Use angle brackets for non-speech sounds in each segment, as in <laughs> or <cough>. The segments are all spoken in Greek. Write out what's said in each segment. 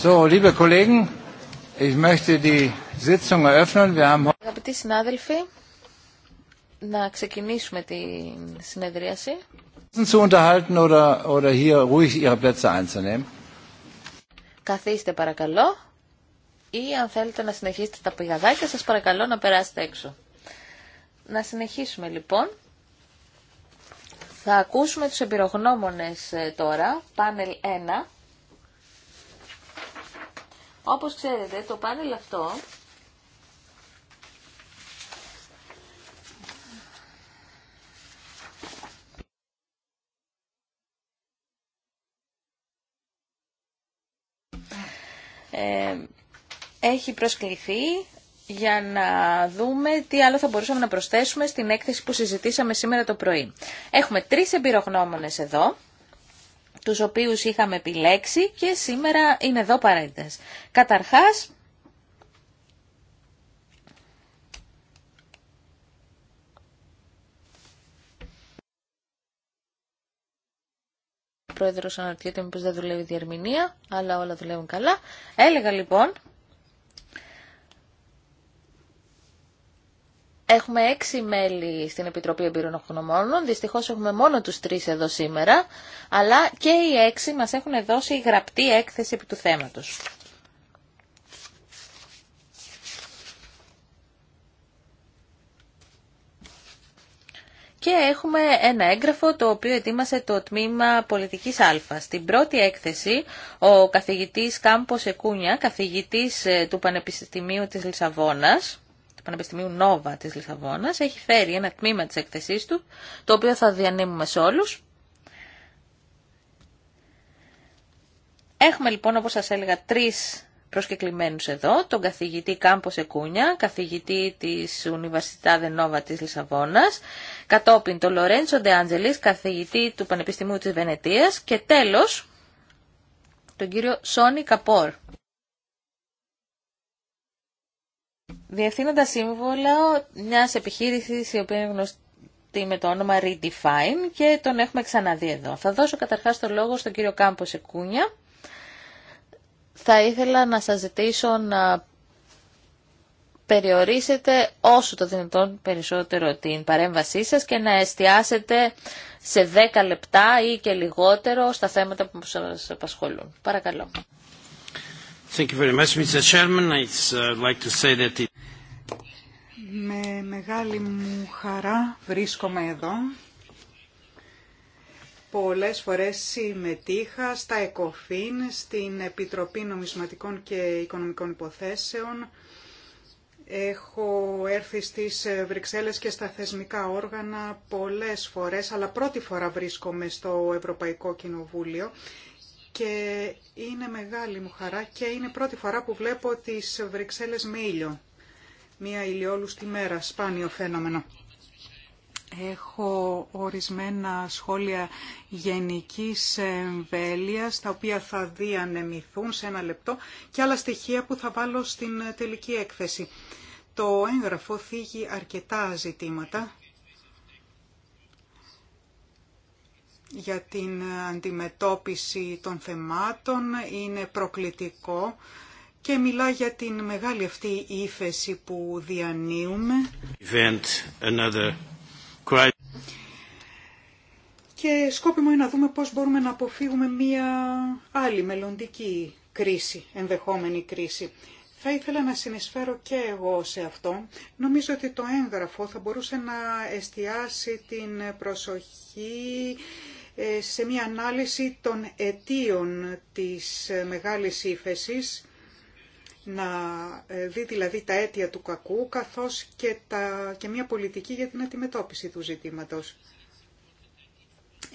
So, Αγαπητοί συνάδελφοι, να ξεκινήσουμε τη συνεδρίαση. Zu unterhalten oder, oder hier ruhig Ihre Plätze einzunehmen. Καθίστε παρακαλώ ή αν θέλετε να συνεχίσετε τα πηγαδάκια σας παρακαλώ να περάσετε έξω. Να συνεχίσουμε λοιπόν. Θα ακούσουμε τους εμπειρογνώμονες ε, τώρα, πάνελ 1. Όπως ξέρετε, το πάνελ αυτό ε, έχει προσκληθεί για να δούμε τι άλλο θα μπορούσαμε να προσθέσουμε στην έκθεση που συζητήσαμε σήμερα το πρωί. Έχουμε τρεις εμπειρογνώμονες εδώ τους οποίους είχαμε επιλέξει και σήμερα είναι εδώ παρέντες. Καταρχάς, Πρόεδρος αναρωτιέται μήπως δεν δουλεύει η διερμηνία, αλλά όλα δουλεύουν καλά. Έλεγα λοιπόν Έχουμε έξι μέλη στην Επιτροπή Εμπειρονοχωνομόνων, δυστυχώς έχουμε μόνο τους τρει εδώ σήμερα, αλλά και οι έξι μας έχουν δώσει γραπτή έκθεση επί του θέματος. Και έχουμε ένα έγγραφο το οποίο ετοίμασε το τμήμα πολιτικής Α. Στην πρώτη έκθεση ο καθηγητής Κάμπος Εκούνια, καθηγητής ε, του Πανεπιστημίου της Λισαβόνας, Πανεπιστημίου Νόβα της Λισαβόνας έχει φέρει ένα τμήμα της εκθεσής του, το οποίο θα διανύμουμε σε όλους. Έχουμε λοιπόν, όπως σας έλεγα, τρεις προσκεκλημένους εδώ, τον καθηγητή Κάμπος Εκούνια, καθηγητή της της Νόβα της Λισαβόνας, κατόπιν τον Λορέντσο Ντεάντζελης, καθηγητή του Πανεπιστημίου της Βενετίας και τέλος τον κύριο Σόνι Καπόρ. διευθύνοντα σύμβολα μια επιχείρησης η οποία είναι γνωστή με το όνομα Redefine και τον έχουμε ξαναδεί εδώ. Θα δώσω καταρχάς το λόγο στον κύριο Κάμπο Σεκούνια. Θα ήθελα να σας ζητήσω να περιορίσετε όσο το δυνατόν περισσότερο την παρέμβασή σας και να εστιάσετε σε 10 λεπτά ή και λιγότερο στα θέματα που σας απασχολούν. Παρακαλώ. Thank you very much, Mr. Chairman. I'd uh, like to say that it... Με μεγάλη μου χαρά βρίσκομαι εδώ. Πολλές φορές συμμετείχα στα ΕΚΟΦΗΝ, στην Επιτροπή Νομισματικών και Οικονομικών Υποθέσεων. Έχω έρθει στις Βρυξέλλες και στα θεσμικά όργανα πολλές φορές, αλλά πρώτη φορά βρίσκομαι στο Ευρωπαϊκό Κοινοβούλιο και είναι μεγάλη μου χαρά και είναι πρώτη φορά που βλέπω τις Βρυξέλλες με ήλιο μία ηλιόλουστη μέρα, σπάνιο φαινόμενο. Έχω ορισμένα σχόλια γενικής εμβέλειας, τα οποία θα διανεμηθούν σε ένα λεπτό και άλλα στοιχεία που θα βάλω στην τελική έκθεση. Το έγγραφο θίγει αρκετά ζητήματα για την αντιμετώπιση των θεμάτων, είναι προκλητικό και μιλά για την μεγάλη αυτή ύφεση που διανύουμε. Και σκόπιμο είναι να δούμε πώς μπορούμε να αποφύγουμε μία άλλη μελλοντική κρίση, ενδεχόμενη κρίση. Θα ήθελα να συνεισφέρω και εγώ σε αυτό. Νομίζω ότι το έγγραφο θα μπορούσε να εστιάσει την προσοχή ε, σε μία ανάλυση των αιτίων της μεγάλης ύφεσης να ε, δει δηλαδή τα αίτια του κακού καθώς και, τα, και μια πολιτική για την αντιμετώπιση του ζητήματος.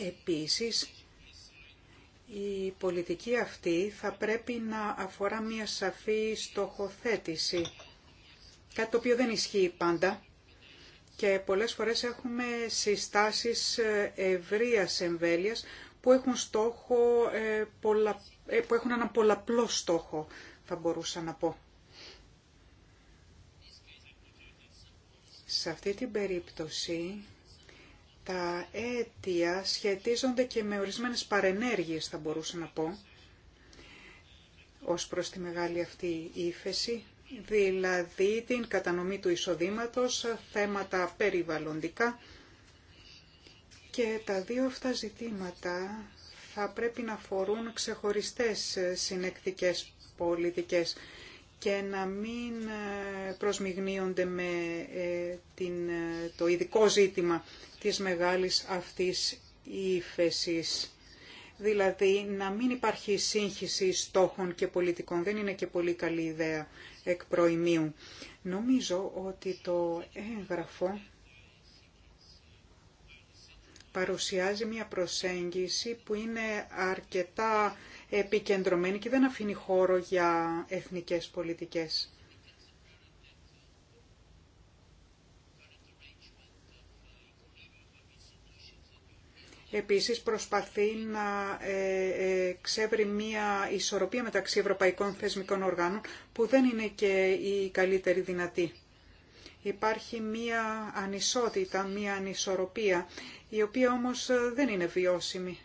Επίσης, η πολιτική αυτή θα πρέπει να αφορά μια σαφή στοχοθέτηση, κάτι το οποίο δεν ισχύει πάντα και πολλές φορές έχουμε συστάσεις ε, ευρείας εμβέλειας που έχουν, στόχο, ε, που έχουν έναν πολλαπλό στόχο θα μπορούσα να πω. Σε αυτή την περίπτωση τα αίτια σχετίζονται και με ορισμένες παρενέργειες θα μπορούσα να πω ως προς τη μεγάλη αυτή ύφεση, δηλαδή την κατανομή του εισοδήματος, θέματα περιβαλλοντικά και τα δύο αυτά ζητήματα θα πρέπει να φορούν ξεχωριστές συνεκτικές πολιτικές και να μην ε, προσμιγνύονται με ε, την, ε, το ειδικό ζήτημα της μεγάλης αυτής ύφεσης. Δηλαδή να μην υπάρχει σύγχυση στόχων και πολιτικών. Δεν είναι και πολύ καλή ιδέα εκ προημίου. Νομίζω ότι το έγγραφο παρουσιάζει μια προσέγγιση που είναι αρκετά επικεντρωμένη και δεν αφήνει χώρο για εθνικές πολιτικές. Επίσης προσπαθεί να ε, ε, ξέβρει μία ισορροπία μεταξύ ευρωπαϊκών θεσμικών οργάνων που δεν είναι και η καλύτερη δυνατή. Υπάρχει μία ανισότητα, μία ανισορροπία η οποία όμως ε, δεν είναι βιώσιμη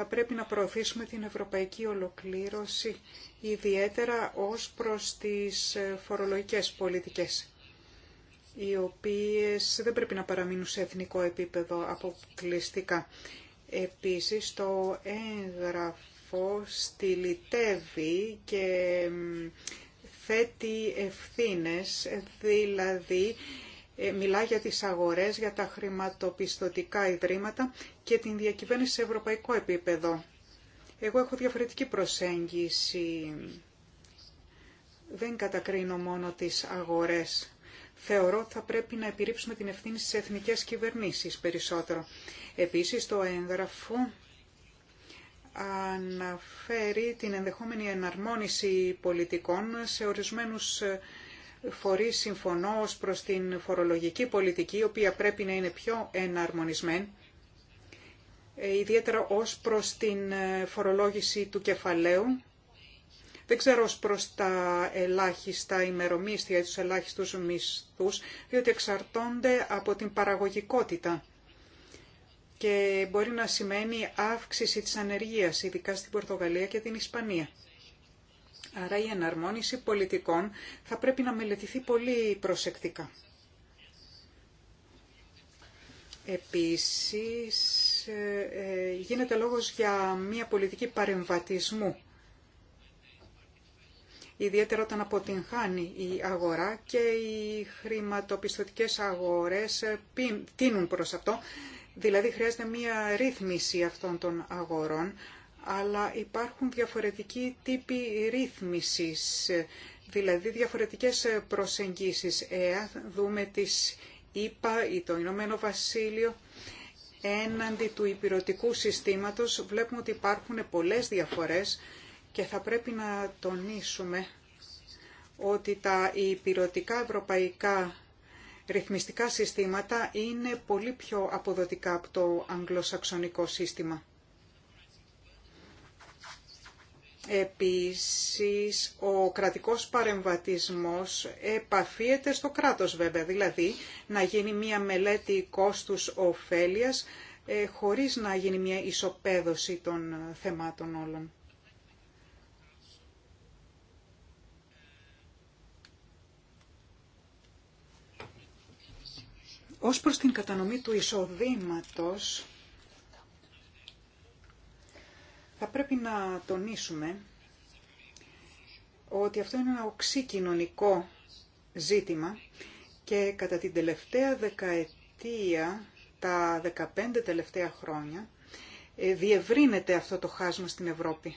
θα πρέπει να προωθήσουμε την ευρωπαϊκή ολοκλήρωση, ιδιαίτερα ως προς τις ε, φορολογικές πολιτικές, οι οποίες δεν πρέπει να παραμείνουν σε εθνικό επίπεδο αποκλειστικά. Επίσης, το έγγραφο στυλιτεύει και θέτει ευθύνες, δηλαδή ε, μιλά για τις αγορές, για τα χρηματοπιστωτικά ιδρύματα και την διακυβέρνηση σε ευρωπαϊκό επίπεδο. Εγώ έχω διαφορετική προσέγγιση. Δεν κατακρίνω μόνο τις αγορές. Θεωρώ ότι θα πρέπει να επιρρύψουμε την ευθύνη στις εθνικές κυβερνήσεις περισσότερο. Επίσης, το έγγραφο αναφέρει την ενδεχόμενη εναρμόνιση πολιτικών σε ορισμένους φορείς συμφωνώ ως προς την φορολογική πολιτική, η οποία πρέπει να είναι πιο εναρμονισμένη, ε, ιδιαίτερα ως προς την ε, φορολόγηση του κεφαλαίου. Δεν ξέρω ως προς τα ελάχιστα ημερομίσθια ή τους ελάχιστους μισθούς, διότι εξαρτώνται από την παραγωγικότητα και μπορεί να σημαίνει αύξηση της ανεργίας, ειδικά στην Πορτογαλία και την Ισπανία. Άρα η εναρμόνιση πολιτικών θα πρέπει να μελετηθεί πολύ προσεκτικά. Επίσης, ε, ε, γίνεται λόγος για μια πολιτική παρεμβατισμού. Ιδιαίτερα όταν αποτυγχάνει η αγορά και οι χρηματοπιστωτικές αγορές ε, τίνουν προς αυτό. Δηλαδή χρειάζεται μια ρύθμιση αυτών των αγορών αλλά υπάρχουν διαφορετικοί τύποι ρύθμισης, δηλαδή διαφορετικές προσεγγίσεις. Εάν δούμε τις ΗΠΑ ή το Ηνωμένο Βασίλειο, έναντι του υπηρετικού συστήματος βλέπουμε ότι υπάρχουν πολλές διαφορές και θα πρέπει να τονίσουμε ότι τα υπηρετικά ευρωπαϊκά ρυθμιστικά συστήματα είναι πολύ πιο αποδοτικά από το αγγλοσαξονικό σύστημα. Επίσης, ο κρατικός παρεμβατισμός επαφίεται στο κράτος βέβαια, δηλαδή να γίνει μια μελέτη κόστους ωφέλειας ε, χωρίς να γίνει μια ισοπαίδωση των ε, θεμάτων όλων. Ως προς την κατανομή του εισοδήματος, θα πρέπει να τονίσουμε ότι αυτό είναι ένα οξύ κοινωνικό ζήτημα και κατά την τελευταία δεκαετία, τα 15 τελευταία χρόνια, ε, διευρύνεται αυτό το χάσμα στην Ευρώπη.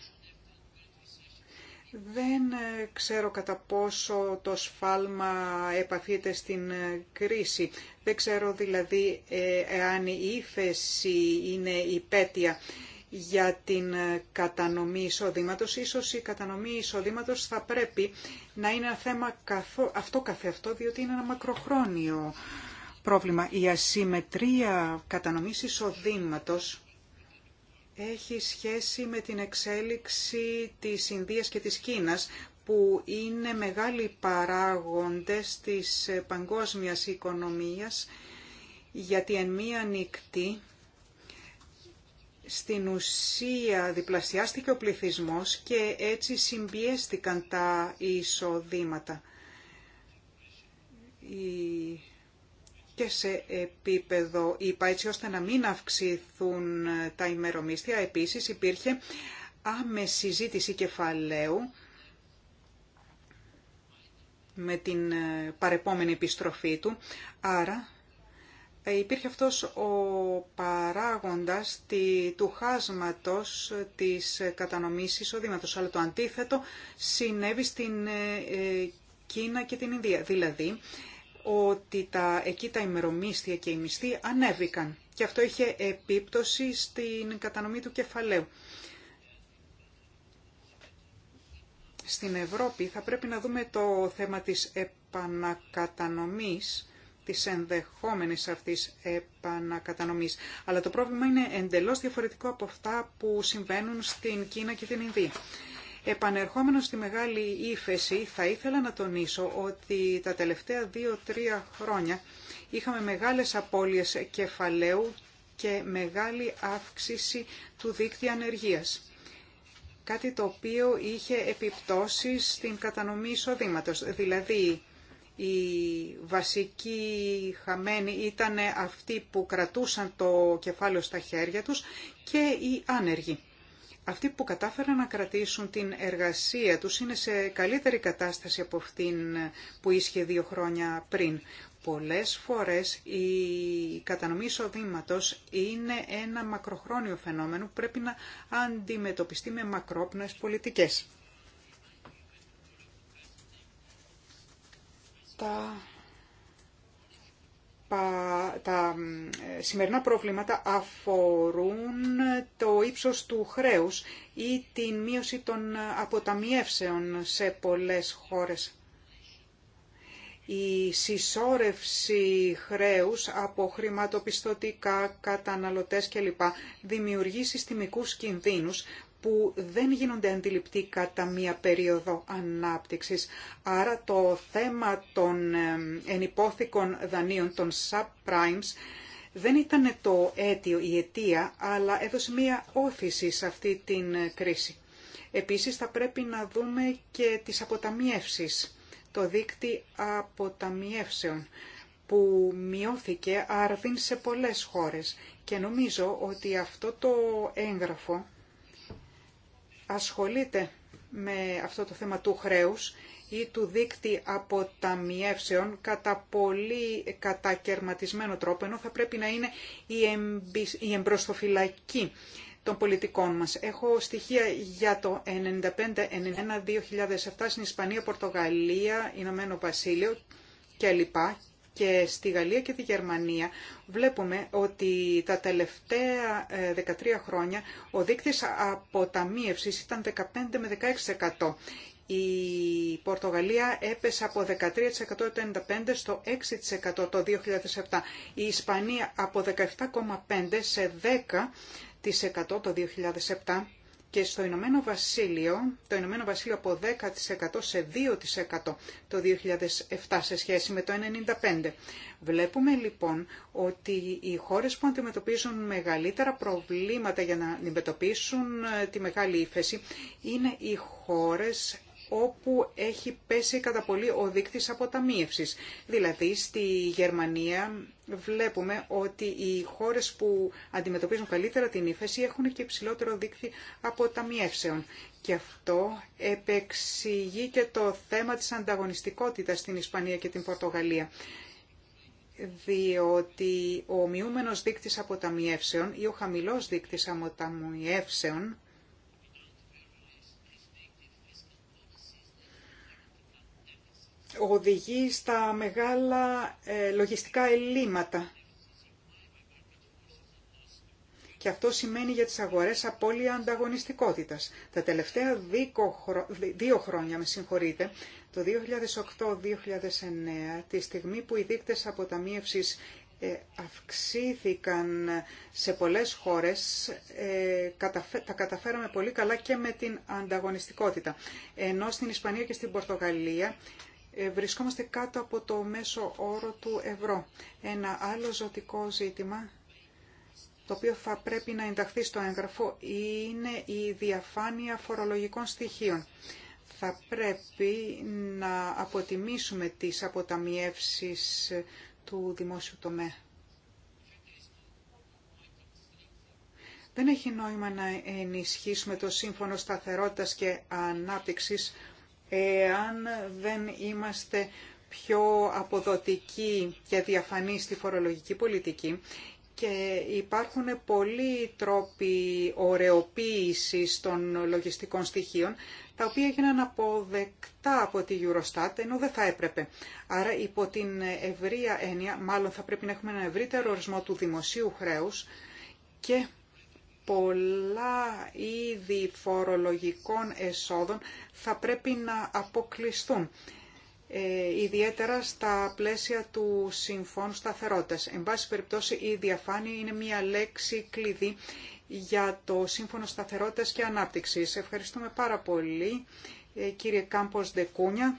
Δεν ε, ξέρω κατά πόσο το σφάλμα επαφείται στην ε, κρίση. Δεν ξέρω δηλαδή εάν η ύφεση είναι υπέτεια για την ε, κατανομή εισοδήματος. Ίσως η κατανομή εισοδήματος θα πρέπει να είναι ένα θέμα καθο... αυτό καθεαυτό, διότι είναι ένα μακροχρόνιο πρόβλημα. Η ασυμμετρία κατανομής εισοδήματος έχει σχέση με την εξέλιξη της Ινδίας και της Κίνας, που είναι μεγάλοι παράγοντες της παγκόσμιας οικονομίας, γιατί εν μία νυχτή στην ουσία διπλασιάστηκε ο πληθυσμός και έτσι συμπιέστηκαν τα εισοδήματα. Και σε επίπεδο είπα έτσι ώστε να μην αυξηθούν τα ημερομίσθια. Επίσης υπήρχε άμεση ζήτηση κεφαλαίου με την ε, παρεπόμενη επιστροφή του. Άρα ε, υπήρχε αυτός ο παράγοντας του χάσματος της κατανομής εισοδήματος, αλλά το αντίθετο συνέβη στην ε, ε, Κίνα και την Ινδία. Δηλαδή ότι τα, εκεί τα ημερομίσθια και οι μισθοί ανέβηκαν και αυτό είχε επίπτωση στην κατανομή του κεφαλαίου. Στην Ευρώπη θα πρέπει να δούμε το θέμα της επανακατανομής της ενδεχόμενης αυτής επανακατανομής. Αλλά το πρόβλημα είναι εντελώς διαφορετικό από αυτά που συμβαίνουν στην Κίνα και την Ινδία. Επανερχόμενο στη μεγάλη ύφεση, θα ήθελα να τονίσω ότι τα τελευταία δύο-τρία χρόνια είχαμε μεγάλες απώλειες κεφαλαίου και μεγάλη αύξηση του δίκτυα ανεργίας. Κάτι το οποίο είχε επιπτώσει στην κατανομή εισοδήματος. Δηλαδή, οι βασικοί χαμένοι ήταν αυτοί που κρατούσαν το κεφάλαιο στα χέρια τους και οι άνεργοι. Αυτοί που κατάφεραν να κρατήσουν την εργασία τους είναι σε καλύτερη κατάσταση από αυτήν που ίσχυε δύο χρόνια πριν. Πολλές φορές η κατανομή εισοδήματο είναι ένα μακροχρόνιο φαινόμενο που πρέπει να αντιμετωπιστεί με μακρόπνοες πολιτικές. τα, τα σημερινά προβλήματα αφορούν το ύψος του χρέους ή την μείωση των αποταμιεύσεων σε πολλές χώρες. Η συσσόρευση χρέους από χρηματοπιστωτικά, καταναλωτές κλπ. δημιουργεί συστημικούς κινδύνους που δεν γίνονται αντιληπτοί κατά μία περίοδο ανάπτυξης. Άρα το θέμα των ενυπόθηκων δανείων, των subprimes, δεν ήταν το αίτιο, η αιτία, αλλά έδωσε μία όθηση σε αυτή την κρίση. Επίσης θα πρέπει να δούμε και τις αποταμιεύσεις, το δίκτυ αποταμιεύσεων που μειώθηκε άρδιν σε πολλές χώρες και νομίζω ότι αυτό το έγγραφο ασχολείται με αυτό το θέμα του χρέους ή του δίκτυ αποταμιεύσεων κατά πολύ κατακαιρματισμένο τρόπο, ενώ θα πρέπει να είναι η, εμπροστοφυλακή των πολιτικών μας. Έχω στοιχεία για το 95-91-2007 στην Ισπανία, Πορτογαλία, Ηνωμένο Βασίλειο κλπ και στη Γαλλία και τη Γερμανία βλέπουμε ότι τα τελευταία 13 ε, χρόνια ο δείκτης αποταμίευσης ήταν 15 με 16%. Η Πορτογαλία έπεσε από 13% το στο 6% το 2007. Η Ισπανία από 17,5% σε 10% το 2007 και στο Ηνωμένο Βασίλειο, το Ηνωμένο Βασίλειο από 10% σε 2% το 2007 σε σχέση με το 1995. Βλέπουμε λοιπόν ότι οι χώρες που αντιμετωπίζουν μεγαλύτερα προβλήματα για να αντιμετωπίσουν ε, τη μεγάλη ύφεση είναι οι χώρες όπου έχει πέσει κατά πολύ ο δείκτης αποταμίευσης. Δηλαδή στη Γερμανία βλέπουμε ότι οι χώρες που αντιμετωπίζουν καλύτερα την ύφεση έχουν και υψηλότερο δείκτη αποταμιεύσεων. Και αυτό επεξηγεί και το θέμα της ανταγωνιστικότητας στην Ισπανία και την Πορτογαλία διότι ο μειούμενος δείκτης αποταμιεύσεων ή ο χαμηλός δείκτης αποταμιεύσεων οδηγεί στα μεγάλα ε, λογιστικά ελλείμματα. Και αυτό σημαίνει για τις αγορές απώλεια ανταγωνιστικότητας. Τα τελευταία δύο χρόνια, με συγχωρείτε, το 2008-2009, τη στιγμή που οι δείκτες αποταμίευσης ε, αυξήθηκαν σε πολλές χώρες, ε, τα καταφέραμε πολύ καλά και με την ανταγωνιστικότητα. Ενώ στην Ισπανία και στην Πορτογαλία ε, βρισκόμαστε κάτω από το μέσο όρο του ευρώ. Ένα άλλο ζωτικό ζήτημα το οποίο θα πρέπει να ενταχθεί στο έγγραφο είναι η διαφάνεια φορολογικών στοιχείων. Θα πρέπει να αποτιμήσουμε τις αποταμιεύσεις του δημόσιου τομέα. Δεν έχει νόημα να ενισχύσουμε το Σύμφωνο Σταθερότητας και Ανάπτυξης εάν δεν είμαστε πιο αποδοτικοί και διαφανή στη φορολογική πολιτική και υπάρχουν πολλοί τρόποι ωρεοποίησης των λογιστικών στοιχείων, τα οποία έγιναν αποδεκτά από τη Eurostat, ενώ δεν θα έπρεπε. Άρα υπό την ευρία έννοια, μάλλον θα πρέπει να έχουμε ένα ευρύτερο ορισμό του δημοσίου χρέους και πολλά είδη φορολογικών εσόδων θα πρέπει να αποκλειστούν, ε, ιδιαίτερα στα πλαίσια του Συμφώνου Σταθερότητας. Εν πάση περιπτώσει, η διαφάνεια είναι μια λέξη κλειδί για το Σύμφωνο Σταθερότητας και Ανάπτυξης. Ευχαριστούμε πάρα πολύ, ε, κύριε Κάμπος δεκούνια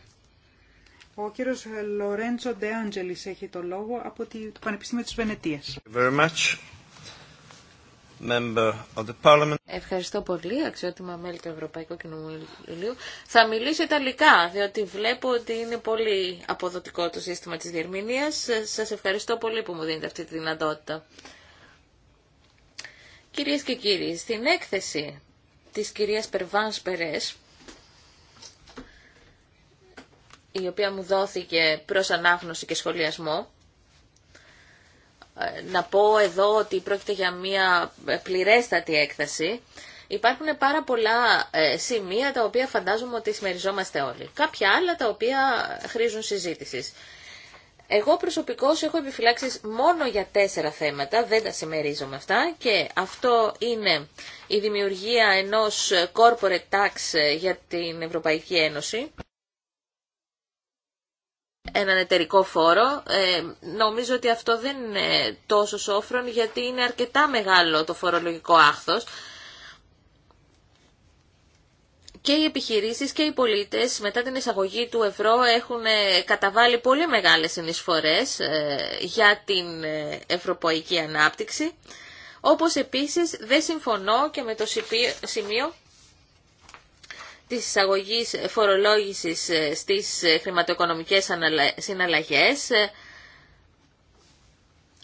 Ο κύριος Λορέντζο Ντεάντζελης έχει το λόγο από το Πανεπιστήμιο της Βενετίας. Ευχαριστώ πολύ, αξιότιμα μέλη του Ευρωπαϊκού Κοινοβουλίου. Θα μιλήσω Ιταλικά, διότι βλέπω ότι είναι πολύ αποδοτικό το σύστημα της διερμηνίας. Σας ευχαριστώ πολύ που μου δίνετε αυτή τη δυνατότητα. Κυρίες και κύριοι, στην έκθεση της κυρίας Περβάνς Περές, η οποία μου δόθηκε προς ανάγνωση και σχολιασμό, να πω εδώ ότι πρόκειται για μια πληρέστατη έκταση. Υπάρχουν πάρα πολλά ε, σημεία τα οποία φαντάζομαι ότι συμμεριζόμαστε όλοι. Κάποια άλλα τα οποία χρήζουν συζήτηση. Εγώ προσωπικώ έχω επιφυλάξει μόνο για τέσσερα θέματα, δεν τα συμμερίζομαι αυτά και αυτό είναι η δημιουργία ενός corporate tax ε, για την Ευρωπαϊκή Ένωση έναν εταιρικό φόρο. Ε, νομίζω ότι αυτό δεν είναι τόσο σόφρον γιατί είναι αρκετά μεγάλο το φορολογικό άχθος. Και οι επιχειρήσεις και οι πολίτες μετά την εισαγωγή του ευρώ έχουν ε, καταβάλει πολύ μεγάλες συνεισφορές ε, για την ευρωπαϊκή ανάπτυξη. Όπως επίσης δεν συμφωνώ και με το σημείο της εισαγωγής φορολόγησης ε, στις ε, χρηματοοικονομικές συναλλαγές. Ε,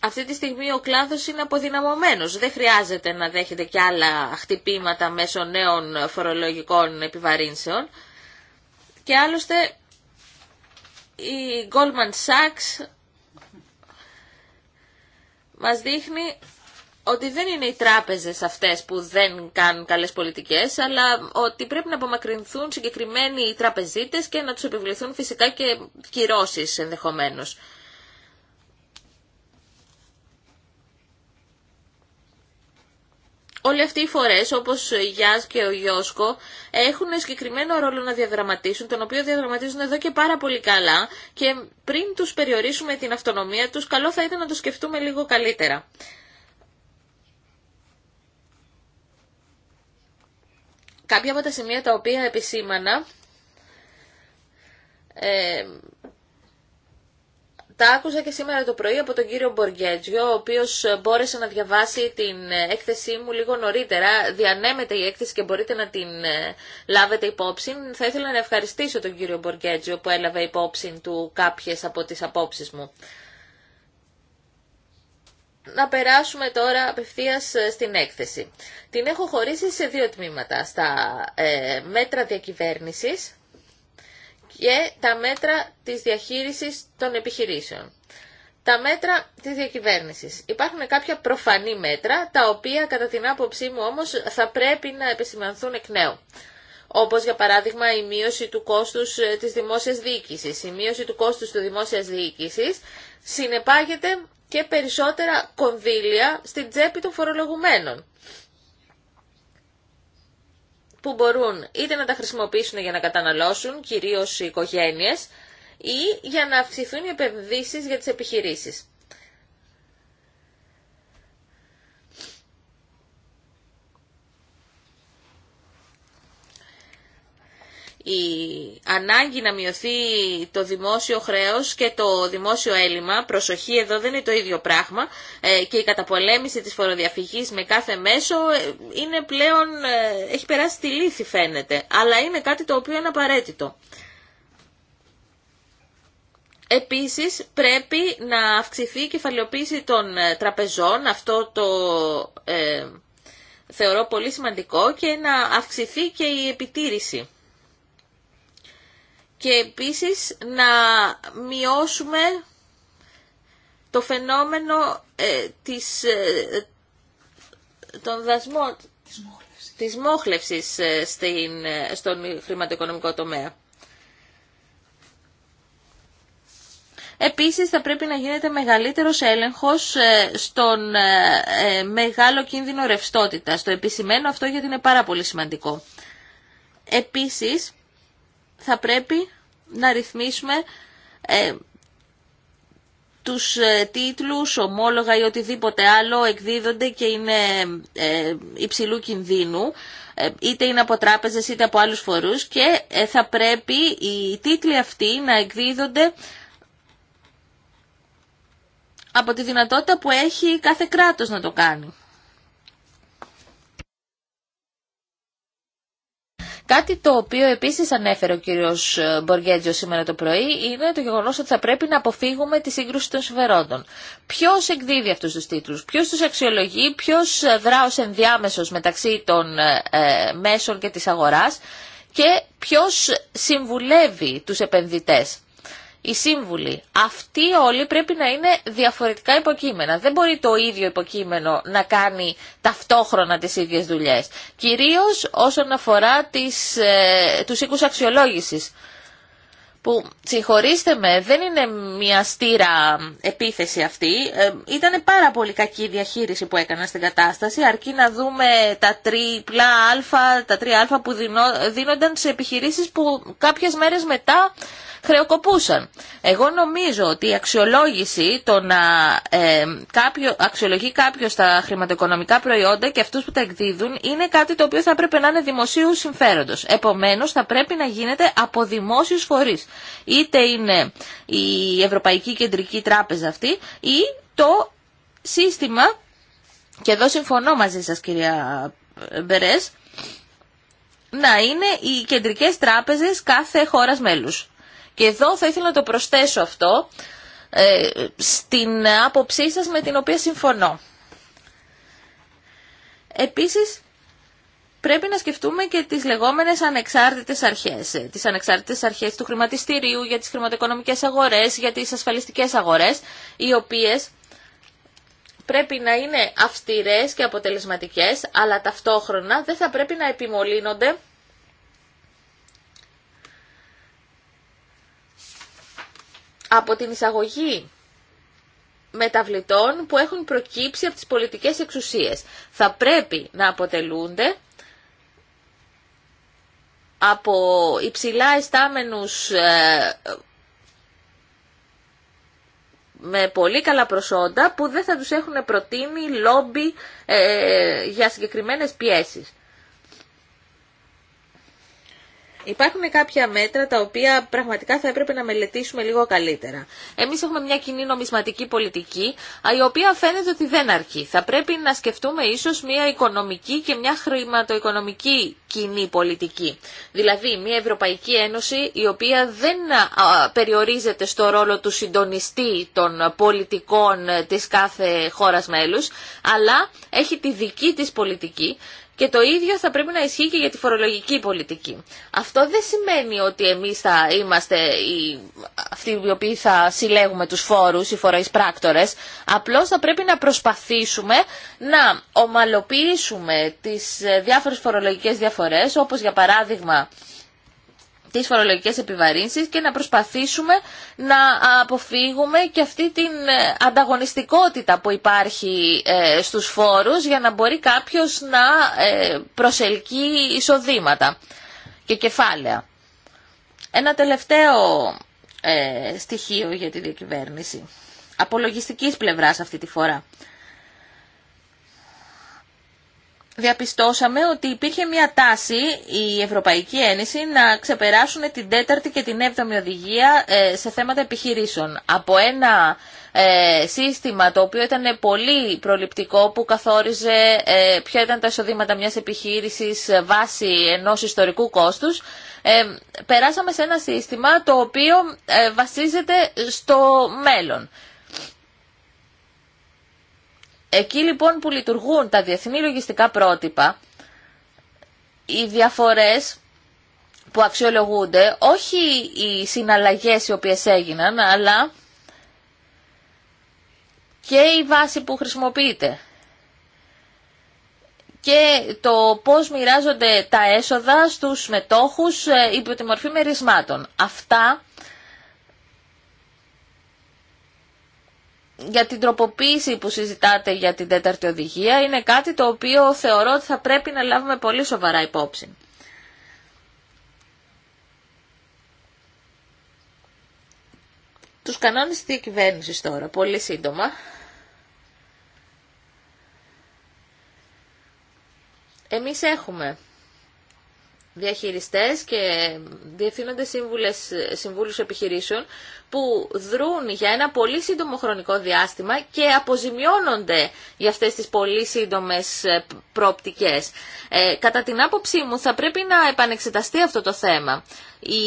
αυτή τη στιγμή ο κλάδος είναι αποδυναμωμένος. Δεν χρειάζεται να δέχεται και άλλα χτυπήματα μέσω νέων φορολογικών επιβαρύνσεων. Και άλλωστε η Goldman Sachs μας δείχνει ότι δεν είναι οι τράπεζες αυτές που δεν κάνουν καλές πολιτικές, αλλά ότι πρέπει να απομακρυνθούν συγκεκριμένοι τραπεζίτες και να τους επιβληθούν φυσικά και κυρώσεις ενδεχομένως. Όλοι αυτοί οι φορές, όπως η Γιάς και ο Γιώσκο, έχουν συγκεκριμένο ρόλο να διαδραματίσουν, τον οποίο διαδραματίζουν εδώ και πάρα πολύ καλά και πριν τους περιορίσουμε την αυτονομία τους, καλό θα ήταν να το σκεφτούμε λίγο καλύτερα. Κάποια από τα σημεία τα οποία επισήμανα ε, τα άκουσα και σήμερα το πρωί από τον κύριο Μποργέτζιο, ο οποίος μπόρεσε να διαβάσει την έκθεσή μου λίγο νωρίτερα. Διανέμεται η έκθεση και μπορείτε να την ε, λάβετε υπόψη. Θα ήθελα να ευχαριστήσω τον κύριο Μποργέτζιο που έλαβε υπόψη του κάποιες από τις απόψεις μου να περάσουμε τώρα απευθείας ε, στην έκθεση. Την έχω χωρίσει σε δύο τμήματα, στα ε, μέτρα διακυβέρνησης και τα μέτρα της διαχείρισης των επιχειρήσεων. Τα μέτρα της διακυβέρνησης. Υπάρχουν κάποια προφανή μέτρα, τα οποία κατά την άποψή μου όμως θα πρέπει να επισημανθούν εκ νέου όπως για παράδειγμα η μείωση του κόστους ε, της δημόσιας διοίκησης. Η μείωση του κόστους της δημόσιας διοίκησης συνεπάγεται και περισσότερα κονδύλια στην τσέπη των φορολογουμένων που μπορούν είτε να τα χρησιμοποιήσουν για να καταναλώσουν, κυρίως οι οικογένειες, ή για να αυξηθούν οι επενδύσεις για τις επιχειρήσεις. η ανάγκη να μειωθεί το δημόσιο χρέος και το δημόσιο έλλειμμα, προσοχή εδώ δεν είναι το ίδιο πράγμα, ε, και η καταπολέμηση της φοροδιαφυγής με κάθε μέσο ε, είναι πλέον, ε, έχει περάσει τη λύθη φαίνεται, αλλά είναι κάτι το οποίο είναι απαραίτητο. Επίσης πρέπει να αυξηθεί η κεφαλαιοποίηση των τραπεζών, αυτό το θεωρώ πολύ σημαντικό και να αυξηθεί και η επιτήρηση και επίσης να μειώσουμε το φαινόμενο ε, της, ε, των δασμών, της μόχλευσης, της ε, στην, στον χρηματοοικονομικό τομέα. Επίσης θα πρέπει να γίνεται μεγαλύτερος έλεγχος στον μεγάλο κίνδυνο ρευστότητα. Το επισημένο αυτό γιατί είναι πάρα πολύ σημαντικό. Επίσης, θα πρέπει να ρυθμίσουμε ε, τους ε, τίτλους, ομόλογα ή οτιδήποτε άλλο εκδίδονται και είναι ε, υψηλού κινδύνου, ε, είτε είναι από τράπεζες είτε από άλλους φορούς και θα πρέπει οι τίτλοι αυτοί να εκδίδονται από τη δυνατότητα που έχει κάθε κράτος να το κάνει. Κάτι το οποίο επίσης ανέφερε ο κύριος ε, Μποργέτζο σήμερα το πρωί είναι το γεγονός ότι θα πρέπει να αποφύγουμε τη σύγκρουση των συμφερόντων. Ποιος εκδίδει αυτούς τους τίτλους, ποιος τους αξιολογεί, ποιος ε, δρά ως ενδιάμεσος μεταξύ των ε, μέσων και της αγοράς και ποιος συμβουλεύει τους επενδυτές οι σύμβουλοι. Αυτοί όλοι πρέπει να είναι διαφορετικά υποκείμενα. Δεν μπορεί το ίδιο υποκείμενο να κάνει ταυτόχρονα τις ίδιες δουλειές. Κυρίως όσον αφορά τις, ε, τους οίκους αξιολόγησης που συγχωρήστε με, δεν είναι μια στήρα επίθεση αυτή. Ε, ήταν πάρα πολύ κακή η διαχείριση που έκανα στην κατάσταση, αρκεί να δούμε τα τριπλά α, τα τρία α που δίνονταν σε επιχειρήσεις που κάποιες μέρες μετά χρεοκοπούσαν. Εγώ νομίζω ότι η αξιολόγηση, το να ε, κάποιο, αξιολογεί κάποιο τα χρηματοοικονομικά προϊόντα και αυτού που τα εκδίδουν, είναι κάτι το οποίο θα πρέπει να είναι δημοσίου συμφέροντο. Επομένω, θα πρέπει να γίνεται από δημόσιου φορεί. Είτε είναι η Ευρωπαϊκή Κεντρική Τράπεζα αυτή ή το σύστημα, και εδώ συμφωνώ μαζί σας κυρία Μπερές, να είναι οι κεντρικές τράπεζες κάθε χώρας μέλους. Και εδώ θα ήθελα να το προσθέσω αυτό ε, στην άποψή σας με την οποία συμφωνώ. Επίσης, πρέπει να σκεφτούμε και τις λεγόμενες ανεξάρτητες αρχές. Ε, τις ανεξάρτητες αρχές του χρηματιστηρίου, για τις χρηματοοικονομικές αγορές, για τις ασφαλιστικές αγορές, οι οποίες πρέπει να είναι αυστηρές και αποτελεσματικές, αλλά ταυτόχρονα δεν θα πρέπει να επιμολύνονται από την εισαγωγή μεταβλητών που έχουν προκύψει από τις πολιτικές εξουσίες. Θα πρέπει να αποτελούνται από υψηλά εστάμενους ε, με πολύ καλά προσόντα που δεν θα τους έχουν προτείνει λόμπι ε, ε, για συγκεκριμένες πιέσεις. Υπάρχουν κάποια μέτρα τα οποία πραγματικά θα έπρεπε να μελετήσουμε λίγο καλύτερα. Εμείς έχουμε μια κοινή νομισματική πολιτική, η οποία φαίνεται ότι δεν αρκεί. Θα πρέπει να σκεφτούμε ίσως μια οικονομική και μια χρηματοοικονομική κοινή πολιτική. Δηλαδή μια Ευρωπαϊκή Ένωση η οποία δεν περιορίζεται στο ρόλο του συντονιστή των πολιτικών ε, της κάθε χώρας μέλους, αλλά έχει τη δική της πολιτική και το ίδιο θα πρέπει να ισχύει και για τη φορολογική πολιτική. Αυτό δεν σημαίνει ότι εμείς θα είμαστε οι, αυτοί οι οποίοι θα συλλέγουμε τους φόρους, οι φορείς πράκτορε. Απλώς θα πρέπει να προσπαθήσουμε να ομαλοποιήσουμε τις ε, διάφορες φορολογικές διαφορές, όπως για παράδειγμα τις φορολογικές επιβαρύνσεις και να προσπαθήσουμε να αποφύγουμε και αυτή την ε, ανταγωνιστικότητα που υπάρχει ε, στους φόρους για να μπορεί κάποιος να ε, προσελκύει εισοδήματα και κεφάλαια. Ένα τελευταίο στοιχείο για τη διακυβέρνηση. Απολογιστικής πλευράς αυτή τη φορά. διαπιστώσαμε ότι υπήρχε μια τάση η Ευρωπαϊκή Ένωση να ξεπεράσουν την τέταρτη και την έβδομη οδηγία ε, σε θέματα επιχειρήσεων. Από ένα ε, σύστημα το οποίο ήταν πολύ προληπτικό που καθόριζε ε, ποια ήταν τα εισοδήματα μιας επιχείρησης βάσει ενός ιστορικού κόστους, περάσαμε σε ένα σύστημα το οποίο βασίζεται στο μέλλον. Εκεί λοιπόν που λειτουργούν τα διεθνή λογιστικά πρότυπα, οι διαφορές που αξιολογούνται, όχι οι συναλλαγές οι οποίες έγιναν, αλλά και η βάση που χρησιμοποιείται και το πώς μοιράζονται τα έσοδα στους μετόχους ε, υπό τη μορφή μερισμάτων. Αυτά για την τροποποίηση που συζητάτε για την τέταρτη οδηγία είναι κάτι το οποίο θεωρώ ότι θα πρέπει να λάβουμε πολύ σοβαρά υπόψη. Τους κανόνες της διακυβέρνησης τώρα, πολύ σύντομα. Εμείς έχουμε διαχειριστές και διευθύνοντες σύμβουλες, συμβούλους επιχειρήσεων που δρούν για ένα πολύ σύντομο χρονικό διάστημα και αποζημιώνονται για αυτές τις πολύ σύντομες ε, προοπτικές. Ε, κατά την άποψή μου θα πρέπει να επανεξεταστεί αυτό το θέμα. Η,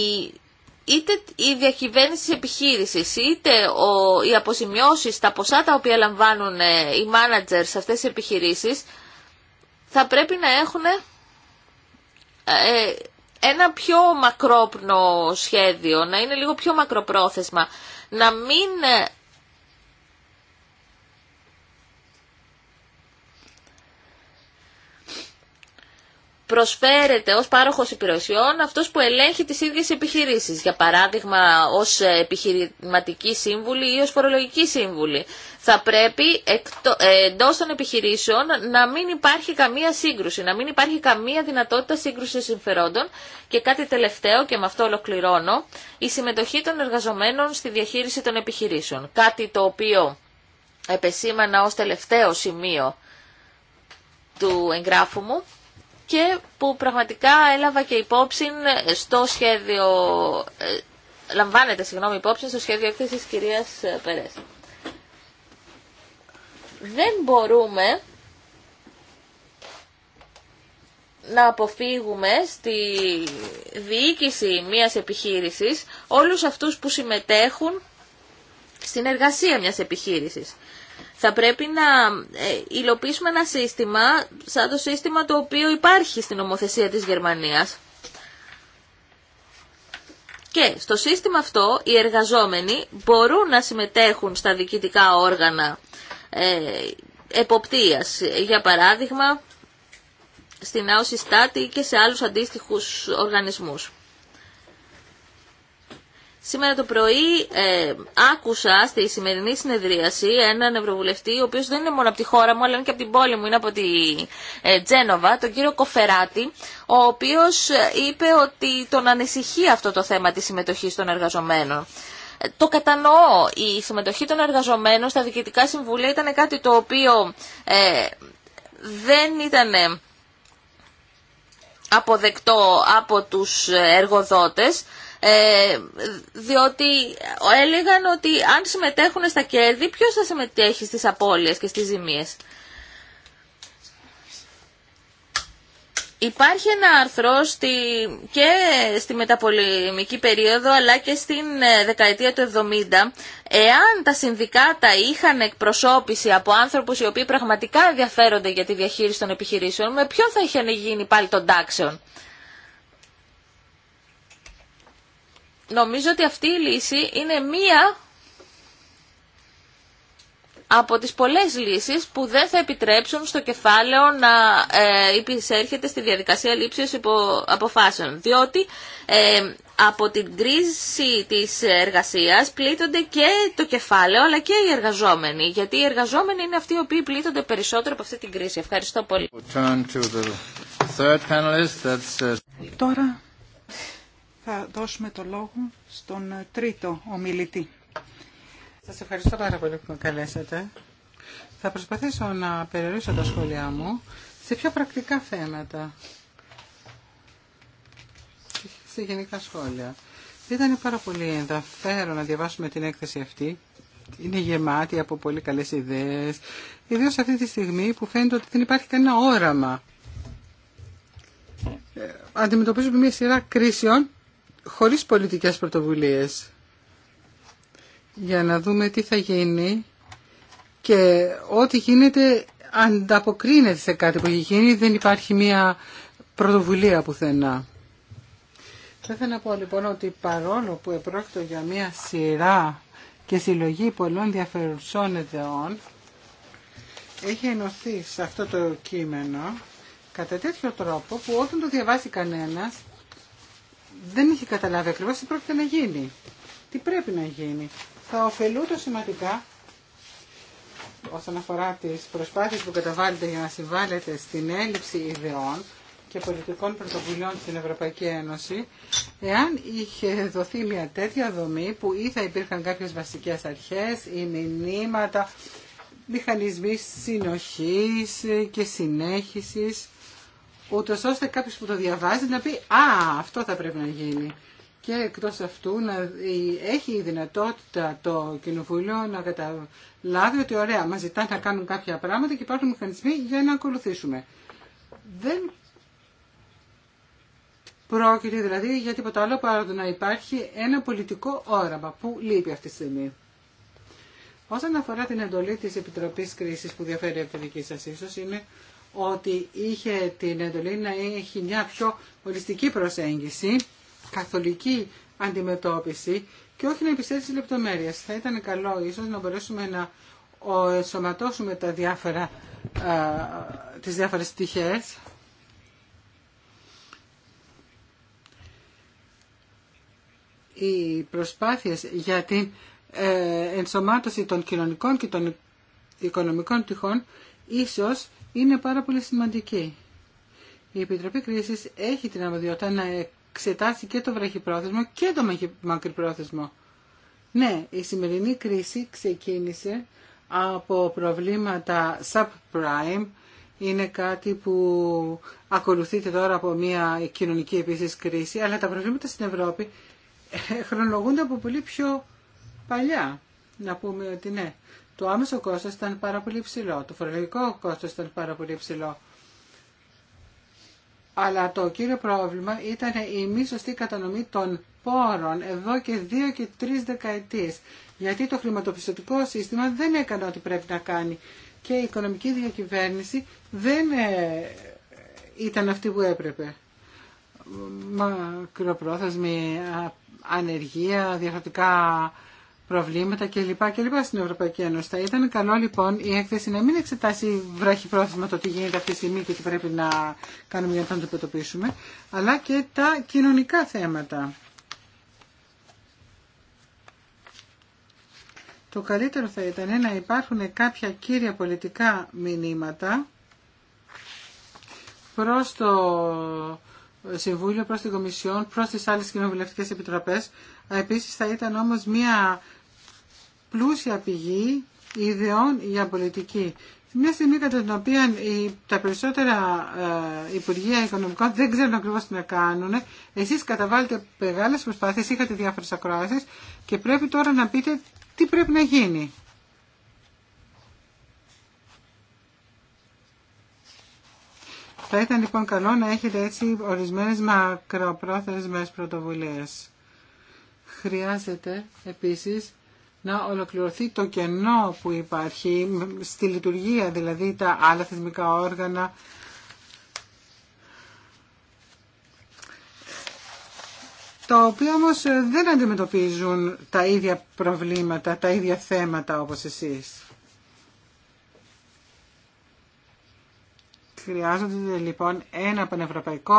είτε η διακυβέρνηση της επιχείρησης, είτε οι αποζημιώσεις, τα ποσά τα οποία λαμβάνουν ε, οι μάνατζερ σε αυτές τις επιχειρήσεις θα πρέπει να έχουν ε, ε, ένα πιο μακρόπνο σχέδιο, να είναι λίγο πιο μακροπρόθεσμα, να μην ε, προσφέρεται ως πάροχος υπηρεσιών αυτός που ελέγχει τις ίδιες επιχειρήσεις. Για παράδειγμα, ως επιχειρηματική σύμβουλη ή ως φορολογική σύμβουλη. Θα πρέπει ε, εντό των επιχειρήσεων να μην υπάρχει καμία σύγκρουση, να μην υπάρχει καμία δυνατότητα σύγκρουση συμφερόντων. Και κάτι τελευταίο, και με αυτό ολοκληρώνω, η συμμετοχή των εργαζομένων στη διαχείριση των επιχειρήσεων. Κάτι το οποίο επεσήμανα ως τελευταίο σημείο του εγγράφου μου και που πραγματικά έλαβα και υπόψη στο σχέδιο, ε, λαμβάνεται συγγνώμη υπόψη στο σχέδιο έκθεσης κυρίας ε, Περές. Δεν μπορούμε να αποφύγουμε στη διοίκηση μιας επιχείρησης όλους αυτούς που συμμετέχουν στην εργασία μιας επιχείρησης. Θα πρέπει να ε, υλοποιήσουμε ένα σύστημα σαν το σύστημα το οποίο υπάρχει στην ομοθέσια της Γερμανίας. Και στο σύστημα αυτό οι εργαζόμενοι μπορούν να συμμετέχουν στα διοικητικά όργανα ε, εποπτείας. Για παράδειγμα, στην Άωση Στάτη και σε άλλους αντίστοιχους οργανισμούς. Σήμερα το πρωί ε, άκουσα στη σημερινή συνεδρίαση έναν Ευρωβουλευτή, ο οποίος δεν είναι μόνο από τη χώρα μου, αλλά είναι και από την πόλη μου, είναι από τη ε, Τζένοβα, τον κύριο Κοφεράτη, ο οποίος ε, είπε ότι τον ανησυχεί αυτό το θέμα της συμμετοχής των εργαζομένων. Το κατανοώ. Η συμμετοχή των εργαζομένων στα διοικητικά συμβούλια ήταν κάτι το οποίο δεν ήταν αποδεκτό από τους εργοδότες ε, διότι έλεγαν ότι αν συμμετέχουν στα κέρδη, ποιο θα συμμετέχει στις απώλειες και στις ζημίες. Υπάρχει ένα άρθρο στη, και στη μεταπολεμική περίοδο αλλά και στην ε, δεκαετία του 70. Εάν τα συνδικάτα είχαν εκπροσώπηση από άνθρωπους οι οποίοι πραγματικά ενδιαφέρονται για τη διαχείριση των επιχειρήσεων, με ποιον θα είχαν γίνει πάλι των τάξεων. νομίζω ότι αυτή η λύση είναι μία από τις πολλές λύσεις που δεν θα επιτρέψουν στο κεφάλαιο να ε, υπησέρχεται στη διαδικασία λήψης αποφάσεων. Διότι ε, από την κρίση της εργασίας πλήττονται και το κεφάλαιο αλλά και οι εργαζόμενοι. Γιατί οι εργαζόμενοι είναι αυτοί οι οποίοι πλήττονται περισσότερο από αυτή την κρίση. Ευχαριστώ πολύ. Uh, Τώρα θα δώσουμε το λόγο στον τρίτο ομιλητή. Σας ευχαριστώ πάρα πολύ που με καλέσατε. Θα προσπαθήσω να περιορίσω τα σχόλιά μου σε πιο πρακτικά θέματα, σε γενικά σχόλια. Ήταν πάρα πολύ ενδιαφέρον να διαβάσουμε την έκθεση αυτή. Είναι γεμάτη από πολύ καλές ιδέες, ιδίως αυτή τη στιγμή που φαίνεται ότι δεν υπάρχει κανένα όραμα. Ε, αντιμετωπίζουμε μια σειρά κρίσεων χωρίς πολιτικές πρωτοβουλίες για να δούμε τι θα γίνει και ό,τι γίνεται ανταποκρίνεται σε κάτι που έχει γίνει, δεν υπάρχει μία πρωτοβουλία πουθενά. Θα ήθελα να πω λοιπόν ότι παρόλο που επρόκειτο για μία σειρά και συλλογή πολλών διαφερουσών ιδεών, έχει ενωθεί σε αυτό το κείμενο κατά τέτοιο τρόπο που όταν το διαβάσει κανένας δεν είχε καταλάβει ακριβώς τι πρόκειται να γίνει. Τι πρέπει να γίνει. Θα ωφελούνται σημαντικά όσον αφορά τις προσπάθειες που καταβάλλεται για να συμβάλλεται στην έλλειψη ιδεών και πολιτικών πρωτοβουλειών στην Ευρωπαϊκή Ένωση, εάν είχε δοθεί μια τέτοια δομή που ή θα υπήρχαν κάποιες βασικές αρχές ή μηνύματα, μηχανισμοί συνοχής και συνέχισης, ούτω ώστε κάποιο που το διαβάζει να πει Α, αυτό θα πρέπει να γίνει. Και εκτό αυτού να, έχει η δυνατότητα το κοινοβούλιο να καταλάβει ότι ωραία, μα ζητάνε να κάνουν κάποια πράγματα και υπάρχουν μηχανισμοί για να ακολουθήσουμε. Δεν πρόκειται δηλαδή για τίποτα άλλο παρά το να υπάρχει ένα πολιτικό όραμα που λείπει αυτή τη στιγμή. Όσον αφορά την εντολή της Επιτροπής Κρίσης που διαφέρει από τη δική σας ίσως, είναι ότι είχε την εντολή να έχει μια πιο οριστική προσέγγιση, καθολική αντιμετώπιση και όχι να επιστρέψει στις λεπτομέρειες. Θα ήταν καλό ίσως να μπορέσουμε να σωματώσουμε τα διάφορα, α, τις διάφορες στοιχές. Οι προσπάθειες για την ε, ενσωμάτωση των κοινωνικών και των οικονομικών τυχών ίσως είναι πάρα πολύ σημαντική. Η Επιτροπή Κρίσης έχει την αρμοδιότητα να εξετάσει και το βραχυπρόθεσμο και το μακρυπρόθεσμο. Ναι, η σημερινή κρίση ξεκίνησε από προβλήματα subprime. Είναι κάτι που ακολουθείται τώρα από μια κοινωνική επίσης κρίση, αλλά τα προβλήματα στην Ευρώπη <laughs> χρονολογούνται από πολύ πιο παλιά. Να πούμε ότι ναι, το άμεσο κόστος ήταν πάρα πολύ ψηλό, το φορολογικό κόστος ήταν πάρα πολύ ψηλό. Αλλά το κύριο πρόβλημα ήταν η μη σωστή κατανομή των πόρων εδώ και δύο και τρει δεκαετίες. Γιατί το χρηματοπιστωτικό σύστημα δεν έκανε ό,τι πρέπει να κάνει και η οικονομική διακυβέρνηση δεν ε, ήταν αυτή που έπρεπε. Μακροπρόθεσμη ανεργία, διαφορετικά προβλήματα κλπ. λοιπά στην Ευρωπαϊκή Ένωση. Θα ήταν καλό λοιπόν η έκθεση να μην εξετάσει βραχυπρόθεσμα το τι γίνεται αυτή τη στιγμή και τι πρέπει να κάνουμε για να το αντιμετωπίσουμε, αλλά και τα κοινωνικά θέματα. Το καλύτερο θα ήταν να υπάρχουν κάποια κύρια πολιτικά μηνύματα προς το Συμβούλιο, προς την Κομισιόν, προς τις άλλες κοινοβουλευτικές επιτροπές. Επίσης θα ήταν όμως μια πλούσια πηγή ιδεών για πολιτική. Μια στιγμή κατά την οποία τα περισσότερα ε, Υπουργεία Οικονομικών δεν ξέρουν ακριβώ τι να κάνουν, εσεί καταβάλλετε μεγάλε προσπάθειε, είχατε διάφορε ακροάσει και πρέπει τώρα να πείτε τι πρέπει να γίνει. Θα ήταν λοιπόν καλό να έχετε έτσι ορισμένες μακροπρόθεσμες πρωτοβουλίες. Χρειάζεται επίσης να ολοκληρωθεί το κενό που υπάρχει στη λειτουργία, δηλαδή τα άλλα θεσμικά όργανα, τα οποία όμως δεν αντιμετωπίζουν τα ίδια προβλήματα, τα ίδια θέματα όπως εσείς. Χρειάζονται λοιπόν ένα πανευρωπαϊκό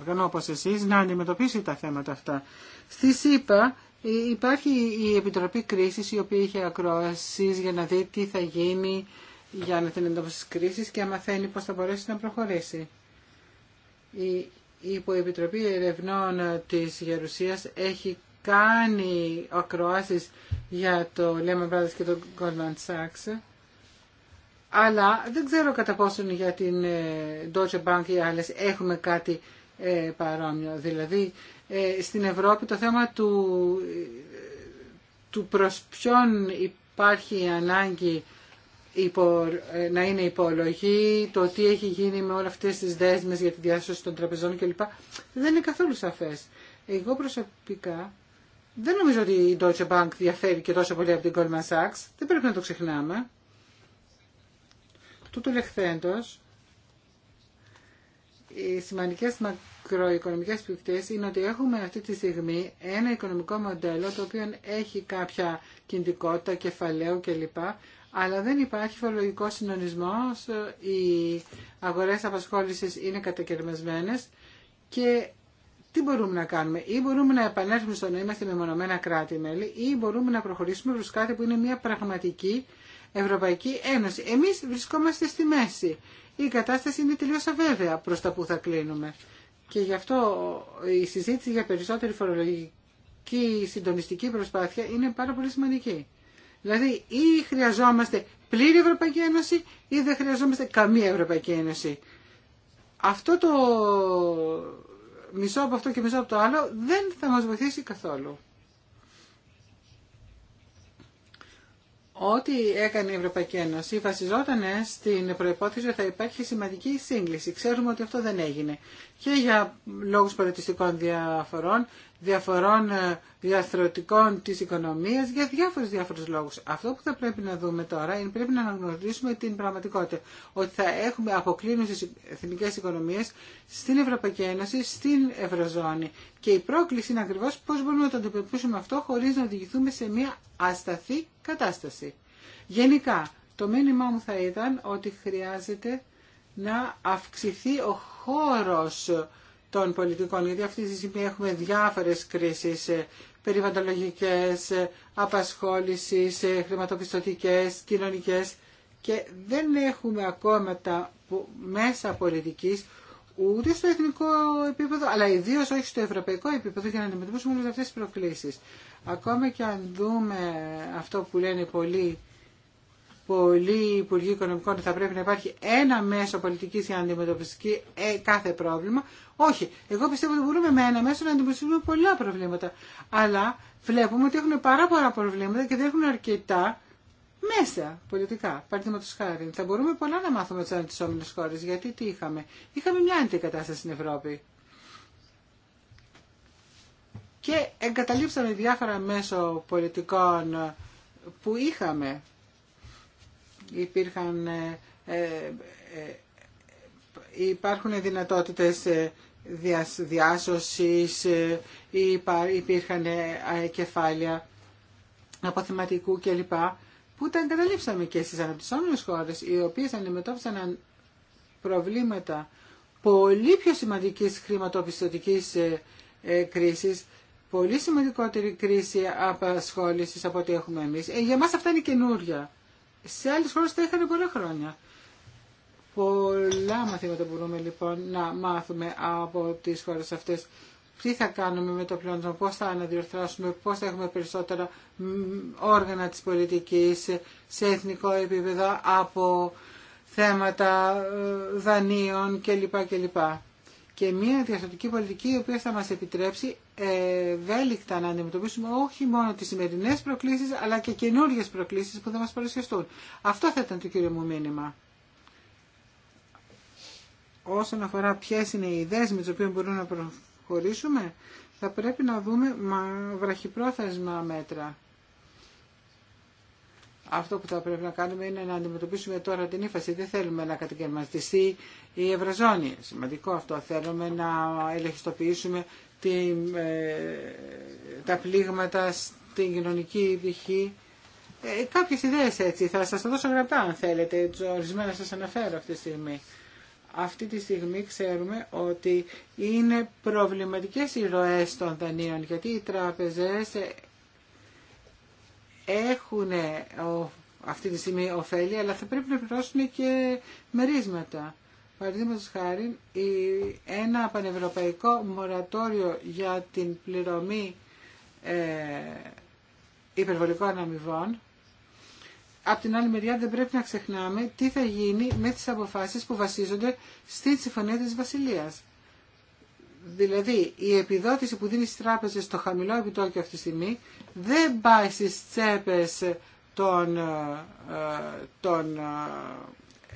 όργανο όπως εσείς να αντιμετωπίσει τα θέματα αυτά. Στη ΣΥΠΑ ε, υπάρχει η Επιτροπή Κρίσης η οποία είχε ακρόασεις για να δει τι θα γίνει για να την εντόπιση κρίση κρίσης και μαθαίνει πώς θα μπορέσει να προχωρήσει. Η Υποεπιτροπή Ερευνών της Γερουσίας έχει κάνει ακροάσεις για το Lehman Brothers και το Goldman Sachs αλλά δεν ξέρω κατά πόσον για την ε, Deutsche Bank ή άλλες έχουμε κάτι ε, παρόμοιο. Δηλαδή ε, στην Ευρώπη το θέμα του, του προς ποιον υπάρχει ανάγκη ε, να είναι υπολογή, το τι έχει γίνει με όλες αυτές τις δέσμες για τη διάσωση των τραπεζών κλπ. Δεν είναι καθόλου σαφές. Εγώ προσωπικά δεν νομίζω ότι η Deutsche Bank διαφέρει και τόσο πολύ από την Goldman Sachs. Δεν πρέπει να το ξεχνάμε. Τούτο λεχθέντος, οι σημαντικές μικροοικονομικέ πληκτές είναι ότι έχουμε αυτή τη στιγμή ένα οικονομικό μοντέλο το οποίο έχει κάποια κινητικότητα, κεφαλαίου κλπ. Αλλά δεν υπάρχει φορολογικό συντονισμό. οι αγορέ απασχόληση είναι κατακαιρμασμένε και τι μπορούμε να κάνουμε. Ή μπορούμε να επανέλθουμε στο να είμαστε μεμονωμένα κράτη-μέλη ή μπορούμε να προχωρήσουμε προς κάτι που είναι μια πραγματική Ευρωπαϊκή Ένωση. Εμείς βρισκόμαστε στη μέση. Η μπορουμε να προχωρησουμε προ κατι είναι ενωση εμει βρισκομαστε στη μεση αβέβαια προ τα που θα κλείνουμε. Και γι' αυτό η συζήτηση για περισσότερη φορολογική συντονιστική προσπάθεια είναι πάρα πολύ σημαντική. Δηλαδή ή χρειαζόμαστε πλήρη Ευρωπαϊκή Ένωση ή δεν χρειαζόμαστε καμία Ευρωπαϊκή Ένωση. Αυτό το μισό από αυτό και μισό από το άλλο δεν θα μας βοηθήσει καθόλου. ό,τι έκανε η Ευρωπαϊκή Ένωση βασιζόταν στην προπόθεση ότι θα υπάρχει σημαντική σύγκληση. Ξέρουμε ότι αυτό δεν έγινε. Και για λόγους πολιτιστικών διαφορών διαφορών ε, διαστρωτικών της οικονομίας για διάφορους διάφορους λόγους. Αυτό που θα πρέπει να δούμε τώρα είναι πρέπει να αναγνωρίσουμε την πραγματικότητα ότι θα έχουμε αποκλίνωση στις εθνικές οικονομίες στην Ευρωπαϊκή Ένωση, στην Ευρωζώνη και η πρόκληση είναι ακριβώς πώς μπορούμε να το αντιμετωπίσουμε αυτό χωρίς να οδηγηθούμε σε μια ασταθή κατάσταση. Γενικά, το μήνυμά μου θα ήταν ότι χρειάζεται να αυξηθεί ο χώρος των πολιτικών. Γιατί αυτή τη στιγμή έχουμε διάφορες κρίσεις ε, περιβαλλοντολογικές, ε, απασχόλησης, ε, χρηματοπιστωτικές, κοινωνικές και δεν έχουμε ακόμα τα μέσα πολιτικής ούτε στο εθνικό επίπεδο, αλλά ιδίω όχι στο ευρωπαϊκό επίπεδο για να αντιμετωπίσουμε όλε αυτέ τι προκλήσει. Ακόμα και αν δούμε αυτό που λένε πολλοί πολλοί Υπουργοί Οικονομικών ότι θα πρέπει να υπάρχει ένα μέσο πολιτική για να αντιμετωπιστεί ε, κάθε πρόβλημα. Όχι. Εγώ πιστεύω ότι μπορούμε με ένα μέσο να αντιμετωπιστούμε πολλά προβλήματα. Αλλά βλέπουμε ότι έχουν πάρα πολλά προβλήματα και δεν έχουν αρκετά μέσα πολιτικά. Παραδείγματο χάρη. Θα μπορούμε πολλά να μάθουμε τι αντισόμενε χώρε. Γιατί τι είχαμε. Είχαμε μια αντικατάσταση στην Ευρώπη. Και εγκαταλείψαμε διάφορα μέσο πολιτικών που είχαμε υπήρχαν, ε, ε, ε, υπάρχουν δυνατότητες διάσωσης, υπήρχαν κεφάλια αποθηματικού κλπ. που τα εγκαταλείψαμε και στις αναπτυσσόμενες χώρες, οι οποίες αντιμετώπισαν προβλήματα πολύ πιο σημαντικής χρηματοπιστωτικής κρίσης, πολύ σημαντικότερη κρίση απασχόλησης από ό,τι έχουμε εμείς. για μας αυτά είναι καινούρια σε άλλες χώρες τα είχαν πολλά χρόνια. Πολλά μαθήματα μπορούμε λοιπόν να μάθουμε από τις χώρες αυτές. Τι θα κάνουμε με το πλάνο, πώς θα αναδιορθώσουμε, πώς θα έχουμε περισσότερα όργανα της πολιτικής σε εθνικό επίπεδο από θέματα ε, δανείων κλπ. Και, και μια διαστατική πολιτική η οποία θα μας επιτρέψει ευέλικτα να αντιμετωπίσουμε όχι μόνο τις σημερινές προκλήσεις αλλά και καινούριε προκλήσεις που θα μας παρουσιαστούν. Αυτό θα ήταν το κύριο μου μήνυμα. Όσον αφορά ποιε είναι οι ιδέες με τις οποίες μπορούμε να προχωρήσουμε, θα πρέπει να δούμε βραχυπρόθεσμα μέτρα. Αυτό που θα πρέπει να κάνουμε είναι να αντιμετωπίσουμε τώρα την ύφαση. Δεν θέλουμε να κατακαιρματιστεί η Ευρωζώνη. Σημαντικό αυτό. Θέλουμε να ελεγχιστοποιήσουμε ε, τα πλήγματα στην κοινωνική δυχή. Ε, κάποιες ιδέες έτσι, θα σας τα δώσω γραπτά αν θέλετε, ορισμένα σας αναφέρω αυτή τη στιγμή. Αυτή τη στιγμή ξέρουμε ότι είναι προβληματικές οι ροές των δανείων, γιατί οι τράπεζες έχουν ε, αυτή τη στιγμή ωφέλη, αλλά θα πρέπει να πληρώσουν και μερίσματα. Παραδείγματο χάρη, ένα πανευρωπαϊκό μορατόριο για την πληρωμή ε, υπερβολικών αμοιβών. Απ' την άλλη μεριά δεν πρέπει να ξεχνάμε τι θα γίνει με τις αποφάσεις που βασίζονται στη Συμφωνία της Βασιλείας. Δηλαδή, η επιδότηση που δίνει στις τράπεζες στο χαμηλό επιτόκιο αυτή τη στιγμή δεν πάει στις τσέπες των, ε, ε, των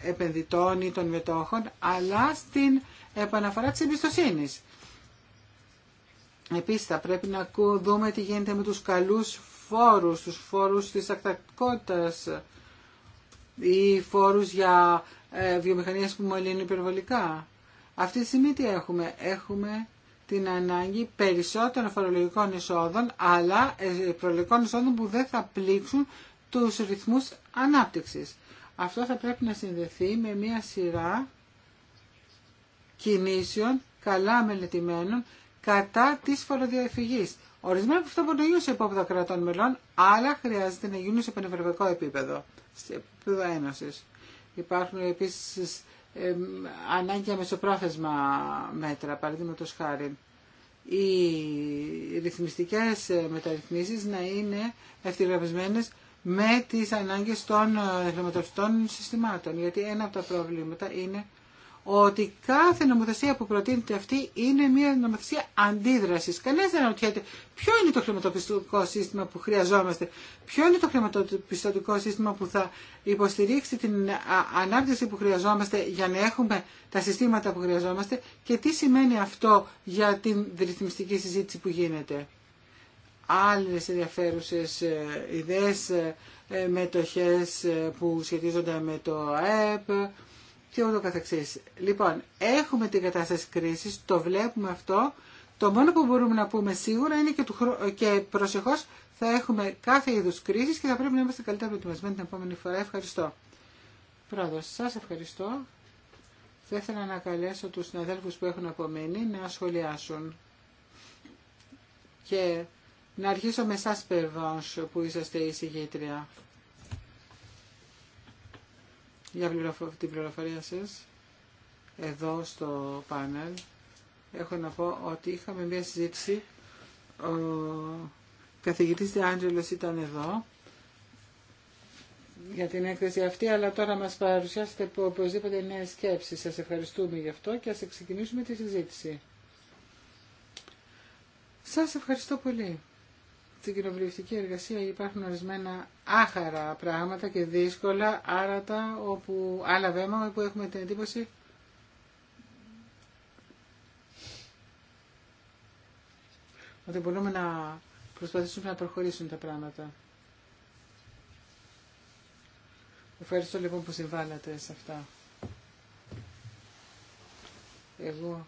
επενδυτών ή των μετόχων, αλλά στην επαναφορά της εμπιστοσύνης. Επίσης θα πρέπει να δούμε τι γίνεται με τους καλούς φόρους, τους φόρους της ακτακτικότητας ή φόρους για ε, βιομηχανίες που μολύνουν υπερβολικά. Αυτή τη στιγμή τι έχουμε. Έχουμε την ανάγκη περισσότερων φορολογικών εισόδων, αλλά ε, φορολογικών εισόδων που δεν θα πλήξουν τους ρυθμούς ανάπτυξης αυτό θα πρέπει να συνδεθεί με μια σειρά κινήσεων καλά μελετημένων κατά της φοροδιαφυγής. Ορισμένα από αυτά μπορεί να γίνουν σε επίπεδο κρατών μελών, αλλά χρειάζεται να γίνουν σε πανευρωπαϊκό επίπεδο, σε επίπεδο ένωσης. Υπάρχουν επίσης ε, ανάγκη μεσοπρόθεσμα μέτρα, παραδείγματο χάρη. Οι ρυθμιστικές μεταρρυθμίσεις να είναι ευθυγραμμισμένες με τις ανάγκες των ε, χρηματοδοτικών συστημάτων. Γιατί ένα από τα προβλήματα είναι ότι κάθε νομοθεσία που προτείνεται αυτή είναι μια νομοθεσία αντίδρασης. Κανένας δεν αναρωτιέται ποιο είναι το χρηματοπιστωτικό σύστημα που χρειαζόμαστε, ποιο είναι το χρηματοπιστωτικό σύστημα που θα υποστηρίξει την ε, ανάπτυξη που χρειαζόμαστε για να έχουμε τα συστήματα που χρειαζόμαστε και τι σημαίνει αυτό για την ρυθμιστική συζήτηση που γίνεται άλλες ενδιαφέρουσες ε, ιδέες, ε, ε, μετοχές που σχετίζονται με το ΑΕΠ και ούτω καθεξής. Λοιπόν, έχουμε την κατάσταση κρίσης, το βλέπουμε αυτό. Το μόνο που μπορούμε να πούμε σίγουρα είναι και, και προσεχώς θα έχουμε κάθε είδους κρίσης και θα πρέπει να είμαστε καλύτερα προετοιμασμένοι την επόμενη φορά. Ευχαριστώ. Πρόεδρος, σας ευχαριστώ. Θα ήθελα να καλέσω τους συναδέλφους που έχουν απομείνει να σχολιάσουν. Και να αρχίσω με εσάς, Περβάνς, που είσαστε η συγγήτρια. Για την πληροφορία σας, εδώ στο πάνελ, έχω να πω ότι είχαμε μια συζήτηση. Ο καθηγητής Διάντζελος ήταν εδώ για την έκθεση αυτή, αλλά τώρα μας παρουσιάσετε οπωσδήποτε νέες σκέψεις. Σας ευχαριστούμε γι' αυτό και ας ξεκινήσουμε τη συζήτηση. Σας ευχαριστώ πολύ στην κοινοβουλευτική εργασία υπάρχουν ορισμένα άχαρα πράγματα και δύσκολα, άρατα, όπου άλλα βέμα που έχουμε την εντύπωση ότι μπορούμε να προσπαθήσουμε να προχωρήσουν τα πράγματα. Ευχαριστώ λοιπόν που συμβάλλατε σε αυτά. Εγώ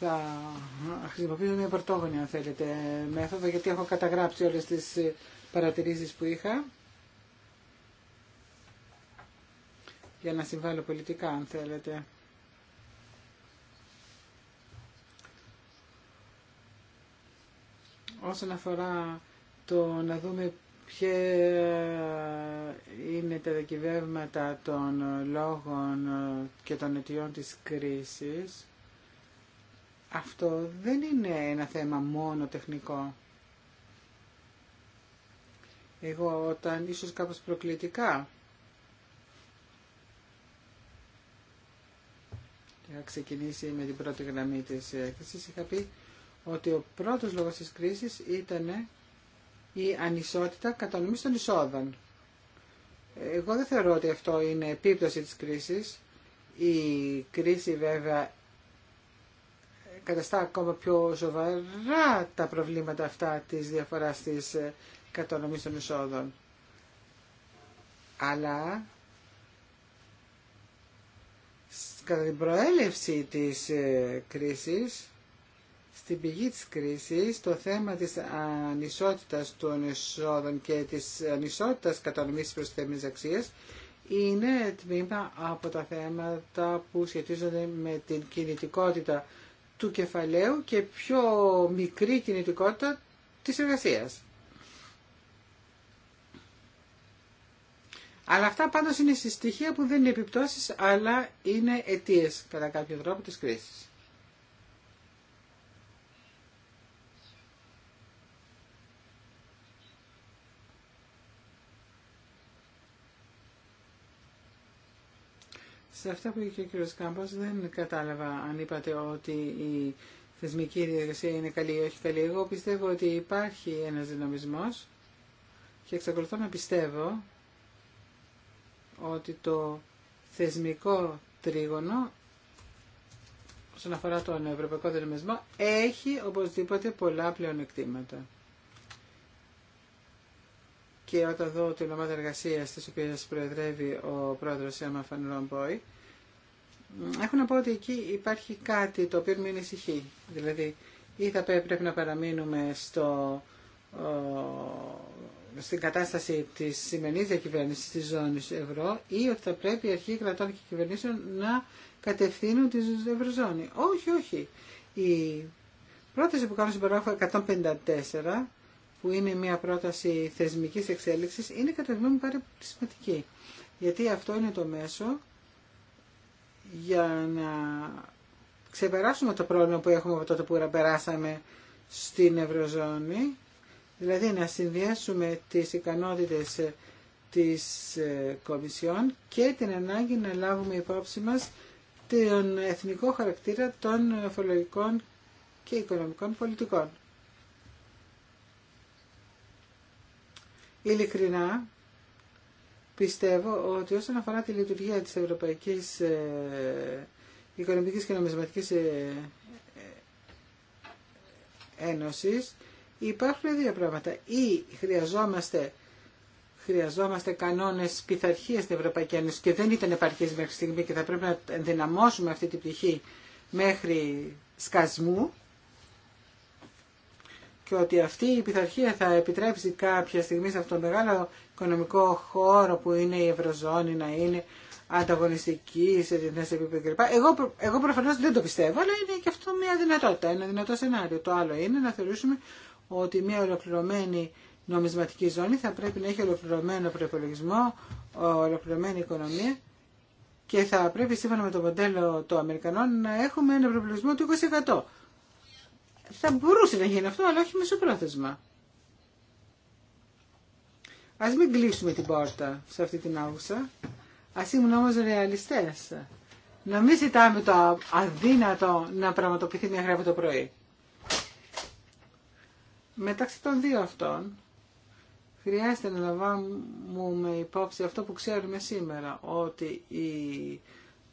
θα χρησιμοποιήσω μια πρωτόγονη αν θέλετε μέθοδο γιατί έχω καταγράψει όλες τις ε, παρατηρήσεις που είχα για να συμβάλλω πολιτικά αν θέλετε. Όσον αφορά το να δούμε ποια είναι τα διακυβεύματα των λόγων ε, και των αιτιών της κρίσης, αυτό δεν είναι ένα θέμα μόνο τεχνικό. Εγώ όταν ίσως κάπως προκλητικά είχα ξεκινήσει με την πρώτη γραμμή της έκθεσης, είχα πει ότι ο πρώτος λόγος της κρίσης ήταν η ανισότητα κατανομής των εισόδων. Εγώ δεν θεωρώ ότι αυτό είναι επίπτωση της κρίσης. Η κρίση βέβαια καταστά ακόμα πιο σοβαρά τα προβλήματα αυτά της διαφοράς της ε, κατανομής των εισόδων. Αλλά κατά την προέλευση της ε, κρίσης, στην πηγή της κρίσης, το θέμα της ανισότητας των εισόδων και της ανισότητας κατανομής θέμενες αξίες είναι τμήμα από τα θέματα που σχετίζονται με την κινητικότητα του κεφαλαίου και πιο μικρή κινητικότητα της εργασίας. Αλλά αυτά πάντως είναι στοιχεία που δεν είναι επιπτώσεις αλλά είναι αιτίες κατά κάποιο τρόπο της κρίσης. σε αυτά που είπε και ο κ. Κάμπος δεν κατάλαβα αν είπατε ότι η θεσμική διαδικασία είναι καλή ή όχι καλή. Εγώ πιστεύω ότι υπάρχει ένας δυναμισμός και εξακολουθώ να πιστεύω ότι το θεσμικό τρίγωνο όσον αφορά τον ευρωπαϊκό δυναμισμό έχει οπωσδήποτε πολλά πλεονεκτήματα. Και όταν δω την ομάδα εργασία τη οποία προεδρεύει ο πρόεδρο Σέμα Φαν έχω να πω ότι εκεί υπάρχει κάτι το οποίο με ανησυχεί. Δηλαδή, ή θα πρέπει να παραμείνουμε στο, στην κατάσταση της σημερινής διακυβέρνησης της ζώνης ευρώ ή ότι θα πρέπει οι αρχή κρατών και κυβερνήσεων να κατευθύνουν τη ευρωζώνη. Όχι, όχι. Η πρόταση που κάνω στην παράγραφο 154 που είναι μια πρόταση θεσμικής εξέλιξης είναι κατά τη γνώμη πάρα σημαντική. Γιατί αυτό είναι το μέσο για να ξεπεράσουμε το πρόβλημα που έχουμε από τότε που περάσαμε στην Ευρωζώνη, δηλαδή να συνδυάσουμε τις ικανότητες της ε, Κομισιόν και την ανάγκη να λάβουμε υπόψη μας τον εθνικό χαρακτήρα των φορολογικών και οικονομικών πολιτικών. Ειλικρινά, πιστεύω ότι όσον αφορά τη λειτουργία της Ευρωπαϊκής ε, Οικονομικής και Νομισματικής ε, ε, Ένωσης υπάρχουν δύο πράγματα. Ή χρειαζόμαστε, χρειαζόμαστε κανόνες πειθαρχία στην Ευρωπαϊκή Ένωση και δεν ήταν επαρκής μέχρι στιγμή και θα πρέπει να ενδυναμώσουμε αυτή την πτυχή μέχρι σκασμού και ότι αυτή η πειθαρχία θα επιτρέψει κάποια στιγμή σε αυτό το μεγάλο οικονομικό χώρο που είναι η Ευρωζώνη να είναι ανταγωνιστική σε διεθνέ επίπεδο κλπ. Εγώ, εγώ προφανώ δεν το πιστεύω, αλλά είναι και αυτό μια δυνατότητα, ένα δυνατό σενάριο. Το άλλο είναι να θεωρήσουμε ότι μια ολοκληρωμένη νομισματική ζώνη θα πρέπει να έχει ολοκληρωμένο προπολογισμό, ολοκληρωμένη οικονομία και θα πρέπει σύμφωνα με το μοντέλο των Αμερικανών να έχουμε ένα προπολογισμό του 20% θα μπορούσε να γίνει αυτό, αλλά όχι μεσοπρόθεσμα. Ας μην κλείσουμε την πόρτα σε αυτή την άγουσα. Ας ήμουν όμως ρεαλιστές. Να μην ζητάμε το αδύνατο να πραγματοποιηθεί μια γράφη το πρωί. Μεταξύ των δύο αυτών, χρειάζεται να λαμβάνουμε υπόψη αυτό που ξέρουμε σήμερα, ότι η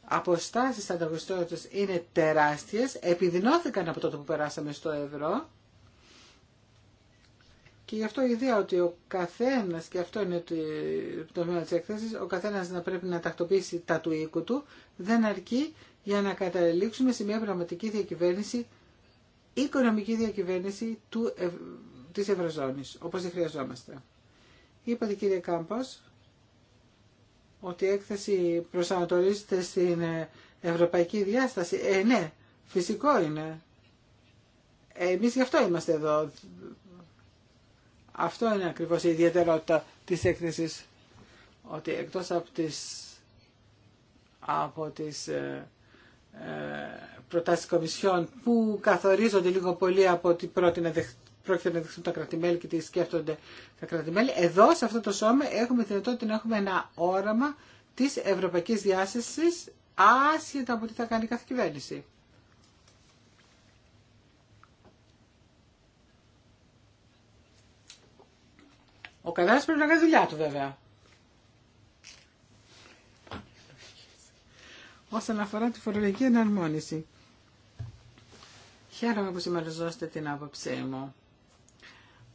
αποστάσεις ανταγωνιστότητας είναι τεράστιες, επιδεινώθηκαν από τότε που περάσαμε στο ευρώ και γι' αυτό η ιδέα ότι ο καθένας, και αυτό είναι το μέλλον της έκθεσης, ο καθένας να πρέπει να τακτοποιήσει τα του οίκου του, δεν αρκεί για να καταλήξουμε σε μια πραγματική διακυβέρνηση, οικονομική διακυβέρνηση του, της Ευρωζώνης, όπως τη χρειαζόμαστε. Είπατε κύριε Κάμπος, ότι η έκθεση προσανατολίζεται στην ευρωπαϊκή διάσταση. Ε, ναι, φυσικό είναι. Ε, εμείς γι' αυτό είμαστε εδώ. Αυτό είναι ακριβώς η ιδιαιτερότητα της έκθεσης. Ότι εκτός από τις, από τις ε, ε προτάσεις κομισιών που καθορίζονται λίγο πολύ από ό,τι πρότεινε πρόκειται να δείξουν τα κρατημέλη και τι σκέφτονται τα κρατημέλη. Εδώ, σε αυτό το σώμα, έχουμε δυνατότητα να έχουμε ένα όραμα τη ευρωπαϊκή διάσταση, άσχετα από τι θα κάνει κάθε κυβέρνηση. Ο καθένα πρέπει να κάνει δουλειά του, βέβαια. Όσον αφορά τη φορολογική εναρμόνιση. Χαίρομαι που ζώστε την άποψή μου.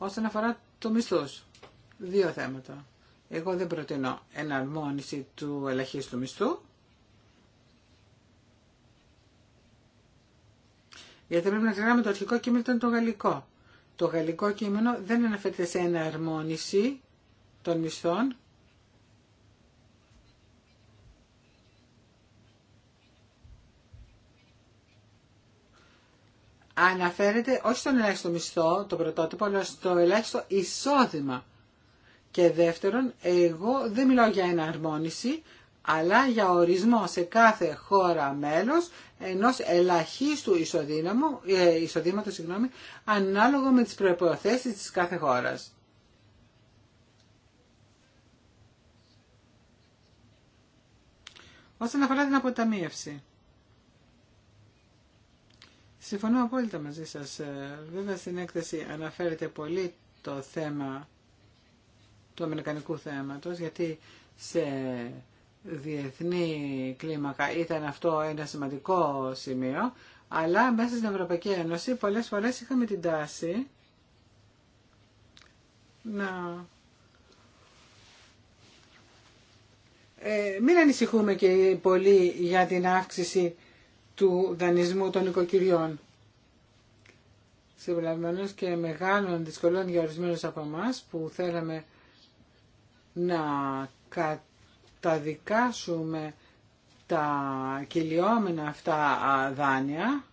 Όσον αφορά το μισθούς, δύο θέματα. Εγώ δεν προτείνω εναρμόνιση του ελαχίστου μισθού, γιατί πρέπει να ξεχνάμε το αρχικό κείμενο ήταν το γαλλικό. Το γαλλικό κείμενο δεν αναφέρεται σε εναρμόνιση των μισθών, αναφέρεται όχι στον ελάχιστο μισθό, το πρωτότυπο, αλλά στο ελάχιστο εισόδημα. Και δεύτερον, εγώ δεν μιλάω για εναρμόνιση, αλλά για ορισμό σε κάθε χώρα μέλος ενός ελαχίστου ε, εισοδήματος συγγνώμη, ανάλογο με τις προϋποθέσεις της κάθε χώρας. Όσον αφορά την αποταμίευση. Συμφωνώ απόλυτα μαζί σας. Ε, βέβαια στην έκθεση αναφέρεται πολύ το θέμα του αμερικανικού θέματος, γιατί σε διεθνή κλίμακα ήταν αυτό ένα σημαντικό σημείο, αλλά μέσα στην Ευρωπαϊκή Ένωση πολλές φορές είχαμε την τάση να ε, μην ανησυχούμε και πολύ για την αύξηση του δανεισμού των οικοκυριών. Συμπληρωμένο και μεγάλων δυσκολών για ορισμένου από εμά που θέλαμε να καταδικάσουμε τα κυλιόμενα αυτά δάνεια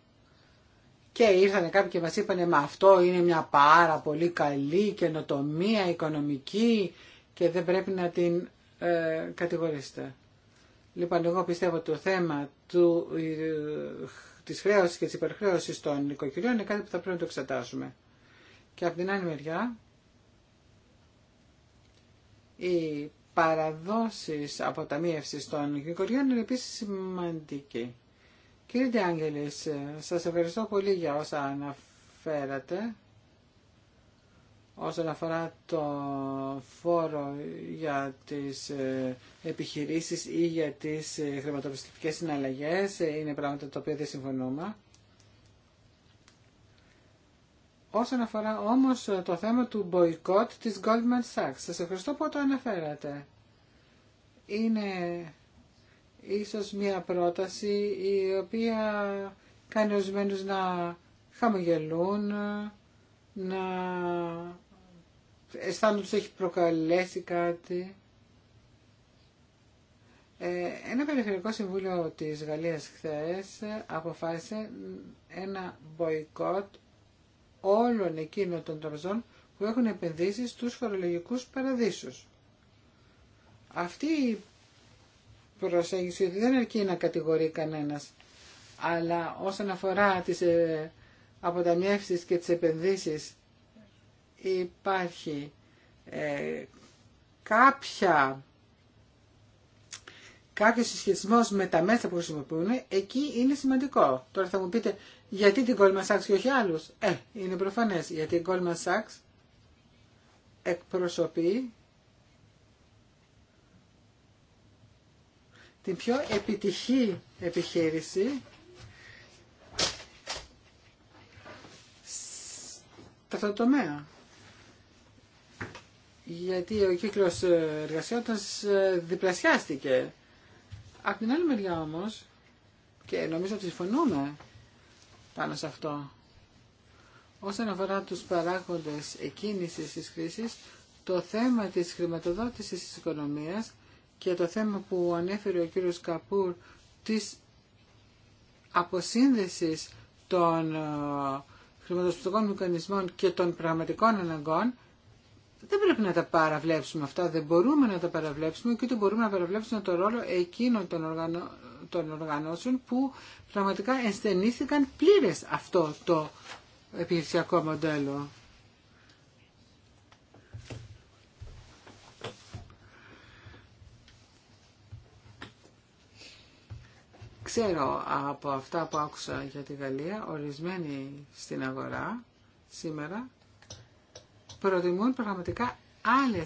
και ήρθαν κάποιοι και μας είπανε μα αυτό είναι μια πάρα πολύ καλή καινοτομία οικονομική και δεν πρέπει να την ε, κατηγορήσετε. Λοιπόν, εγώ πιστεύω το θέμα του, ε, της χρέωσης και της υπερχρέωσης των νοικοκυριών είναι κάτι που θα πρέπει να το εξετάσουμε. Και από την άλλη μεριά, οι παραδόσεις αποταμίευσης των νοικοκυριών είναι επίσης σημαντικοί. Κύριε Ντιάγγελης, ε, σας ευχαριστώ πολύ για όσα αναφέρατε όσον αφορά το φόρο για τις ε, επιχειρήσεις ή για τις ε, χρηματοπιστωτικές συναλλαγές ε, είναι πράγματα τα οποία δεν συμφωνούμε. Όσον αφορά όμως το θέμα του boycott της Goldman Sachs, σας ευχαριστώ που το αναφέρατε. Είναι ίσως μια πρόταση η οποία κάνει ορισμένου να χαμογελούν, να αισθάνονται του έχει προκαλέσει κάτι. Ε, ένα περιφερειακό συμβούλιο της Γαλλίας χθες αποφάσισε ένα μποϊκότ όλων εκείνων των τραπεζών που έχουν επενδύσει στους φορολογικούς παραδείσους. Αυτή η προσέγγιση δεν αρκεί να κατηγορεί κανένας, αλλά όσον αφορά τις ε, αποταμιεύσεις και τις επενδύσεις υπάρχει ε, κάποια κάποιο συσχετισμό με τα μέσα που χρησιμοποιούν, εκεί είναι σημαντικό. Τώρα θα μου πείτε, γιατί την Goldman Sachs και όχι άλλου. Ε, είναι προφανέ. Γιατί η Goldman Sachs εκπροσωπεί την πιο επιτυχή επιχείρηση σε αυτό το τομέα γιατί ο κύκλος εργασιών ε, διπλασιάστηκε. Απ' την άλλη μεριά όμως, και νομίζω ότι συμφωνούμε πάνω σε αυτό, όσον αφορά τους παράγοντες εκκίνησης της κρίσης, το θέμα της χρηματοδότησης της οικονομίας και το θέμα που ανέφερε ο κύριος Καπούρ της αποσύνδεσης των ε, χρηματοδοτικών μηχανισμών και των πραγματικών αναγκών δεν πρέπει να τα παραβλέψουμε αυτά, δεν μπορούμε να τα παραβλέψουμε και ούτε μπορούμε να παραβλέψουμε το ρόλο εκείνων των, των οργανώσεων που πραγματικά ενστενήθηκαν πλήρες αυτό το επιχειρησιακό μοντέλο. Ξέρω από αυτά που άκουσα για τη Γαλλία, ορισμένοι στην αγορά σήμερα προτιμούν πραγματικά άλλε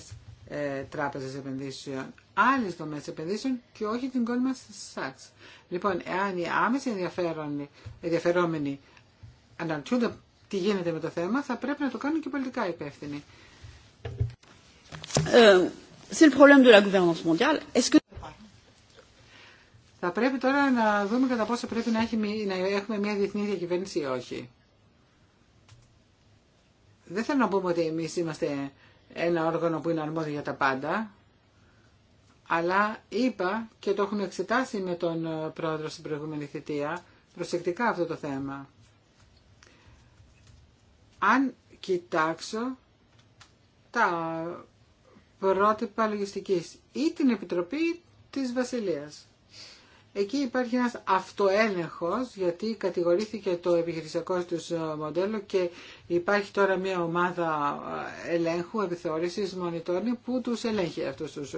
ε, τράπεζες επενδύσεων, άλλε δομέ επενδύσεων και όχι την Goldman Sachs. Λοιπόν, εάν οι άμεση ενδιαφερόμενοι αναρωτιούνται τι γίνεται με το θέμα, θα πρέπει να το κάνουν και πολιτικά υπεύθυνοι. Ε, θα πρέπει τώρα να δούμε κατά πόσο πρέπει να, να έχουμε μια διεθνή διακυβέρνηση ή όχι δεν θέλω να πούμε ότι εμείς είμαστε ένα όργανο που είναι αρμόδιο για τα πάντα, αλλά είπα και το έχουν εξετάσει με τον ε, πρόεδρο στην προηγούμενη θητεία προσεκτικά αυτό το θέμα. Αν κοιτάξω τα πρότυπα λογιστικής ή την Επιτροπή της Βασιλείας. Εκεί υπάρχει ένας αυτοέλεγχος γιατί κατηγορήθηκε το επιχειρησιακό του ε, μοντέλο και υπάρχει τώρα μια ομάδα ε, ελέγχου, επιθεώρησης, μονιτόρνη που τους ελέγχει αυτούς τους,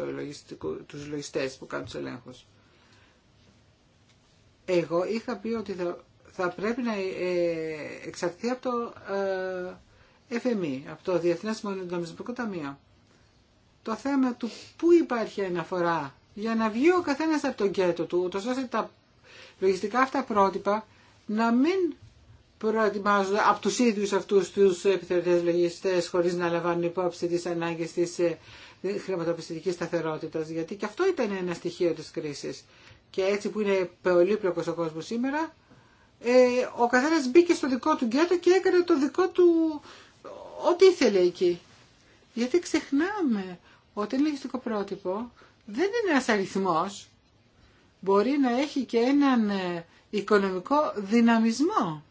τους λογιστές που κάνουν τους ελέγχους. Εγώ είχα πει ότι θα, πρέπει να ε, εξαρτηθεί από το ε, FMI, e, από το Διεθνές Μονιτομισμικό Ταμείο. Το θέμα του πού υπάρχει αναφορά για να βγει ο καθένα από τον κέτο του, ούτως ώστε τα λογιστικά αυτά πρότυπα να μην προετοιμάζονται από τους ίδιους αυτούς τους επιθεωρητές λογιστές χωρίς να λαμβάνουν υπόψη τι ανάγκε της ε, χρηματοπιστικής σταθερότητας, γιατί και αυτό ήταν ένα στοιχείο της κρίσης. Και έτσι που είναι πολύπλοκο ο κόσμος σήμερα, ε, ο καθένα μπήκε στο δικό του γκέτο και έκανε το δικό του ό,τι ήθελε εκεί. Γιατί ξεχνάμε ότι είναι λογιστικό πρότυπο δεν είναι ένας αριθμός. Μπορεί να έχει και έναν ε, οικονομικό δυναμισμό.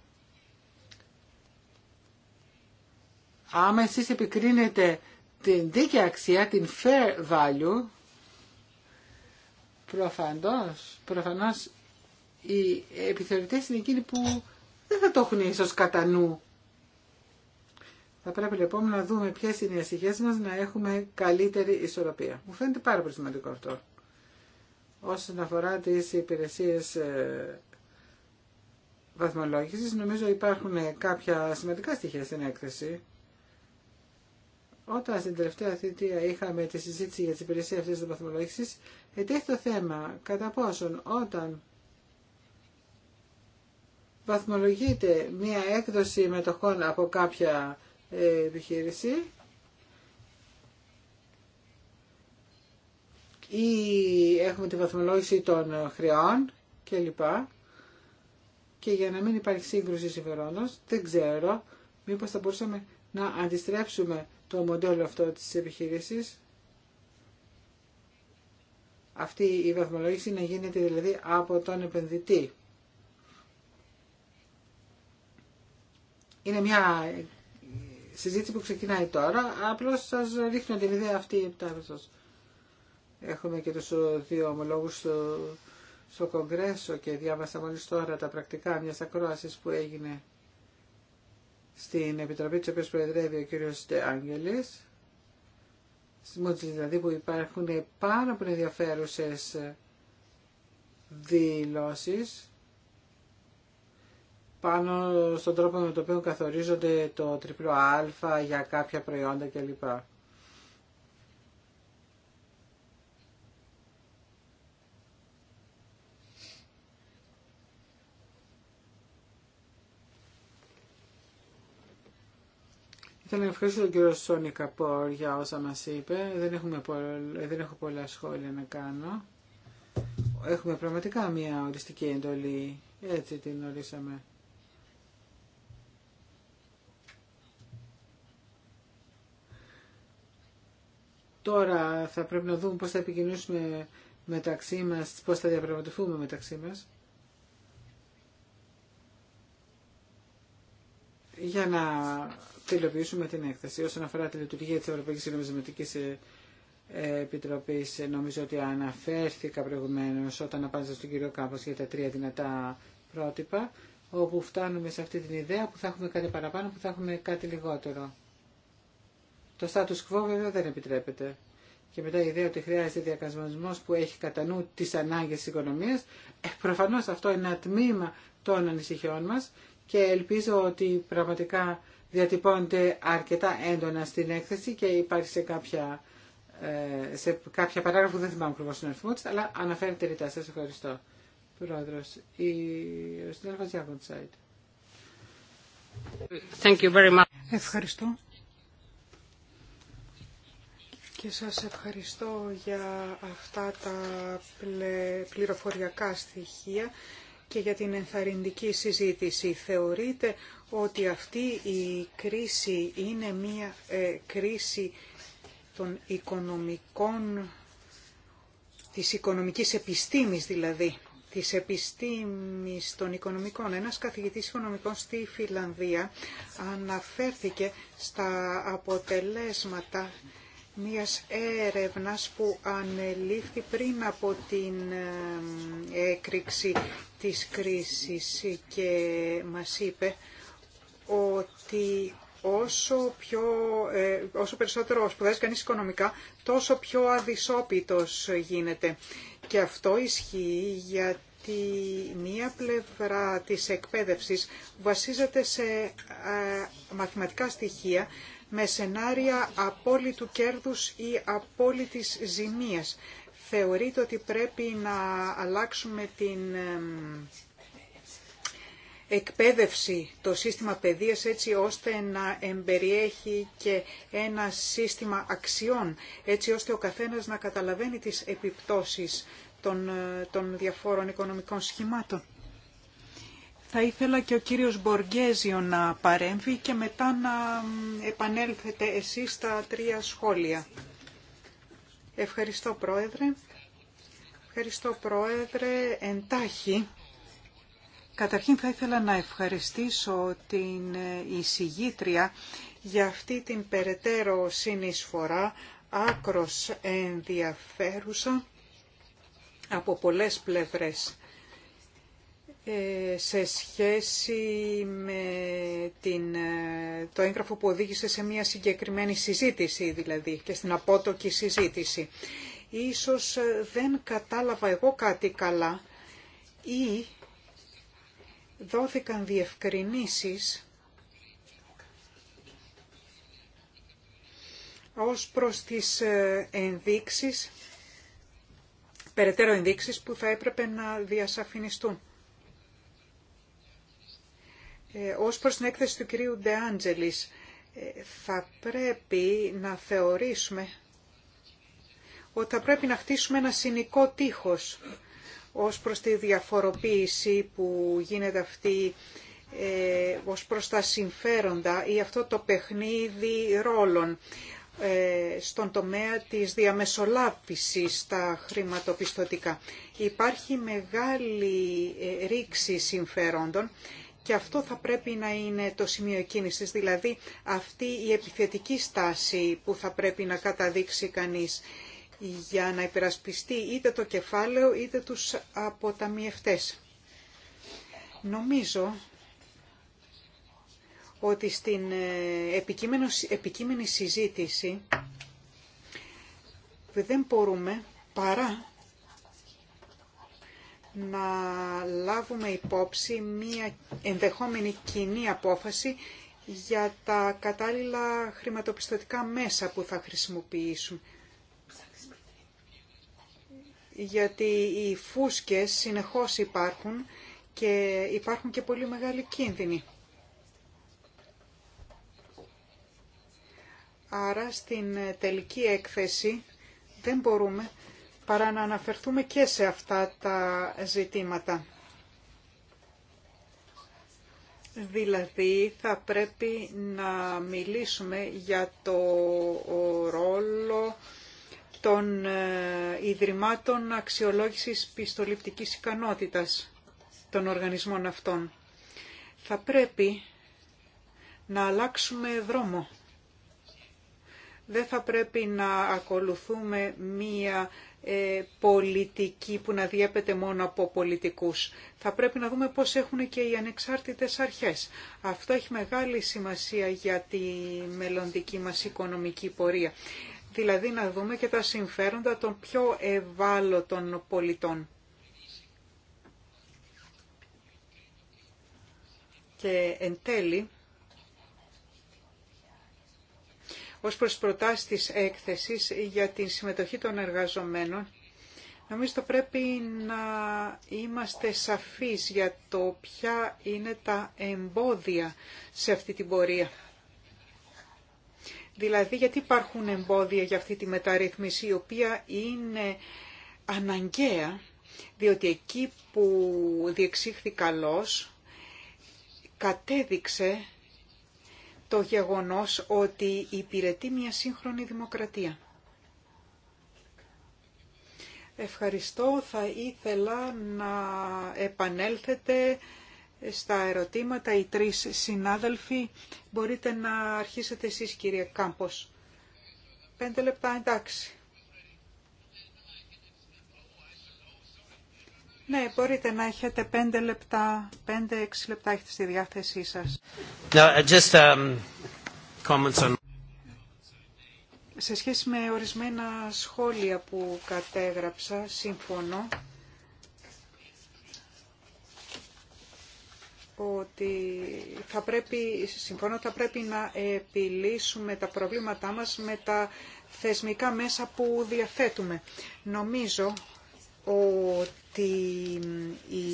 Άμα εσείς επικρίνετε την δίκαια αξία, την fair value, προφανώς, προφανώς οι επιθεωρητές είναι εκείνοι που δεν θα το έχουν ίσως κατά νου θα πρέπει λοιπόν να δούμε ποιε είναι οι ασυχέ μα να έχουμε καλύτερη ισορροπία. Μου φαίνεται πάρα πολύ σημαντικό αυτό. Όσον αφορά τις υπηρεσίες ε, βαθμολόγηση, νομίζω υπάρχουν κάποια σημαντικά στοιχεία στην έκθεση. Όταν στην τελευταία θητεία είχαμε τη συζήτηση για τι υπηρεσίες αυτή τη βαθμολόγηση, ετέχει το θέμα κατά πόσον όταν βαθμολογείται μία έκδοση μετοχών από κάποια ε, επιχείρηση. Ή έχουμε τη βαθμολόγηση των ε, χρεών κλπ. Και για να μην υπάρχει σύγκρουση συμφερόντος, δεν ξέρω, μήπως θα μπορούσαμε να αντιστρέψουμε το μοντέλο αυτό της επιχείρησης. Αυτή η βαθμολόγηση να γίνεται δηλαδή από τον επενδυτή. Είναι μια συζήτηση που ξεκινάει τώρα. Απλώ σα δείχνω την ιδέα αυτή Έχουμε και του δύο ομολόγου στο, στο Κογκρέσο και διάβασα μόλι τώρα τα πρακτικά μια ακρόαση που έγινε στην Επιτροπή τη οποία προεδρεύει ο κύριος Άγγελης. Δηλαδή που υπάρχουν πάρα πολύ ενδιαφέρουσε δηλώσει πάνω στον τρόπο με τον οποίο καθορίζονται το τριπλό α για κάποια προϊόντα κλπ. Θέλω να ευχαριστήσω τον κύριο Σόνικα Πόρ για όσα μας είπε. Δεν, έχουμε δεν έχω πολλά σχόλια να κάνω. Έχουμε πραγματικά μια οριστική εντολή. Έτσι την ορίσαμε. Τώρα θα πρέπει να δούμε πώς θα επικοινωνήσουμε μεταξύ μας, πώς θα διαπραγματευτούμε μεταξύ μας. για να τελειοποιήσουμε την έκθεση. Όσον αφορά τη λειτουργία της Ευρωπαϊκής Νομισματικής ε, Επιτροπής, ε, νομίζω ότι αναφέρθηκα προηγουμένως όταν απάντησα στον κύριο Κάμπος για τα τρία δυνατά πρότυπα, όπου φτάνουμε σε αυτή την ιδέα που θα έχουμε κάτι παραπάνω, που θα έχουμε κάτι λιγότερο. Το status quo βέβαια δεν επιτρέπεται. Και μετά η ιδέα ότι χρειάζεται διακασμασμό που έχει κατά νου τι ανάγκε τη οικονομία. ε, αυτό είναι ένα τμήμα των ανησυχιών μα και ελπίζω ότι πραγματικά διατυπώνεται αρκετά έντονα στην έκθεση και υπάρχει σε κάποια, ε, σε κάποια παράγραφο που δεν θυμάμαι ακριβώ τον αριθμό τη, αλλά αναφέρεται ρητά. σα ευχαριστώ. Πρόεδρος, η, Thank you Ευχαριστώ και σας ευχαριστώ για αυτά τα πληροφοριακά στοιχεία και για την ενθαρρυντική συζήτηση. Θεωρείτε ότι αυτή η κρίση είναι μια ε, κρίση των οικονομικών, της οικονομικής επιστήμης δηλαδή, της επιστήμης των οικονομικών. Ένας καθηγητής οικονομικών στη Φιλανδία αναφέρθηκε στα αποτελέσματα μιας έρευνας που ανελήφθη πριν από την ε, έκρηξη της κρίσης και μας είπε ότι όσο, πιο, ε, όσο περισσότερο σπουδάζει κανείς οικονομικά, τόσο πιο αδυσόπιτος γίνεται. Και αυτό ισχύει γιατί μία πλευρά της εκπαίδευσης βασίζεται σε ε, μαθηματικά στοιχεία με σενάρια απόλυτου κέρδους ή απόλυτης ζημίας. Θεωρείτε ότι πρέπει να αλλάξουμε την εκπαίδευση, το σύστημα παιδείας έτσι ώστε να εμπεριέχει και ένα σύστημα αξιών, έτσι ώστε ο καθένας να καταλαβαίνει τις επιπτώσεις των, ε, των διαφόρων οικονομικών σχημάτων. Θα ήθελα και ο κύριος Μποργέζιο να παρέμβει και μετά να επανέλθετε εσείς στα τρία σχόλια. Ευχαριστώ Πρόεδρε. Ευχαριστώ Πρόεδρε. Εντάχει. Καταρχήν θα ήθελα να ευχαριστήσω την ε, εισηγήτρια για αυτή την περαιτέρω συνεισφορά άκρος ενδιαφέρουσα από πολλές πλευρές. Ε, σε σχέση με την, ε, το έγγραφο που οδήγησε σε μια συγκεκριμένη συζήτηση δηλαδή και στην απότοκη συζήτηση. Ίσως ε, δεν κατάλαβα εγώ κάτι καλά ή δόθηκαν διευκρινήσεις ως προς τις ενδείξεις, περαιτέρω ενδείξεις που θα έπρεπε να διασαφινιστούν. Ε, ως προς την έκθεση του κυρίου Ντεάντζελης, ε, θα πρέπει να θεωρήσουμε ότι θα πρέπει να χτίσουμε ένα συνικό τείχος ως προς τη διαφοροποίηση που γίνεται αυτή ε, ως προς τα συμφέροντα ή αυτό το παιχνίδι ρόλων ε, στον τομέα της διαμεσολάβησης στα χρηματοπιστωτικά. Υπάρχει μεγάλη ρήξη συμφερόντων και αυτό θα πρέπει να είναι το σημείο κίνηση, δηλαδή αυτή η επιθετική στάση που θα πρέπει να καταδείξει κανείς για να υπερασπιστεί είτε το κεφάλαιο είτε τους αποταμιευτές. Νομίζω ότι στην ε, επικείμενη συζήτηση δεν μπορούμε παρά να λάβουμε υπόψη μία ενδεχόμενη κοινή απόφαση για τα κατάλληλα χρηματοπιστωτικά μέσα που θα χρησιμοποιήσουν. Γιατί οι φούσκες συνεχώς υπάρχουν και υπάρχουν και πολύ μεγάλοι κίνδυνοι. Άρα στην τελική έκθεση δεν μπορούμε παρά να αναφερθούμε και σε αυτά τα ζητήματα. Δηλαδή θα πρέπει να μιλήσουμε για το ρόλο των ε, Ιδρυμάτων Αξιολόγησης Πιστοληπτικής Ικανότητας των οργανισμών αυτών. Θα πρέπει να αλλάξουμε δρόμο. Δεν θα πρέπει να ακολουθούμε μία ε, πολιτική που να διέπεται μόνο από πολιτικούς. Θα πρέπει να δούμε πώς έχουν και οι ανεξάρτητες αρχές. Αυτό έχει μεγάλη σημασία για τη μελλοντική μας οικονομική πορεία. Δηλαδή να δούμε και τα συμφέροντα των πιο ευάλωτων πολιτών. Και εν τέλει, ως προς προτάσεις της έκθεσης για την συμμετοχή των εργαζομένων, νομίζω ότι πρέπει να είμαστε σαφείς για το ποια είναι τα εμπόδια σε αυτή την πορεία. Δηλαδή, γιατί υπάρχουν εμπόδια για αυτή τη μεταρρύθμιση, η οποία είναι αναγκαία, διότι εκεί που διεξήχθη καλός, κατέδειξε το γεγονός ότι υπηρετεί μια σύγχρονη δημοκρατία. Ευχαριστώ. Θα ήθελα να επανέλθετε στα ερωτήματα οι τρεις συνάδελφοι. Μπορείτε να αρχίσετε εσείς κύριε Κάμπος. Πέντε λεπτά εντάξει. Ναι, μπορείτε να έχετε 5 λεπτά, 5-6 λεπτά έχετε στη διάθεσή σας. Uh, just, um, on... Σε σχέση με ορισμένα σχόλια που κατέγραψα, συμφωνώ ότι θα πρέπει, συμφωνώ, θα πρέπει να επιλύσουμε τα προβλήματά μας με τα θεσμικά μέσα που διαθέτουμε. Νομίζω ότι η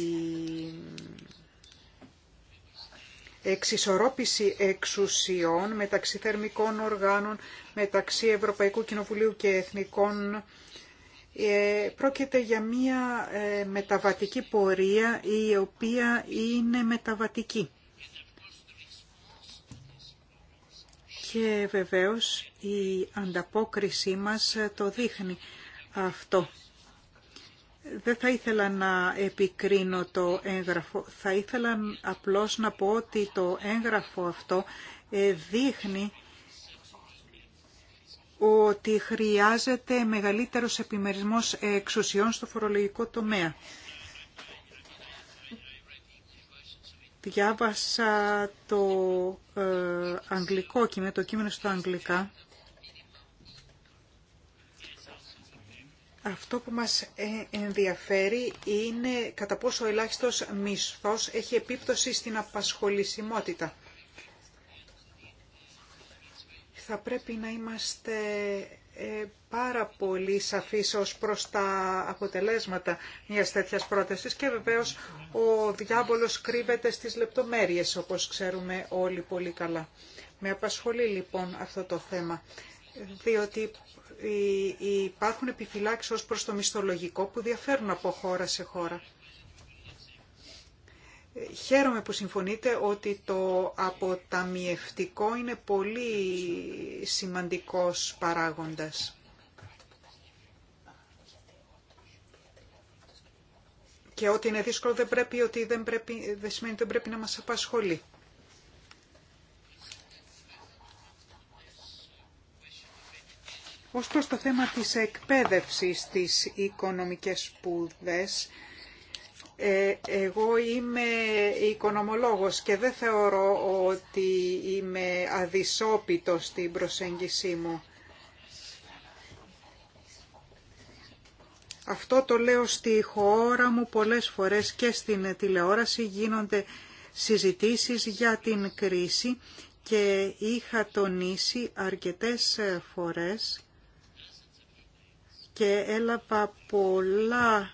εξισορρόπηση εξουσιών μεταξύ θερμικών οργάνων, μεταξύ Ευρωπαϊκού Κοινοβουλίου και Εθνικών ε, πρόκειται για μια ε, μεταβατική πορεία η οποία είναι μεταβατική. Και βεβαίως η ανταπόκρισή μας το δείχνει αυτό. Δεν θα ήθελα να επικρίνω το έγγραφο. Θα ήθελα απλώς να πω ότι το έγγραφο αυτό ε, δείχνει ότι χρειάζεται μεγαλύτερος επιμερισμός εξουσιών στο φορολογικό τομέα. Διάβασα το ε, αγγλικό κείμενο, το κείμενο στα αγγλικά Αυτό που μας ε, ενδιαφέρει είναι κατά πόσο ο ελάχιστος μισθός έχει επίπτωση στην απασχολησιμότητα. Θα πρέπει να είμαστε ε, πάρα πολύ σαφείς ως προς τα αποτελέσματα μιας τέτοιας πρότασης και βεβαίως ο διάβολος κρύβεται στις λεπτομέρειες όπως ξέρουμε όλοι πολύ καλά. Με απασχολεί λοιπόν αυτό το θέμα διότι ε, ε, υπάρχουν επιφυλάξεις ως προς το μισθολογικό που διαφέρουν από χώρα σε χώρα. Ε, χαίρομαι που συμφωνείτε ότι το αποταμιευτικό είναι πολύ σημαντικός παράγοντας. Και ότι είναι δύσκολο δεν, πρέπει, ότι δεν, πρέπει, σημαίνει ότι δεν πρέπει να μας απασχολεί. Ως το θέμα της εκπαίδευσης της οικονομικές σπουδές, ε, εγώ είμαι οικονομολόγος και δεν θεωρώ ότι είμαι αδυσόπιτο στην προσέγγιση μου. Αυτό το λέω στη χώρα μου πολλές φορές και στην τηλεόραση γίνονται συζητήσεις για την κρίση και είχα τονίσει αρκετές φορές και έλαβα πολλά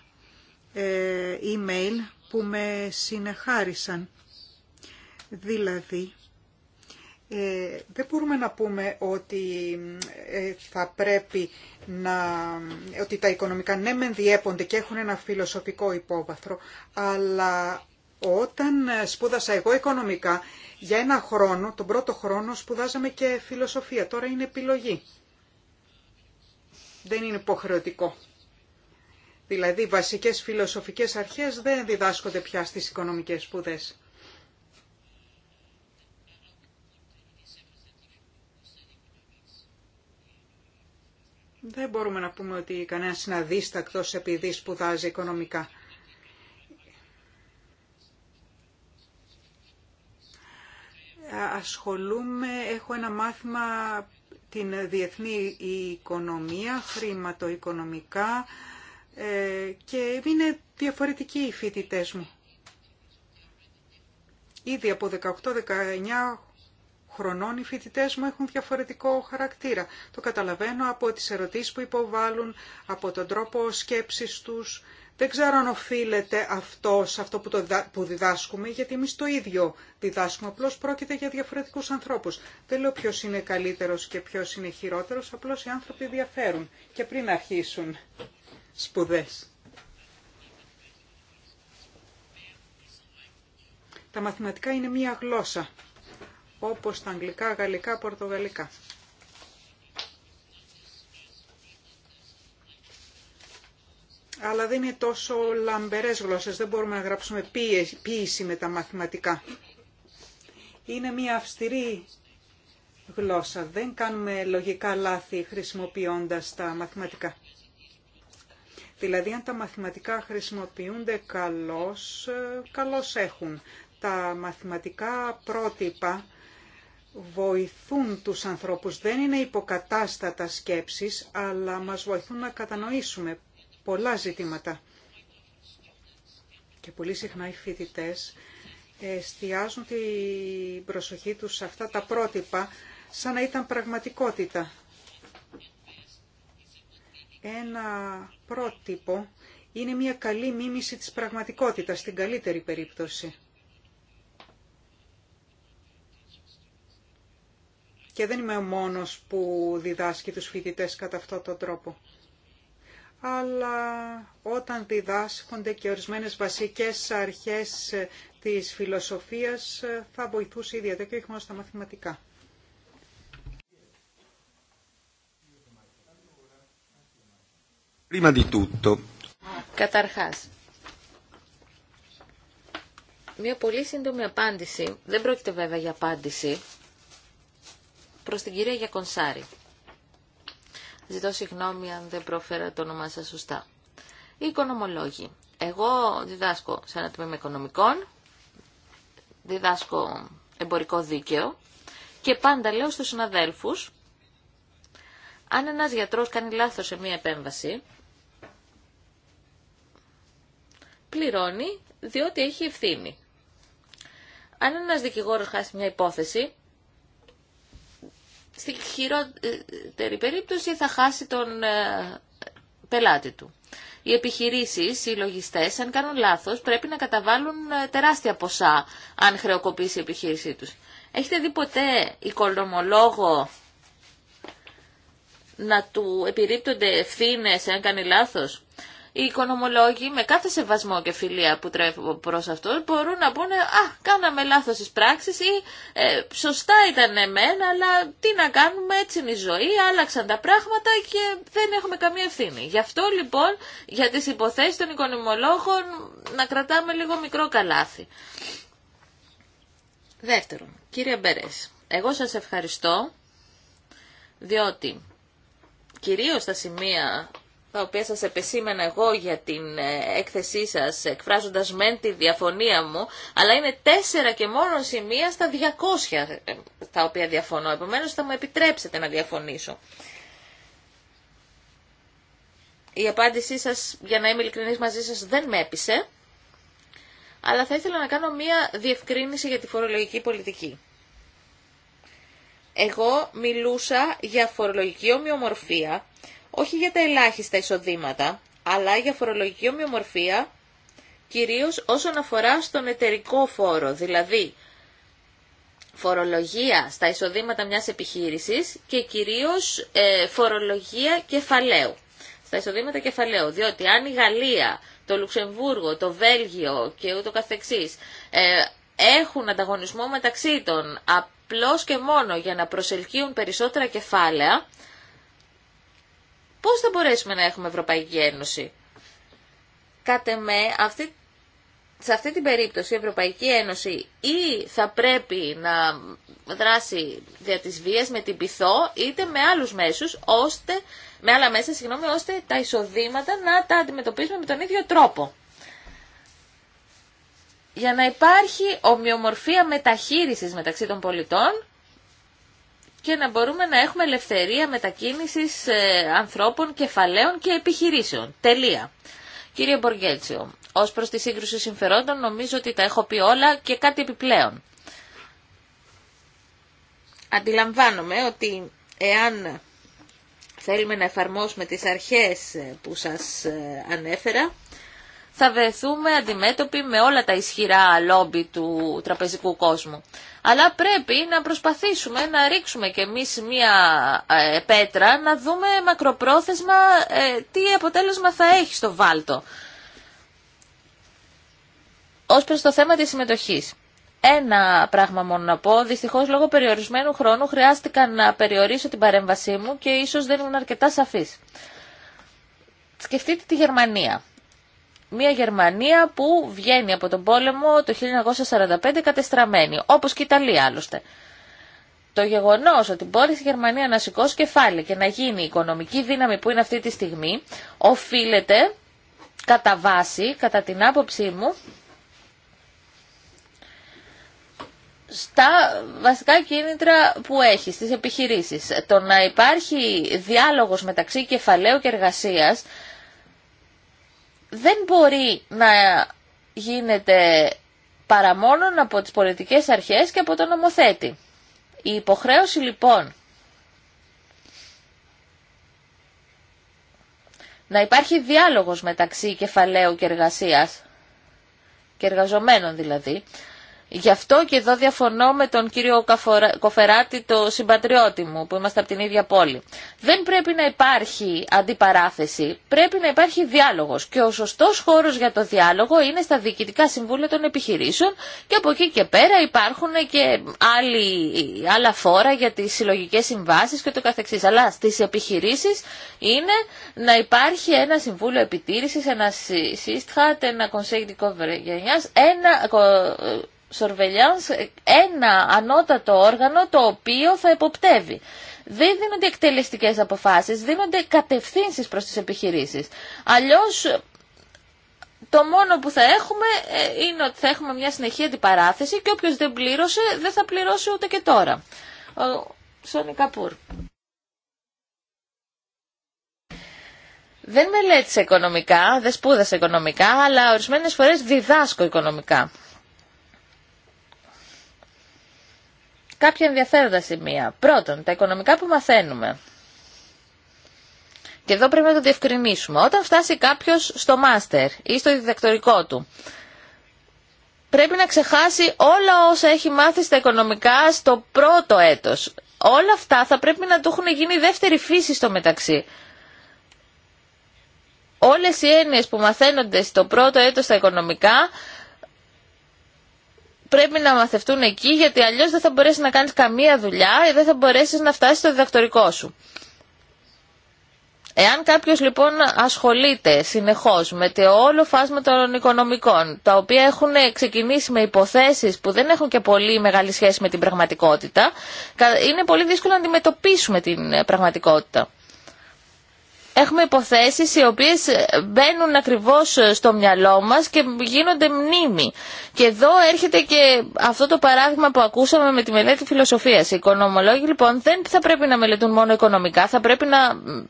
ε, email που με συνεχάρισαν. Δηλαδή, ε, δεν μπορούμε να πούμε ότι ε, θα πρέπει να... ότι τα οικονομικά ναι μεν διέπονται και έχουν ένα φιλοσοφικό υπόβαθρο, αλλά όταν σπούδασα εγώ οικονομικά, για ένα χρόνο, τον πρώτο χρόνο σπουδάζαμε και φιλοσοφία. Τώρα είναι επιλογή δεν είναι υποχρεωτικό. Δηλαδή, βασικές φιλοσοφικές αρχές δεν διδάσκονται πια στις οικονομικές σπουδές. Δεν μπορούμε να πούμε ότι κανένας είναι αδίστακτος επειδή σπουδάζει οικονομικά. Ασχολούμαι, έχω ένα μάθημα την διεθνή οικονομία, χρηματοοικονομικά ε, και είναι διαφορετικοί οι φοιτητέ μου. Ήδη από 18-19 χρονών οι φοιτητέ μου έχουν διαφορετικό χαρακτήρα. Το καταλαβαίνω από τις ερωτήσεις που υποβάλλουν, από τον τρόπο σκέψης τους δεν ξέρω αν οφείλεται αυτό σε αυτό που, το, που διδάσκουμε, γιατί εμεί το ίδιο διδάσκουμε. Απλώ πρόκειται για διαφορετικού ανθρώπου. Δεν λέω ποιο είναι καλύτερο και ποιο είναι χειρότερο, απλώ οι άνθρωποι διαφέρουν και πριν αρχίσουν σπουδέ. Τα μαθηματικά είναι μία γλώσσα, όπως τα αγγλικά, γαλλικά, πορτογαλικά. αλλά δεν είναι τόσο λαμπερές γλώσσες, δεν μπορούμε να γράψουμε ποίηση με τα μαθηματικά. Είναι μια αυστηρή γλώσσα, δεν κάνουμε λογικά λάθη χρησιμοποιώντας τα μαθηματικά. Δηλαδή αν τα μαθηματικά χρησιμοποιούνται καλώς, ε, καλώς έχουν. Τα μαθηματικά πρότυπα βοηθούν τους ανθρώπους. Δεν είναι υποκατάστατα σκέψεις, αλλά μας βοηθούν να κατανοήσουμε πολλά ζητήματα. Και πολύ συχνά οι φοιτητέ εστιάζουν την προσοχή τους σε αυτά τα πρότυπα σαν να ήταν πραγματικότητα. Ένα πρότυπο είναι μια καλή μίμηση της πραγματικότητας, στην καλύτερη περίπτωση. Και δεν είμαι ο μόνος που διδάσκει τους φοιτητές κατά αυτόν τον τρόπο αλλά όταν διδάσκονται και ορισμένες βασικές αρχές της φιλοσοφίας θα βοηθούσε ιδιαίτερα και όχι μόνο στα μαθηματικά. Καταρχάς, μια πολύ σύντομη απάντηση, δεν πρόκειται βέβαια για απάντηση, προς την κυρία Γιακονσάρη. Ζητώ συγγνώμη αν δεν προφέρα το όνομά σας σωστά. Οι οικονομολόγοι. Εγώ διδάσκω σε ένα τμήμα οικονομικών, διδάσκω εμπορικό δίκαιο και πάντα λέω στους συναδέλφους, αν ένας γιατρός κάνει λάθος σε μία επέμβαση, πληρώνει διότι έχει ευθύνη. Αν ένας δικηγόρος χάσει μια υπόθεση, στη χειρότερη περίπτωση θα χάσει τον ε, πελάτη του. Οι επιχειρήσεις, οι λογιστές, αν κάνουν λάθος, πρέπει να καταβάλουν ε, τεράστια ποσά αν χρεοκοπήσει η επιχείρησή τους. Έχετε δει ποτέ οικονομολόγο να του επιρρύπτονται ευθύνε αν κάνει λάθος οι οικονομολόγοι με κάθε σεβασμό και φιλία που τρέφω προς αυτό μπορούν να πούνε «Α, κάναμε λάθος τις πράξεις» ή ε, «Σωστά ήταν εμένα, αλλά τι να κάνουμε, έτσι είναι η ζωή, άλλαξαν τα πράγματα και δεν έχουμε καμία ευθύνη». Γι' αυτό λοιπόν για τις υποθέσεις των οικονομολόγων να κρατάμε λίγο μικρό καλάθι. Δεύτερον, κύριε Μπερές, εγώ σας ευχαριστώ διότι κυρίως τα σημεία τα οποία σας επεσήμενα εγώ για την ε, έκθεσή σας, εκφράζοντας μεν τη διαφωνία μου, αλλά είναι τέσσερα και μόνο σημεία στα 200 ε, τα οποία διαφωνώ. Επομένως θα μου επιτρέψετε να διαφωνήσω. Η απάντησή σας, για να είμαι ειλικρινής μαζί σας, δεν με έπεισε, αλλά θα ήθελα να κάνω μία διευκρίνηση για τη φορολογική πολιτική. Εγώ μιλούσα για φορολογική ομοιομορφία, όχι για τα ελάχιστα εισοδήματα, αλλά για φορολογική ομοιομορφία, κυρίως όσον αφορά στον εταιρικό φόρο, δηλαδή φορολογία στα εισοδήματα μιας επιχείρησης και κυρίως ε, φορολογία κεφαλαίου, στα εισοδήματα κεφαλαίου, διότι αν η Γαλλία, το Λουξεμβούργο, το Βέλγιο και ούτω καθεξής ε, έχουν ανταγωνισμό μεταξύ των απλώς και μόνο για να προσελκύουν περισσότερα κεφάλαια, πώς θα μπορέσουμε να έχουμε Ευρωπαϊκή Ένωση. Κάτε με, αυτή, σε αυτή την περίπτωση η Ευρωπαϊκή Ένωση ή θα πρέπει να δράσει δια της βίας με την πυθό είτε με άλλους μέσους, ώστε, με άλλα μέσα, συγγνώμη, ώστε τα εισοδήματα να τα αντιμετωπίσουμε με τον ίδιο τρόπο για να υπάρχει ομοιομορφία μεταχείρισης μεταξύ των πολιτών και να μπορούμε να έχουμε ελευθερία μετακίνησης ε, ανθρώπων, κεφαλαίων και επιχειρήσεων. Τελεία. Κύριε Μποργέτσιο, ως προς τη σύγκρουση συμφερόντων νομίζω ότι τα έχω πει όλα και κάτι επιπλέον. Αντιλαμβάνομαι ότι εάν θέλουμε να εφαρμόσουμε τις αρχές που σας ε, ανέφερα, θα βρεθούμε αντιμέτωποι με όλα τα ισχυρά λόμπι του τραπεζικού κόσμου. Αλλά πρέπει να προσπαθήσουμε να ρίξουμε και εμείς μία ε, πέτρα, να δούμε μακροπρόθεσμα ε, τι αποτέλεσμα θα έχει στο βάλτο. Ως προς το θέμα της συμμετοχής. Ένα πράγμα μόνο να πω. Δυστυχώς λόγω περιορισμένου χρόνου χρειάστηκα να περιορίσω την παρέμβασή μου και ίσως δεν ήμουν αρκετά σαφής. Σκεφτείτε τη Γερμανία. Μια Γερμανία που βγαίνει από τον πόλεμο το 1945 κατεστραμμένη, όπως και η Ιταλία άλλωστε. Το γεγονός ότι μπορεί η Γερμανία να σηκώσει κεφάλι και να γίνει η οικονομική δύναμη που είναι αυτή τη στιγμή, οφείλεται κατά βάση, κατά την άποψή μου, στα βασικά κίνητρα που έχει, στις επιχειρήσεις. Το να υπάρχει διάλογος μεταξύ κεφαλαίου και εργασίας δεν μπορεί να γίνεται παρά μόνο από τις πολιτικές αρχές και από τον νομοθέτη. Η υποχρέωση λοιπόν να υπάρχει διάλογος μεταξύ κεφαλαίου και εργασίας και εργαζομένων δηλαδή, Γι' αυτό και εδώ διαφωνώ με τον κύριο Κοφεράτη, το συμπατριώτη μου, που είμαστε από την ίδια πόλη. Δεν πρέπει να υπάρχει αντιπαράθεση, πρέπει να υπάρχει διάλογος. Και ο σωστός χώρος για το διάλογο είναι στα διοικητικά συμβούλια των επιχειρήσεων και από εκεί και πέρα υπάρχουν και άλλοι, άλλα φόρα για τις συλλογικέ συμβάσεις και το καθεξής. Αλλά στις επιχειρήσεις είναι να υπάρχει ένα συμβούλιο επιτήρησης, ένα σύστχατ, ένα κονσέγγι ένα surveillance ένα ανώτατο όργανο το οποίο θα εποπτεύει. Δεν δίνονται εκτελεστικές αποφάσεις, δίνονται κατευθύνσεις προς τις επιχειρήσεις. Αλλιώς το μόνο που θα έχουμε ε, είναι ότι θα έχουμε μια συνεχή αντιπαράθεση και όποιος δεν πλήρωσε δεν θα πληρώσει ούτε και τώρα. Ο Σόνι Δεν μελέτησα οικονομικά, δεν σπούδασα οικονομικά, αλλά ορισμένες φορές διδάσκω οικονομικά. κάποια ενδιαφέροντα σημεία. Πρώτον, τα οικονομικά που μαθαίνουμε. Και εδώ πρέπει να το διευκρινίσουμε. Όταν φτάσει κάποιος στο μάστερ ή στο διδακτορικό του, πρέπει να ξεχάσει όλα όσα έχει μάθει στα οικονομικά στο πρώτο έτος. Όλα αυτά θα πρέπει να του έχουν γίνει δεύτερη φύση στο μεταξύ. Όλες οι έννοιες που μαθαίνονται στο πρώτο έτος στα οικονομικά πρέπει να μαθευτούν εκεί γιατί αλλιώς δεν θα μπορέσει να κάνεις καμία δουλειά ή ε, δεν θα μπορέσεις να φτάσεις στο διδακτορικό σου. Εάν κάποιος λοιπόν ασχολείται συνεχώς με το όλο φάσμα των οικονομικών, τα οποία έχουν ξεκινήσει με υποθέσεις που δεν έχουν και πολύ μεγάλη σχέση με την πραγματικότητα, είναι πολύ δύσκολο να αντιμετωπίσουμε την πραγματικότητα έχουμε υποθέσεις οι οποίες μπαίνουν ακριβώς στο μυαλό μας και γίνονται μνήμη. Και εδώ έρχεται και αυτό το παράδειγμα που ακούσαμε με τη μελέτη φιλοσοφίας. Οι οικονομολόγοι λοιπόν δεν θα πρέπει να μελετούν μόνο οικονομικά, θα πρέπει να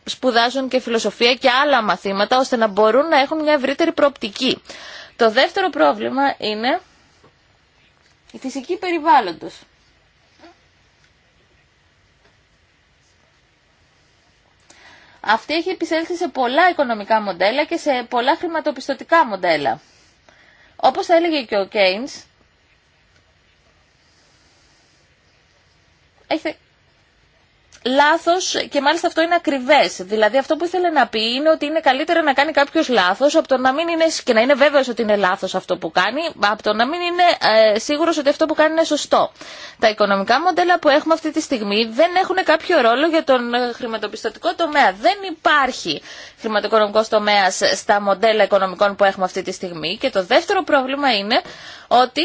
σπουδάζουν και φιλοσοφία και άλλα μαθήματα ώστε να μπορούν να έχουν μια ευρύτερη προοπτική. Το δεύτερο πρόβλημα είναι η φυσική περιβάλλοντος. αυτή έχει επισέλθει σε πολλά οικονομικά μοντέλα και σε πολλά χρηματοπιστωτικά μοντέλα. Όπως έλεγε και ο Κέινς, έχει Λάθο και μάλιστα αυτό είναι ακριβέ. Δηλαδή αυτό που ήθελε να πει είναι ότι είναι καλύτερο να κάνει κάποιο λάθο, από το να μην είναι, και να είναι βέβαιο ότι είναι λάθο αυτό που κάνει, από το να μην είναι ε, ότι αυτό που κάνει είναι σωστό. Τα οικονομικά μοντέλα που έχουμε αυτή τη στιγμή δεν έχουν κάποιο ρόλο για τον ε, χρηματοπιστωτικό τομέα. Δεν υπάρχει χρηματοοικονομικός τομέα στα μοντέλα οικονομικών που έχουμε αυτή τη στιγμή. Και το δεύτερο πρόβλημα είναι ότι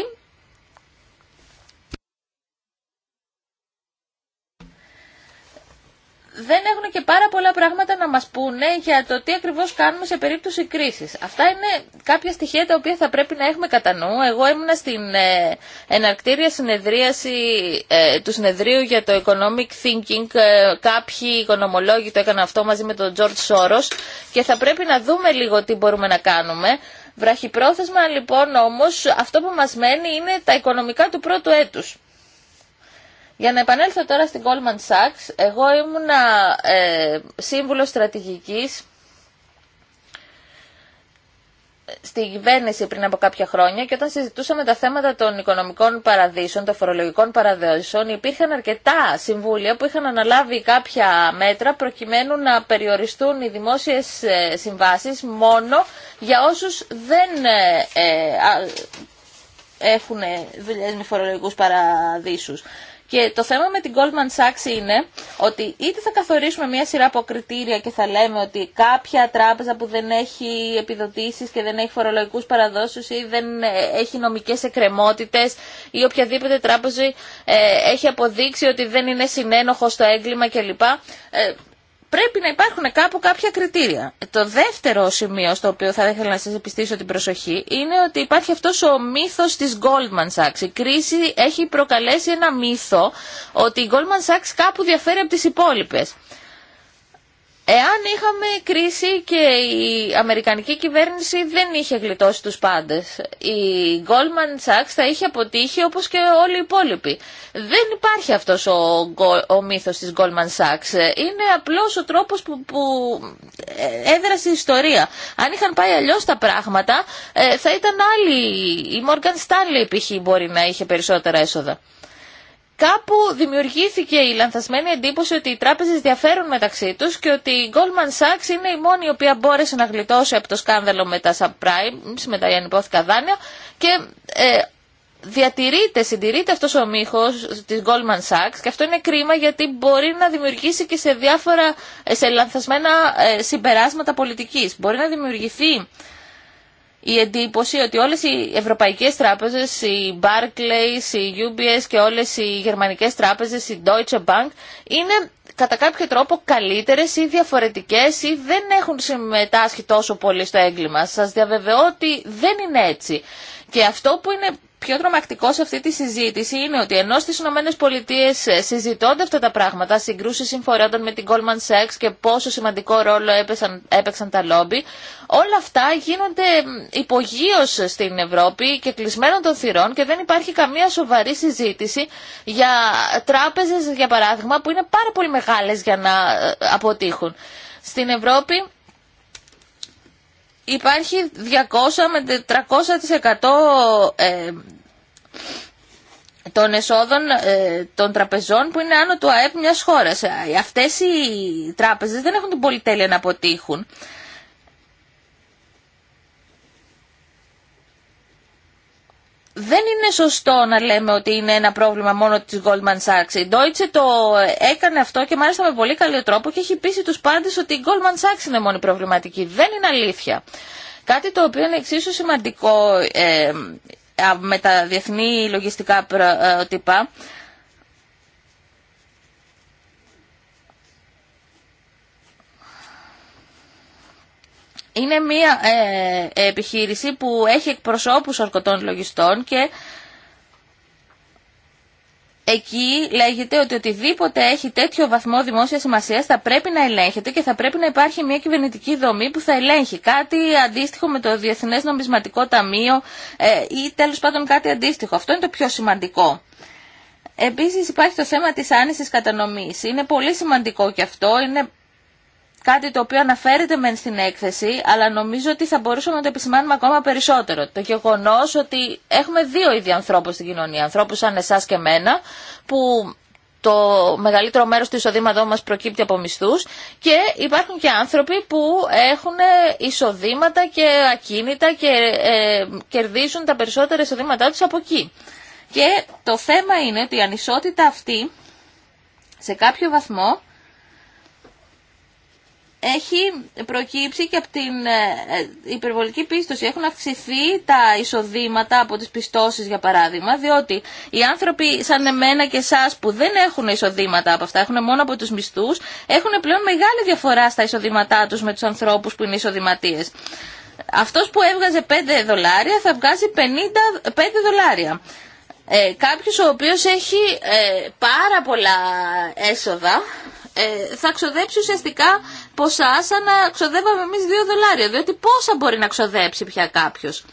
δεν έχουν και πάρα πολλά πράγματα να μας πούνε για το τι ακριβώς κάνουμε σε περίπτωση κρίσης. Αυτά είναι κάποια στοιχεία τα οποία θα πρέπει να έχουμε κατά νου. Εγώ ήμουνα στην ε, εναρκτήρια συνεδρίαση ε, του συνεδρίου για το Economic Thinking. Ε, κάποιοι οικονομολόγοι το έκαναν αυτό μαζί με τον George Soros και θα πρέπει να δούμε λίγο τι μπορούμε να κάνουμε. Βραχυπρόθεσμα λοιπόν όμως αυτό που μας μένει είναι τα οικονομικά του πρώτου έτους. Για να επανέλθω τώρα στην Goldman Sachs, εγώ ήμουνα ε, σύμβουλος στρατηγικής ε, στην κυβέρνηση πριν από κάποια χρόνια και όταν συζητούσαμε τα θέματα των οικονομικών παραδείσων, των φορολογικών παραδείσων, υπήρχαν αρκετά συμβούλια που είχαν αναλάβει κάποια μέτρα προκειμένου να περιοριστούν οι δημόσιες ε, συμβάσεις μόνο για όσους δεν ε, έχουν δουλειές με φορολογικούς παραδείσους. Και το θέμα με την Goldman Sachs είναι ότι είτε θα καθορίσουμε μια σειρά από κριτήρια και θα λέμε ότι κάποια τράπεζα που δεν έχει επιδοτήσει και δεν έχει φορολογικού παραδόσεις ή δεν ε, έχει νομικέ εκκρεμότητε ή οποιαδήποτε τράπεζα ε, έχει αποδείξει ότι δεν είναι συνένοχο στο έγκλημα κλπ. Ε, πρέπει να υπάρχουν κάπου κάποια κριτήρια. Το δεύτερο σημείο στο οποίο θα ήθελα να σας επιστήσω την προσοχή είναι ότι υπάρχει αυτός ο μύθος της Goldman Sachs. Η κρίση έχει προκαλέσει ένα μύθο ότι η Goldman Sachs κάπου διαφέρει από τις υπόλοιπες. Εάν είχαμε κρίση και η Αμερικανική κυβέρνηση δεν είχε γλιτώσει τους πάντες, η Goldman Sachs θα είχε αποτύχει όπως και όλοι οι υπόλοιποι. Δεν υπάρχει αυτός ο, ο μύθος της Goldman Sachs. Είναι απλώς ο τρόπος που, που ε, έδρασε η ιστορία. Αν είχαν πάει αλλιώς τα πράγματα, ε, θα ήταν άλλη. Η Morgan Stanley, π.χ. μπορεί να είχε περισσότερα έσοδα κάπου δημιουργήθηκε η λανθασμένη εντύπωση ότι οι τράπεζες διαφέρουν μεταξύ τους και ότι η Goldman Sachs είναι η μόνη η οποία μπόρεσε να γλιτώσει από το σκάνδαλο με τα subprimes, με τα ανυπόθηκα δάνεια και ε, διατηρείται, συντηρείται αυτός ο μύχο της Goldman Sachs και αυτό είναι κρίμα γιατί μπορεί να δημιουργήσει και σε διάφορα, ε, σε λανθασμένα ε, συμπεράσματα πολιτική. Μπορεί να δημιουργηθεί η εντύπωση ότι όλες οι ευρωπαϊκές τράπεζες, οι Barclays, οι UBS και όλες οι γερμανικές τράπεζες, η Deutsche Bank, είναι κατά κάποιο τρόπο καλύτερες ή διαφορετικές ή δεν έχουν συμμετάσχει τόσο πολύ στο έγκλημα. Σας διαβεβαιώ ότι δεν είναι έτσι. Και αυτό που είναι πιο τρομακτικό σε αυτή τη συζήτηση είναι ότι ενώ στις Ηνωμένες Πολιτείες ε, συζητώνται αυτά τα πράγματα, συγκρούσεις συμφορέων με την Goldman Sachs και πόσο σημαντικό ρόλο έπαιξαν, τα λόμπι, όλα αυτά γίνονται υπογείως στην Ευρώπη και κλεισμένων των θυρών και δεν υπάρχει καμία σοβαρή συζήτηση για τράπεζες, για παράδειγμα, που είναι πάρα πολύ μεγάλες για να ε, αποτύχουν. Στην Ευρώπη υπάρχει 200 με 300% ε, των εσόδων ε, των τραπεζών που είναι άνω του ΑΕΠ μιας χώρας. Ε, αυτές οι τράπεζες δεν έχουν την πολυτέλεια να αποτύχουν. δεν είναι σωστό να λέμε ότι είναι ένα πρόβλημα μόνο της Goldman Sachs. Η Deutsche το έκανε αυτό και μάλιστα με πολύ καλό τρόπο και έχει πείσει τους πάντες ότι η Goldman Sachs είναι μόνη προβληματική. Δεν είναι αλήθεια. Κάτι το οποίο είναι εξίσου σημαντικό ε, με τα διεθνή λογιστικά πρότυπα ε, Είναι μια ε, επιχείρηση που έχει εκπροσώπους ορκωτών λογιστών και εκεί λέγεται ότι οτιδήποτε έχει τέτοιο βαθμό δημόσια σημασία θα πρέπει να ελέγχεται και θα πρέπει να υπάρχει μια κυβερνητική δομή που θα ελέγχει κάτι αντίστοιχο με το Διεθνές Νομισματικό Ταμείο ε, ή τέλος πάντων κάτι αντίστοιχο. Αυτό είναι το πιο σημαντικό. Επίσης υπάρχει το θέμα της άνησης κατανομής. Είναι πολύ σημαντικό και αυτό, είναι κάτι το οποίο αναφέρεται μεν στην έκθεση, αλλά νομίζω ότι θα μπορούσαμε να το επισημάνουμε ακόμα περισσότερο. Το γεγονό ότι έχουμε δύο ίδιοι ανθρώπου στην κοινωνία. Ανθρώπου σαν εσά και εμένα, που το μεγαλύτερο μέρο του εισοδήματό μα προκύπτει από μισθού. και υπάρχουν και άνθρωποι που έχουν εισοδήματα και ακίνητα και ε, κερδίζουν τα περισσότερα εισοδήματά του από εκεί. Και το θέμα είναι ότι η ανισότητα αυτή σε κάποιο βαθμό έχει προκύψει και από την ε, ε, υπερβολική πίστοση. Έχουν αυξηθεί τα εισοδήματα από τις πιστώσεις για παράδειγμα, διότι οι άνθρωποι σαν εμένα και εσά που δεν έχουν εισοδήματα από αυτά, έχουν μόνο από τους μισθούς, έχουν πλέον μεγάλη διαφορά στα εισοδήματά τους με τους ανθρώπους που είναι εισοδηματίες. Αυτός που έβγαζε 5 δολάρια θα βγάζει 55 δολάρια. Ε, κάποιος ο οποίος έχει ε, πάρα πολλά έσοδα ε, θα ξοδέψει ουσιαστικά ποσά σαν να ξοδεύαμε εμείς 2 δολάρια, διότι πόσα μπορεί να ξοδέψει πια κάποιος.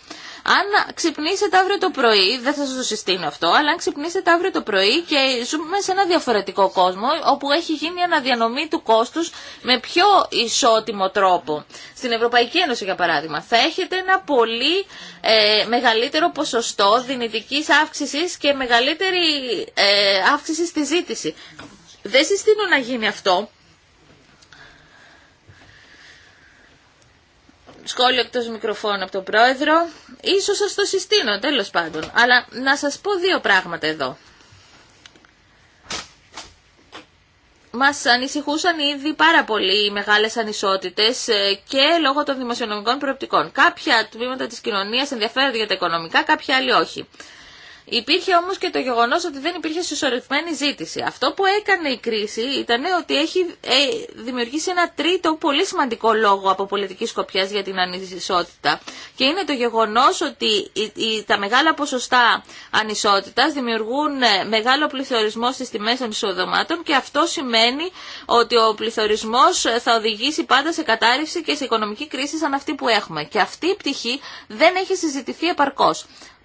Αν ξυπνήσετε αύριο το πρωί, δεν θα σας το συστήνω αυτό, αλλά αν ξυπνήσετε αύριο το πρωί και ζούμε σε ένα διαφορετικό κόσμο, όπου έχει γίνει αναδιανομή του κόστους με πιο ισότιμο τρόπο. Στην Ευρωπαϊκή Ένωση, για παράδειγμα, θα έχετε ένα πολύ ε, μεγαλύτερο ποσοστό δυνητικής αύξησης και μεγαλύτερη ε, αύξηση στη ζήτηση. Δεν συστήνω να γίνει αυτό. Σχόλιο εκτό μικροφώνου από τον πρόεδρο. Ίσως σα το συστήνω, τέλος πάντων. Αλλά να σας πω δύο πράγματα εδώ. Μας ανησυχούσαν ήδη πάρα πολύ οι μεγάλες ανισότητες ε, και λόγω των δημοσιονομικών προοπτικών. Κάποια τμήματα της κοινωνίας ενδιαφέρονται για τα οικονομικά, κάποια άλλη όχι. Υπήρχε όμω και το γεγονό ότι δεν υπήρχε συσσωρευμένη ζήτηση. Αυτό που έκανε η κρίση ήταν ότι έχει ε, δημιουργήσει ένα τρίτο πολύ σημαντικό λόγο από πολιτική σκοπιά για την ανισότητα. Και είναι το γεγονό ότι τα μεγάλα ποσοστά ανισότητα δημιουργούν ε, μεγάλο πληθωρισμό στι τιμέ των και αυτό σημαίνει ότι ο πληθωρισμός ε, θα οδηγήσει πάντα σε κατάρρευση και σε οικονομική κρίση σαν αυτή που έχουμε. Και αυτή η πτυχή δεν έχει συζητηθεί επαρκώ.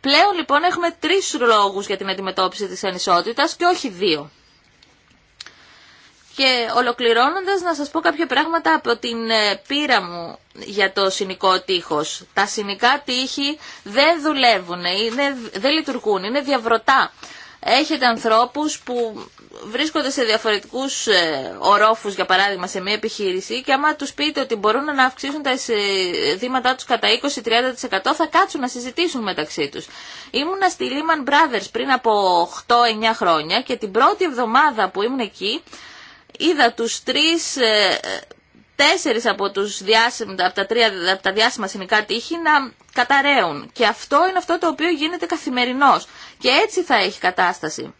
Πλέον λοιπόν έχουμε τρεις λόγους για την αντιμετώπιση της ανισότητας και όχι δύο. Και ολοκληρώνοντας να σας πω κάποια πράγματα από την ε, πείρα μου για το συνικό τείχος. Τα συνικά τείχη δεν δουλεύουν, ε, είναι, δεν λειτουργούν, είναι διαβρωτά. Έχετε ανθρώπους που βρίσκονται σε διαφορετικούς ε, ορόφους, για παράδειγμα, σε μια επιχείρηση και άμα του πείτε ότι μπορούν να αυξήσουν τα εισοδήματά του κατά 20-30% θα κάτσουν να συζητήσουν μεταξύ τους. Ήμουνα στη Lehman Brothers πριν από 8-9 χρόνια και την πρώτη εβδομάδα που ήμουν εκεί είδα τους τρεις ε, τέσσερις από, τους διάσημα, τα τρία, διάσημα σημικά τείχη να καταραίουν. Και αυτό είναι αυτό το οποίο γίνεται καθημερινώς. Και έτσι θα έχει κατάσταση.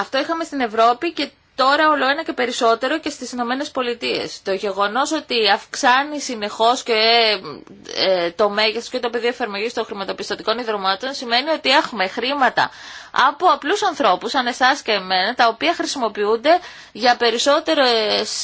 Αυτό είχαμε στην Ευρώπη και τώρα όλο ένα και περισσότερο και στις Ηνωμένε Πολιτείε. Το γεγονό ότι αυξάνει συνεχώς και ε, το μέγεθος και το πεδίο εφαρμογή των χρηματοπιστωτικών ιδρυμάτων σημαίνει ότι έχουμε χρήματα από απλού ανθρώπους, σαν εσά και εμένα, τα οποία χρησιμοποιούνται για περισσότερε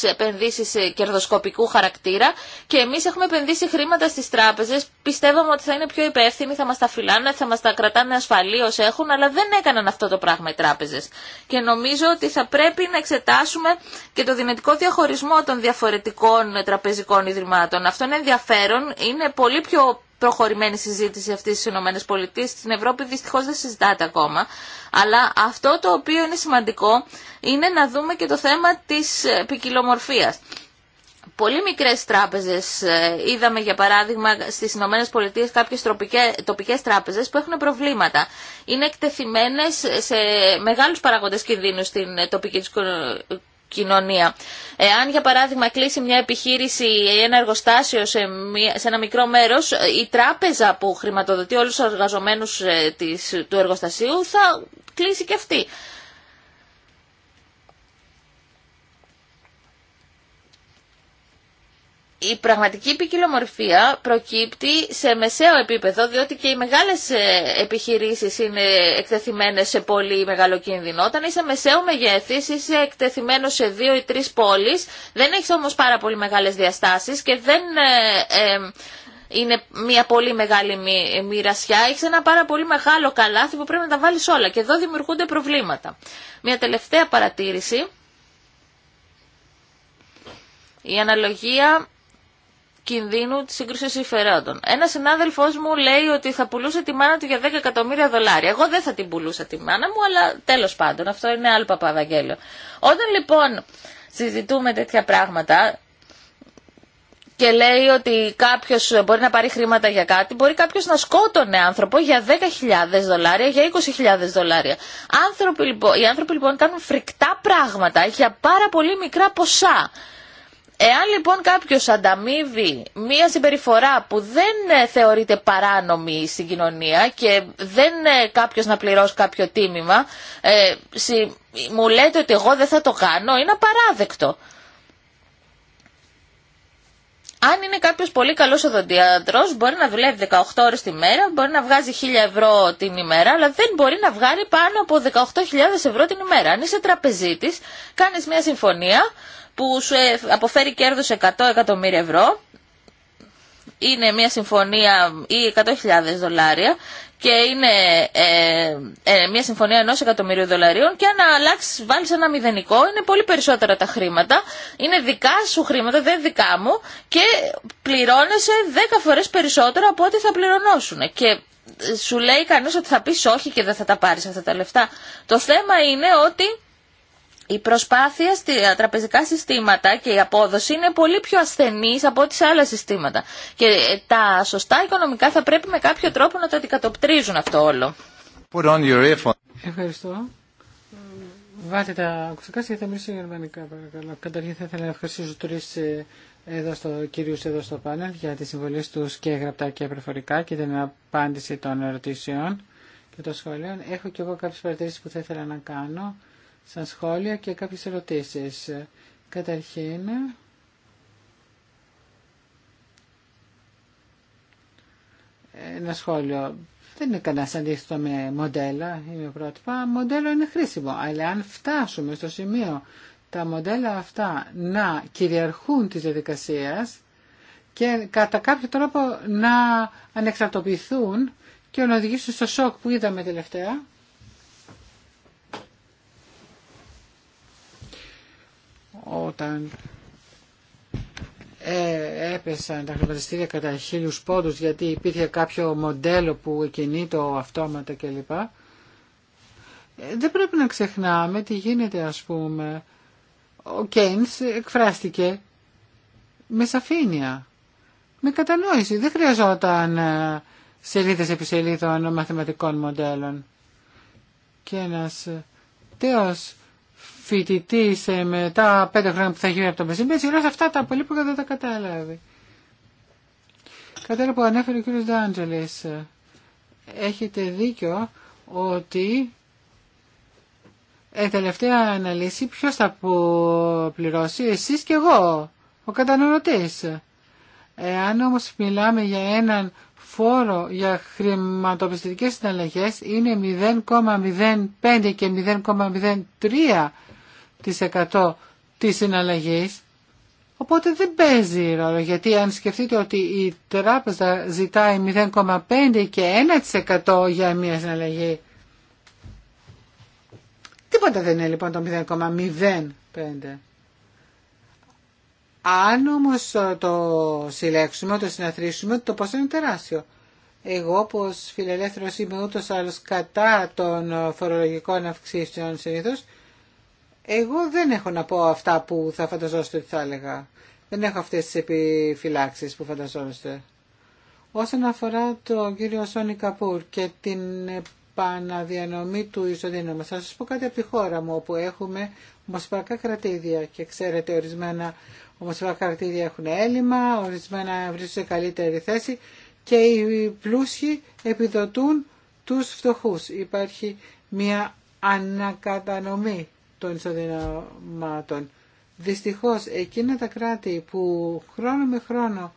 επενδύσει κερδοσκοπικού χαρακτήρα και εμεί έχουμε επενδύσει χρήματα στι τράπεζε πιστεύαμε ότι θα είναι πιο υπεύθυνοι, θα μας τα φυλάνε, θα μας τα κρατάνε ασφαλή έχουν, αλλά δεν έκαναν αυτό το πράγμα οι τράπεζες. Και νομίζω ότι θα πρέπει να εξετάσουμε και το δυνατικό διαχωρισμό των διαφορετικών τραπεζικών ιδρυμάτων. Αυτό είναι ενδιαφέρον, είναι πολύ πιο προχωρημένη συζήτηση αυτή στι ΗΠΑ. Στην Ευρώπη δυστυχώ δεν συζητάται ακόμα. Αλλά αυτό το οποίο είναι σημαντικό είναι να δούμε και το θέμα τη ποικιλομορφία πολύ μικρές τράπεζες, ε, είδαμε για παράδειγμα στις Ηνωμένες Πολιτείες κάποιες τοπικές τράπεζες που έχουν προβλήματα. Είναι εκτεθειμένες σε μεγάλους παραγοντές κινδύνου στην τοπική κοινωνία. Εάν για παράδειγμα κλείσει μια επιχείρηση ή ένα εργοστάσιο σε, μια, σε ένα μικρό μέρος, η τράπεζα που χρηματοδοτεί όλους τους εργαζομένους ε, της, του εργοστασίου θα κλείσει και αυτή. η πραγματική ποικιλομορφία προκύπτει σε μεσαίο επίπεδο, διότι και οι μεγάλες ε, επιχειρήσεις είναι εκτεθειμένες σε πολύ μεγάλο κίνδυνο. Όταν είσαι μεσαίο μεγέθης, είσαι εκτεθειμένος σε δύο ή τρεις πόλεις, δεν έχεις όμως πάρα πολύ μεγάλες διαστάσεις και δεν... Ε, ε, είναι μια πολύ μεγάλη μοιρασιά, έχει ένα πάρα πολύ μεγάλο καλάθι που πρέπει να τα βάλεις όλα και εδώ δημιουργούνται προβλήματα. Μια τελευταία παρατήρηση. Η αναλογία κινδύνου τη σύγκρουση συμφερόντων. Ένα συνάδελφό μου λέει ότι θα πουλούσε τη μάνα του για 10 εκατομμύρια δολάρια. Εγώ δεν θα την πουλούσα τη μάνα μου, αλλά τέλο πάντων, αυτό είναι άλλο παπαδαγγέλιο. Όταν λοιπόν συζητούμε τέτοια πράγματα και λέει ότι κάποιο μπορεί να πάρει χρήματα για κάτι, μπορεί κάποιο να σκότωνε άνθρωπο για 10.000 δολάρια, για 20.000 δολάρια. Άνθρωποι, λοιπόν, οι άνθρωποι λοιπόν κάνουν φρικτά πράγματα για πάρα πολύ μικρά ποσά. Εάν λοιπόν κάποιο ανταμείβει μία συμπεριφορά που δεν ε, θεωρείται παράνομη στην κοινωνία και δεν ε, κάποιο να πληρώσει κάποιο τίμημα, ε, συ, μου λέτε ότι εγώ δεν θα το κάνω, είναι απαράδεκτο. Αν είναι κάποιο πολύ καλό οδοντίατρο, μπορεί να δουλεύει 18 ώρε τη μέρα, μπορεί να βγάζει 1000 ευρώ την ημέρα, αλλά δεν μπορεί να βγάλει πάνω από 18.000 ευρώ την ημέρα. Αν είσαι τραπεζίτης, κάνει μια συμφωνία που σου ε, αποφέρει κέρδος 100 εκατομμύρια ευρώ, είναι μια συμφωνία ή 100.000 δολάρια και είναι ε, ε, μια συμφωνία ενός εκατομμυρίου δολαρίων και αν αλλάξει, βάλεις ένα μηδενικό, είναι πολύ περισσότερα τα χρήματα. Είναι δικά σου χρήματα, δεν δικά μου και πληρώνεσαι 10 φορές περισσότερο από ό,τι θα πληρωνώσουν. Και ε, σου λέει κανεί ότι θα πει όχι και δεν θα τα πάρει αυτά τα λεφτά. Το θέμα είναι ότι η προσπάθεια στα τραπεζικά συστήματα και η απόδοση είναι πολύ πιο ασθενή από ό,τι σε άλλα συστήματα. Και ε, τα σωστά οικονομικά θα πρέπει με κάποιο τρόπο να τα αντικατοπτρίζουν αυτό όλο. Ευχαριστώ. Βάτε τα ακουστικά και θα μιλήσω γερμανικά παρακαλώ. Καταρχήν θα ήθελα να ευχαριστήσω τρεις ε, εδώ στο, κυρίους εδώ στο πάνελ για τις συμβολές τους και γραπτά και προφορικά και την απάντηση των ερωτήσεων και των σχολείων. Έχω και εγώ κάποιες παρατηρήσεις που θα ήθελα να κάνω σαν σχόλια και κάποιες ερωτήσεις. Καταρχήν, ένα σχόλιο. Δεν είναι κανένα αντίθετο με μοντέλα ή με πρότυπα. Μοντέλο είναι χρήσιμο. Αλλά αν φτάσουμε στο σημείο τα μοντέλα αυτά να κυριαρχούν τη διαδικασία και κατά κάποιο τρόπο να ανεξαρτοποιηθούν και να οδηγήσουν στο σοκ που είδαμε τελευταία, όταν ε, έπεσαν τα χρηματιστήρια κατά χίλιους πόντους γιατί υπήρχε κάποιο μοντέλο που κινεί το αυτόματα κλπ. Ε, δεν πρέπει να ξεχνάμε τι γίνεται ας πούμε. Ο Κέινς εκφράστηκε με σαφήνεια, με κατανόηση. Δεν χρειαζόταν ε, σελίδες επί σελίδων μαθηματικών μοντέλων. Και ένας τέος φοιτητή ε, μετά πέντε χρόνια που θα γίνει από το Μεσημπέ, όλα αυτά τα που δεν τα κατάλαβε. Κατάλαβε που ανέφερε ο κύριος Ντάντζελε. Έχετε δίκιο ότι η ε, τελευταία αναλύση Ποιο θα πληρώσει, εσείς και εγώ, ο κατανοητής. Εάν όμω μιλάμε για έναν φόρο για χρηματοπιστωτικές συναλλαγές είναι 0,05 και 0,03% της συναλλαγής. Οπότε δεν παίζει ρόλο, γιατί αν σκεφτείτε ότι η τράπεζα ζητάει 0,5 και 1% για μια συναλλαγή, τίποτα δεν είναι λοιπόν το 0,05. Αν όμω το συλλέξουμε, το συναθρήσουμε, το ποσό είναι τεράστιο. Εγώ όπω φιλελεύθερο είμαι ούτως άλλως κατά των φορολογικών αυξήσεων συνήθω. εγώ δεν έχω να πω αυτά που θα φανταζόστε ότι θα έλεγα. Δεν έχω αυτές τις επιφυλάξεις που φανταζόμαστε. Όσον αφορά το κύριο Σόνι Καπούρ και την επαναδιανομή του ισοδύναμα, θα σας πω κάτι από τη χώρα μου όπου έχουμε μοσπαρκά κρατήδια και ξέρετε ορισμένα οι χαρακτήρια έχουν έλλειμμα, ορισμένα βρίσκονται καλύτερη θέση και οι πλούσιοι επιδοτούν τους φτωχούς. Υπάρχει μια ανακατανομή των ισοδυναμάτων. Δυστυχώς εκείνα τα κράτη που χρόνο με χρόνο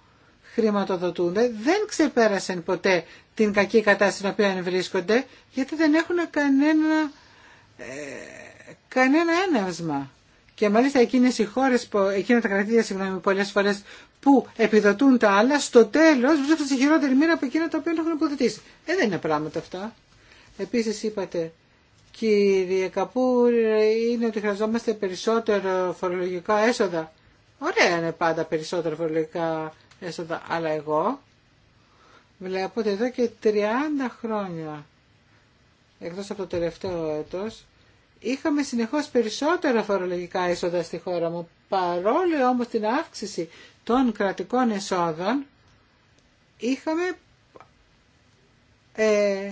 χρηματοδοτούνται δεν ξεπέρασαν ποτέ την κακή κατάσταση στην οποία βρίσκονται γιατί δεν έχουν κανένα, ε, κανένα και μάλιστα εκείνες οι χώρες, που, εκείνα τα κρατήρια, συγγνώμη, πολλές φορές που επιδοτούν τα άλλα, στο τέλος βρίσκονται σε χειρότερη μοίρα από εκείνα τα οποία έχουν υποδοτήσει. Ε, δεν είναι πράγματα αυτά. Επίσης είπατε, κύριε Καπούρ, είναι ότι χρειαζόμαστε περισσότερο φορολογικά έσοδα. Ωραία είναι πάντα περισσότερα φορολογικά έσοδα, αλλά εγώ βλέπω ότι εδώ και 30 χρόνια, εκτός από το τελευταίο έτος, είχαμε συνεχώς περισσότερα φορολογικά έσοδα στη χώρα μου. Παρόλο όμως την αύξηση των κρατικών εσόδων, είχαμε ε,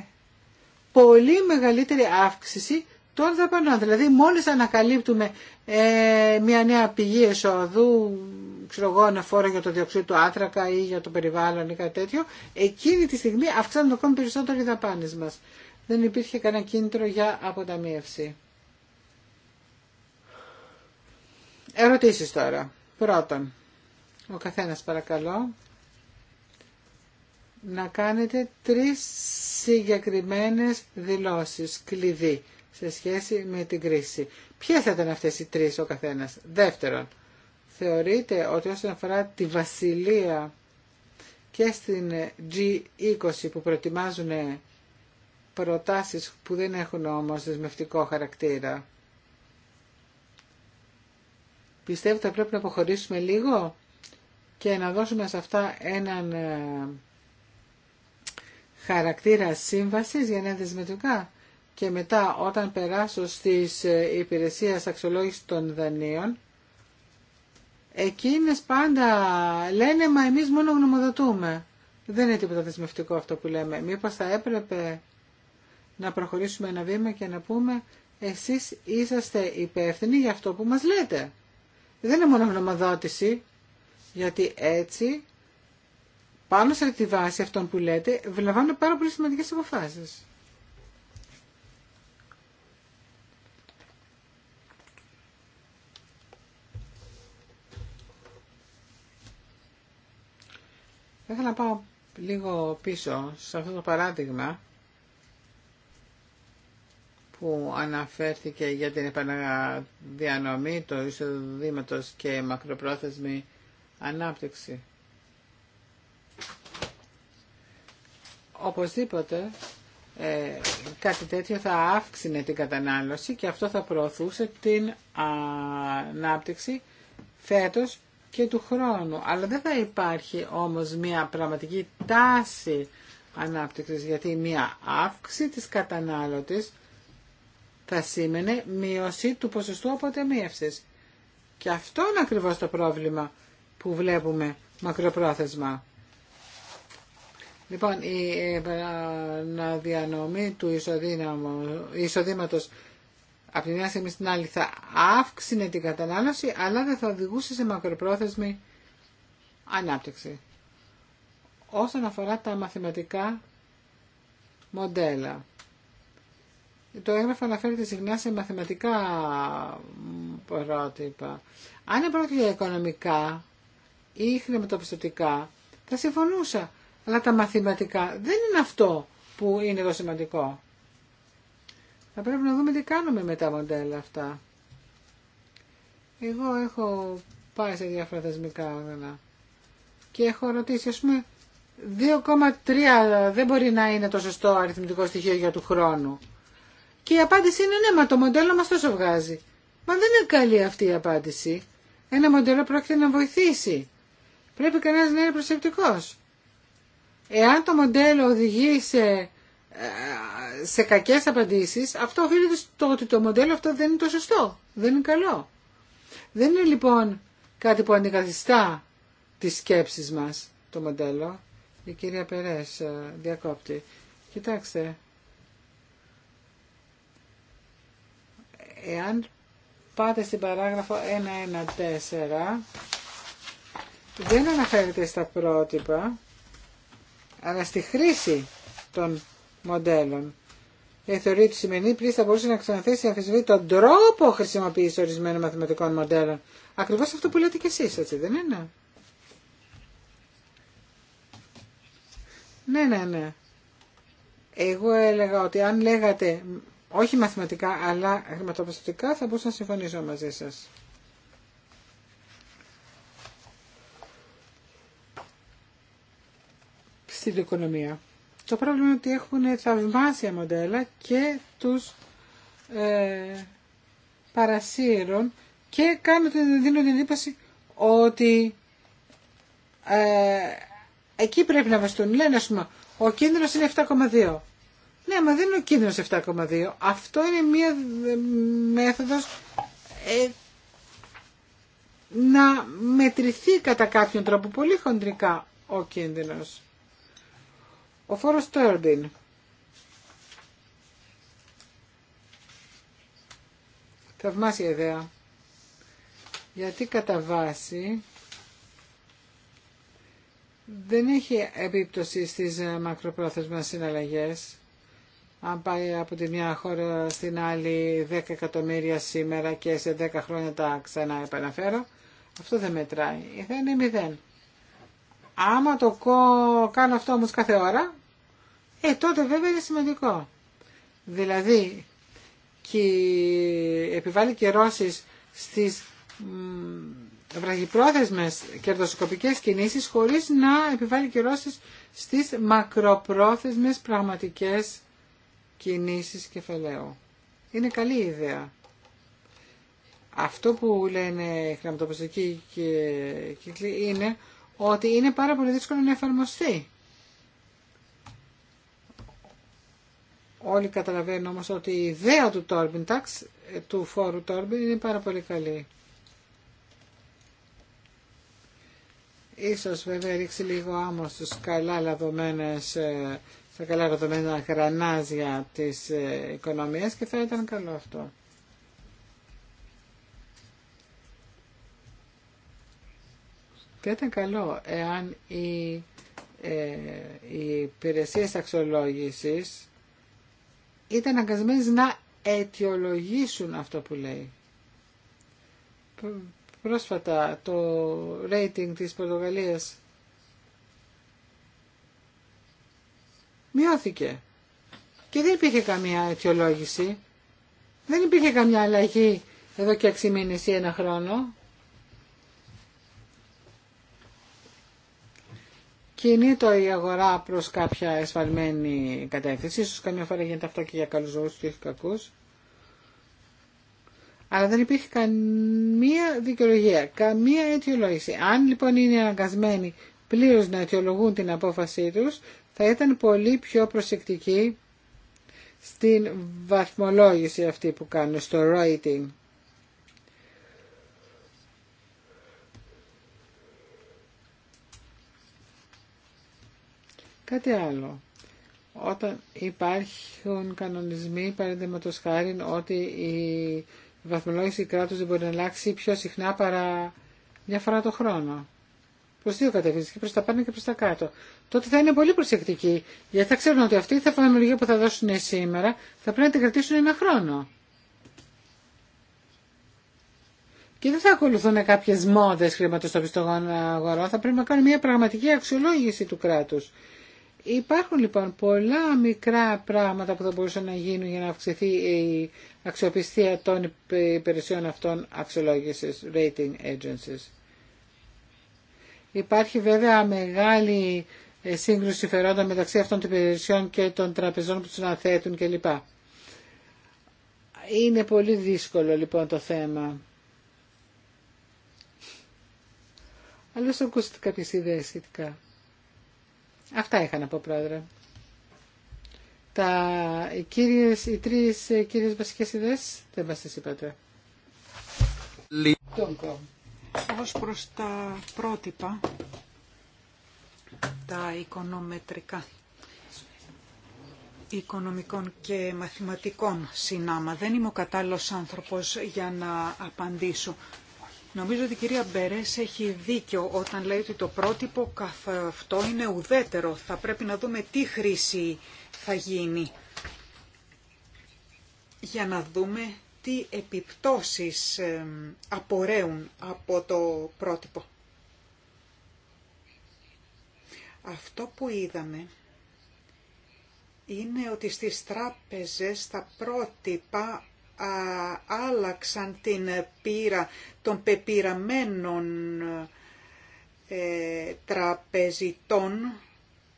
πολύ μεγαλύτερη αύξηση των δαπανών. Δηλαδή μόλις ανακαλύπτουμε ε, μια νέα πηγή εσόδου, ξέρω εγώ, για το διοξείδιο του άνθρακα ή για το περιβάλλον ή κάτι τέτοιο, εκείνη τη στιγμή αυξάνονται ακόμη περισσότερο οι δαπάνες μας. Δεν υπήρχε κανένα κίνητρο για αποταμίευση. Ερωτήσεις τώρα. Πρώτον, ο καθένας παρακαλώ να κάνετε τρεις συγκεκριμένες δηλώσεις κλειδί σε σχέση με την κρίση. Ποιες θα ήταν αυτές οι τρεις ο καθένας. Δεύτερον, θεωρείτε ότι όσον αφορά τη Βασιλεία και στην G20 που προετοιμάζουν προτάσεις που δεν έχουν όμως δεσμευτικό χαρακτήρα, Πιστεύετε πρέπει να αποχωρήσουμε λίγο και να δώσουμε σε αυτά έναν ε, χαρακτήρα σύμβασης για να δεσμευτικά και μετά όταν περάσω στις ε, υπηρεσίες αξιολόγηση των δανείων εκείνες πάντα λένε μα εμείς μόνο γνωμοδοτούμε. Δεν είναι τίποτα δεσμευτικό αυτό που λέμε. Μήπως θα έπρεπε να προχωρήσουμε ένα βήμα και να πούμε εσείς είσαστε υπεύθυνοι για αυτό που μας λέτε. Δεν είναι μόνο γνωμοδότηση, γιατί έτσι πάνω σε τη βάση αυτών που λέτε βλαμβάνω πάρα πολύ σημαντικέ αποφάσει. Θα ήθελα να πάω λίγο πίσω σε αυτό το παράδειγμα που αναφέρθηκε για την επαναδιανομή του εισοδήματος και μακροπρόθεσμη ανάπτυξη. Οπωσδήποτε ε, κάτι τέτοιο θα αύξηνε την κατανάλωση και αυτό θα προωθούσε την ανάπτυξη φέτος και του χρόνου. Αλλά δεν θα υπάρχει όμως μια πραγματική τάση ανάπτυξης, γιατί μια αύξηση της κατανάλωτης θα σήμαινε μείωση του ποσοστού αποτεμίευσης. Και αυτό είναι ακριβώς το πρόβλημα που βλέπουμε μακροπρόθεσμα. Λοιπόν, η αναδιανομή του εισοδήματος από τη μια στιγμή στην άλλη θα αύξηνε την κατανάλωση, αλλά δεν θα οδηγούσε σε μακροπρόθεσμη ανάπτυξη. Όσον αφορά τα μαθηματικά μοντέλα το έγγραφο αναφέρεται συχνά σε μαθηματικά πρότυπα. Αν πρόκειται για οικονομικά ή χρηματοπιστωτικά, θα συμφωνούσα. Αλλά τα μαθηματικά δεν είναι αυτό που είναι το σημαντικό. Θα πρέπει να δούμε τι κάνουμε με τα μοντέλα αυτά. Εγώ έχω πάει σε διάφορα θεσμικά όργανα και έχω ρωτήσει, ας πούμε, 2,3 δεν μπορεί να είναι το σωστό αριθμητικό στοιχείο για του χρόνου. Και η απάντηση είναι ναι, μα το μοντέλο μας τόσο βγάζει. Μα δεν είναι καλή αυτή η απάντηση. Ένα μοντέλο πρόκειται να βοηθήσει. Πρέπει κανένας να είναι προσεκτικός. Εάν το μοντέλο οδηγεί σε, ε, σε κακές απαντήσεις, αυτό οφείλεται στο ότι το μοντέλο αυτό δεν είναι το σωστό, δεν είναι καλό. Δεν είναι λοιπόν κάτι που αντικαθιστά τις σκέψεις μας το μοντέλο. Η κυρία Περές ε, διακόπτη. Κοιτάξτε, Εάν πάτε στην παράγραφο 114, δεν αναφέρεται στα πρότυπα, αλλά στη χρήση των μοντέλων. Η θεωρία του σημερινή πλήση θα μπορούσε να ξαναθέσει αμφισβήτη τον τρόπο χρησιμοποίηση ορισμένων μαθηματικών μοντέλων. Ακριβώ αυτό που λέτε και εσεί, έτσι δεν είναι. Ναι, ναι, ναι. Εγώ έλεγα ότι αν λέγατε όχι μαθηματικά αλλά χρηματοπιστωτικά θα μπορούσα να συμφωνήσω μαζί σας. Στην οικονομία. Το πρόβλημα είναι ότι έχουν θαυμάσια μοντέλα και τους ε, και κάνουν, δίνουν την εντύπωση ότι ε, εκεί πρέπει να βαστούν. Λένε, ας πούμε, ο κίνδυνος είναι 7,2. Ναι, μα δεν είναι ο κίνδυνος 7,2. Αυτό είναι μία μέθοδος ε, να μετρηθεί κατά κάποιον τρόπο πολύ χοντρικά ο κίνδυνος. Ο φόρος Τέρμπιν. Θαυμάσια ιδέα. Γιατί κατά βάση δεν έχει επίπτωση στις μακροπρόθεσμες συναλλαγές αν πάει από τη μια χώρα στην άλλη 10 εκατομμύρια σήμερα και σε 10 χρόνια τα ξανά επαναφέρω, αυτό δεν μετράει. Δεν είναι μηδέν. Άμα το κάνω αυτό όμως κάθε ώρα, ε, τότε βέβαια είναι σημαντικό. Δηλαδή, και επιβάλλει Ρώσεις στις βραχυπρόθεσμες κερδοσκοπικές κινήσεις χωρίς να επιβάλλει καιρώσει στις μακροπρόθεσμες πραγματικές κινήσεις κεφαλαίου. Είναι καλή ιδέα. Αυτό που λένε οι χρηματοπιστικοί κύκλοι είναι ότι είναι πάρα πολύ δύσκολο να εφαρμοστεί. Όλοι καταλαβαίνουν όμως ότι η ιδέα του τόρμπινταξ ε, του φόρου Τόρμπιν, είναι πάρα πολύ καλή. Ίσως βέβαια ρίξει λίγο άμμο στους καλά λαδωμένες ε, στα καλά ρωτωμένα γρανάζια της ε, οικονομίας και θα ήταν καλό αυτό. Θα ήταν καλό εάν οι, ε, οι υπηρεσίες αξιολόγησης ήταν αγκασμένες να αιτιολογήσουν αυτό που λέει. Πρόσφατα το rating της Πορτογαλίας μειώθηκε. Και δεν υπήρχε καμία αιτιολόγηση. Δεν υπήρχε καμία αλλαγή εδώ και έξι μήνες ή μήνες ή ένα χρόνο. κινείται η αγορά προς κάποια εσφαλμένη κατεύθυνση. Ίσως καμιά φορά γίνεται αυτό και για καλούς λόγους και όχι κακούς. Αλλά δεν υπήρχε καμία δικαιολογία, καμία αιτιολόγηση. Αν λοιπόν είναι αναγκασμένοι πλήρως να αιτιολογούν την απόφασή τους, θα ήταν πολύ πιο προσεκτική στην βαθμολόγηση αυτή που κάνουν, στο writing. Κάτι άλλο. Όταν υπάρχουν κανονισμοί, παραδείγματο χάρη ότι η βαθμολόγηση κράτους δεν μπορεί να αλλάξει πιο συχνά παρά μια φορά το χρόνο προ δύο κατευθύνσει, και προ τα πάνω και προ τα κάτω. Τότε θα είναι πολύ προσεκτικοί, γιατί θα ξέρουν ότι αυτή η θεφανολογία που θα δώσουν σήμερα θα πρέπει να την κρατήσουν ένα χρόνο. Και δεν θα ακολουθούν κάποιε μόδε χρηματοστοπιστικών αγορών, θα πρέπει να κάνουν μια πραγματική αξιολόγηση του κράτου. Υπάρχουν λοιπόν πολλά μικρά πράγματα που θα μπορούσαν να γίνουν για να αυξηθεί η αξιοπιστία των υπηρεσιών αυτών αξιολόγηση rating agencies. Υπάρχει βέβαια μεγάλη ε, σύγκρουση φερόντα μεταξύ αυτών των υπηρεσιών και των τραπεζών που τους αναθέτουν κλπ. Είναι πολύ δύσκολο λοιπόν το θέμα. Αλλά σου ακούσετε κάποιες ιδέες σχετικά. Αυτά είχα να πω πρόεδρε. Τα, οι, κύριες, οι τρεις ε, κύριες βασικές ιδέες δεν μας τις είπατε. Ως προς τα πρότυπα, τα οικονομετρικά, οικονομικών και μαθηματικών συνάμα. Δεν είμαι ο κατάλληλος άνθρωπος για να απαντήσω. Νομίζω ότι η κυρία Μπερές έχει δίκιο όταν λέει ότι το πρότυπο καθ' αυτό είναι ουδέτερο. Θα πρέπει να δούμε τι χρήση θα γίνει για να δούμε τι επιπτώσεις απορρέουν από το πρότυπο. Αυτό που είδαμε είναι ότι στις τράπεζες τα πρότυπα α, άλλαξαν την πείρα των πεπειραμένων ε, τραπεζιτών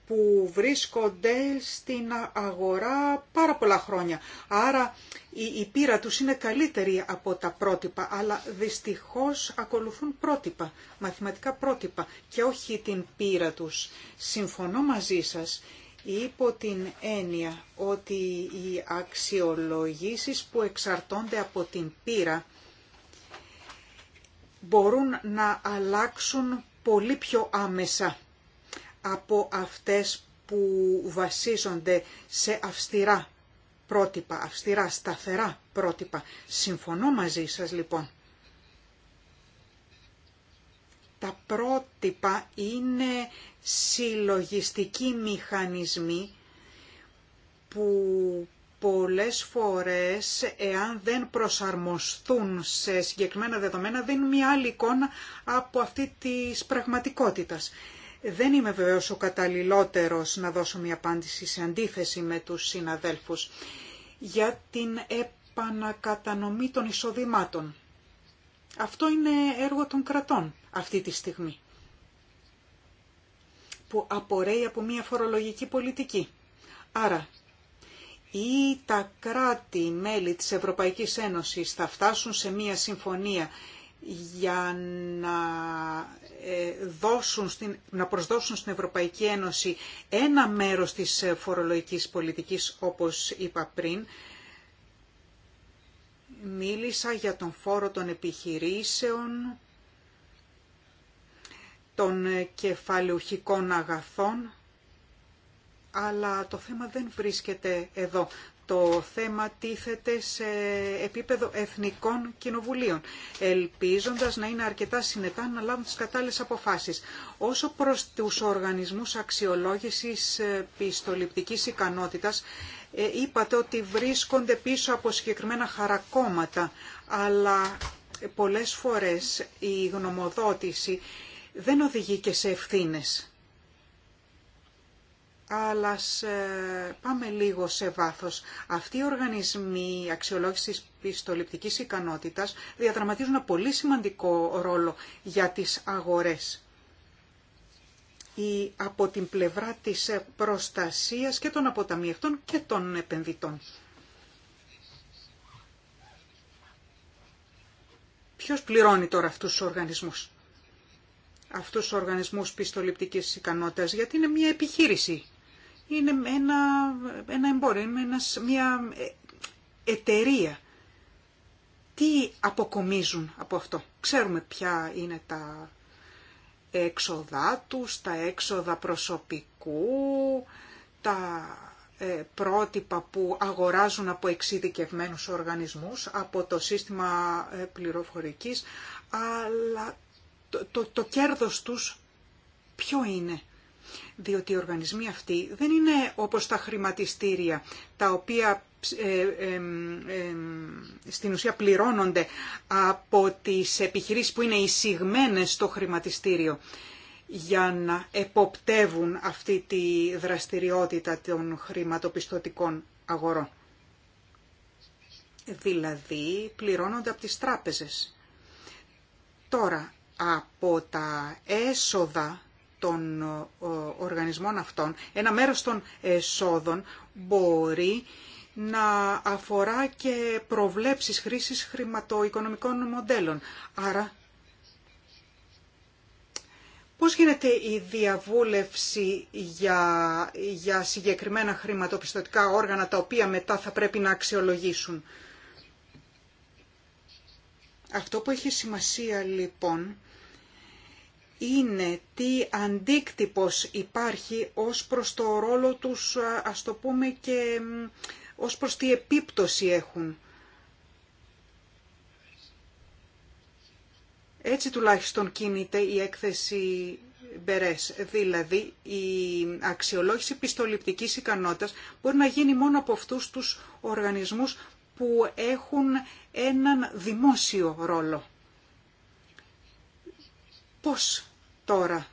που βρίσκονται στην αγορά πάρα πολλά χρόνια. Άρα η, πείρα τους είναι καλύτερη από τα πρότυπα, αλλά δυστυχώς ακολουθούν πρότυπα, μαθηματικά πρότυπα και όχι την πείρα τους. Συμφωνώ μαζί σας υπό την έννοια ότι οι αξιολογήσεις που εξαρτώνται από την πείρα μπορούν να αλλάξουν πολύ πιο άμεσα από αυτές που βασίζονται σε αυστηρά πρότυπα, αυστηρά σταθερά πρότυπα. Συμφωνώ μαζί σας λοιπόν. Τα πρότυπα είναι συλλογιστικοί μηχανισμοί που πολλές φορές εάν δεν προσαρμοστούν σε συγκεκριμένα δεδομένα δίνουν μια άλλη εικόνα από αυτή της πραγματικότητας. Δεν είμαι βεβαίως ο καταλληλότερος να δώσω μια απάντηση σε αντίθεση με τους συναδέλφους για την επανακατανομή των εισοδημάτων. Αυτό είναι έργο των κρατών αυτή τη στιγμή που απορρέει από μια φορολογική πολιτική. Άρα, ή τα κράτη-μέλη της Ευρωπαϊκής Ένωσης θα φτάσουν σε μια συμφωνία για να, ε, δώσουν στην, να προσδώσουν στην Ευρωπαϊκή Ένωση ένα μέρος της ε, φορολογικής πολιτικής, όπως είπα πριν. Μίλησα για τον φόρο των επιχειρήσεων, των ε, κεφαλαιουχικών αγαθών, αλλά το θέμα δεν βρίσκεται εδώ το θέμα τίθεται σε επίπεδο εθνικών κοινοβουλίων, ελπίζοντας να είναι αρκετά συνετά να λάβουν τις κατάλληλες αποφάσεις. Όσο προς τους οργανισμούς αξιολόγησης ε, πιστοληπτικής ικανότητας, ε, είπατε ότι βρίσκονται πίσω από συγκεκριμένα χαρακόμματα, αλλά ε, πολλές φορές η γνωμοδότηση δεν οδηγεί και σε ευθύνες αλλά πάμε λίγο σε βάθος. Αυτοί οι οργανισμοί αξιολόγησης πιστοληπτικής ικανότητας διαδραματίζουν ένα πολύ σημαντικό ρόλο για τις αγορές. Ή από την πλευρά της προστασίας και των αποταμιευτών και των επενδυτών. Ποιος πληρώνει τώρα αυτούς τους οργανισμούς. Αυτούς τους οργανισμούς πιστοληπτικής ικανότητας, γιατί είναι μια επιχείρηση είναι ένα, ένα εμπόριο, είναι μια εταιρεία. Τι αποκομίζουν από αυτό. Ξέρουμε ποια είναι τα έξοδά τους, τα έξοδα προσωπικού, τα ε, πρότυπα που αγοράζουν από εξειδικευμένους οργανισμούς, από το σύστημα ε, πληροφορικής, αλλά το, το, το κέρδος τους ποιο είναι διότι οι οργανισμοί αυτοί δεν είναι όπως τα χρηματιστήρια, τα οποία ε, ε, ε, στην ουσία πληρώνονται από τις επιχειρήσεις που είναι εισηγμένες στο χρηματιστήριο για να εποπτεύουν αυτή τη δραστηριότητα των χρηματοπιστωτικών αγορών. Δηλαδή πληρώνονται από τις τράπεζες. Τώρα, από τα έσοδα των οργανισμών αυτών, ένα μέρος των εσόδων μπορεί να αφορά και προβλέψεις χρήσης χρηματοοικονομικών μοντέλων. Άρα, πώς γίνεται η διαβούλευση για, για συγκεκριμένα χρηματοπιστωτικά όργανα τα οποία μετά θα πρέπει να αξιολογήσουν. Αυτό που έχει σημασία λοιπόν είναι τι αντίκτυπος υπάρχει ως προς το ρόλο τους, ας το πούμε, και ως προς τι επίπτωση έχουν. Έτσι τουλάχιστον κινείται η έκθεση Μπερές, δηλαδή η αξιολόγηση πιστοληπτικής ικανότητας μπορεί να γίνει μόνο από αυτούς τους οργανισμούς που έχουν έναν δημόσιο ρόλο. Πώς τώρα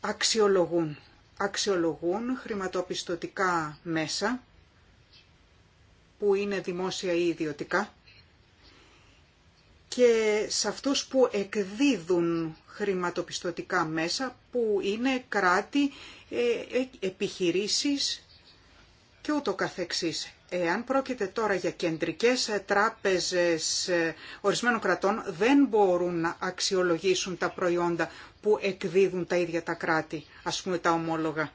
αξιολογούν. Αξιολογούν χρηματοπιστωτικά μέσα που είναι δημόσια ή ιδιωτικά και σε αυτούς που εκδίδουν χρηματοπιστωτικά μέσα που είναι κράτη, ε, ε, επιχειρήσεις και ούτω καθεξής. Εάν πρόκειται τώρα για κεντρικές ε, τράπεζες ε, ορισμένων κρατών, δεν μπορούν να αξιολογήσουν τα προϊόντα που εκδίδουν τα ίδια τα κράτη, ας πούμε τα ομόλογα.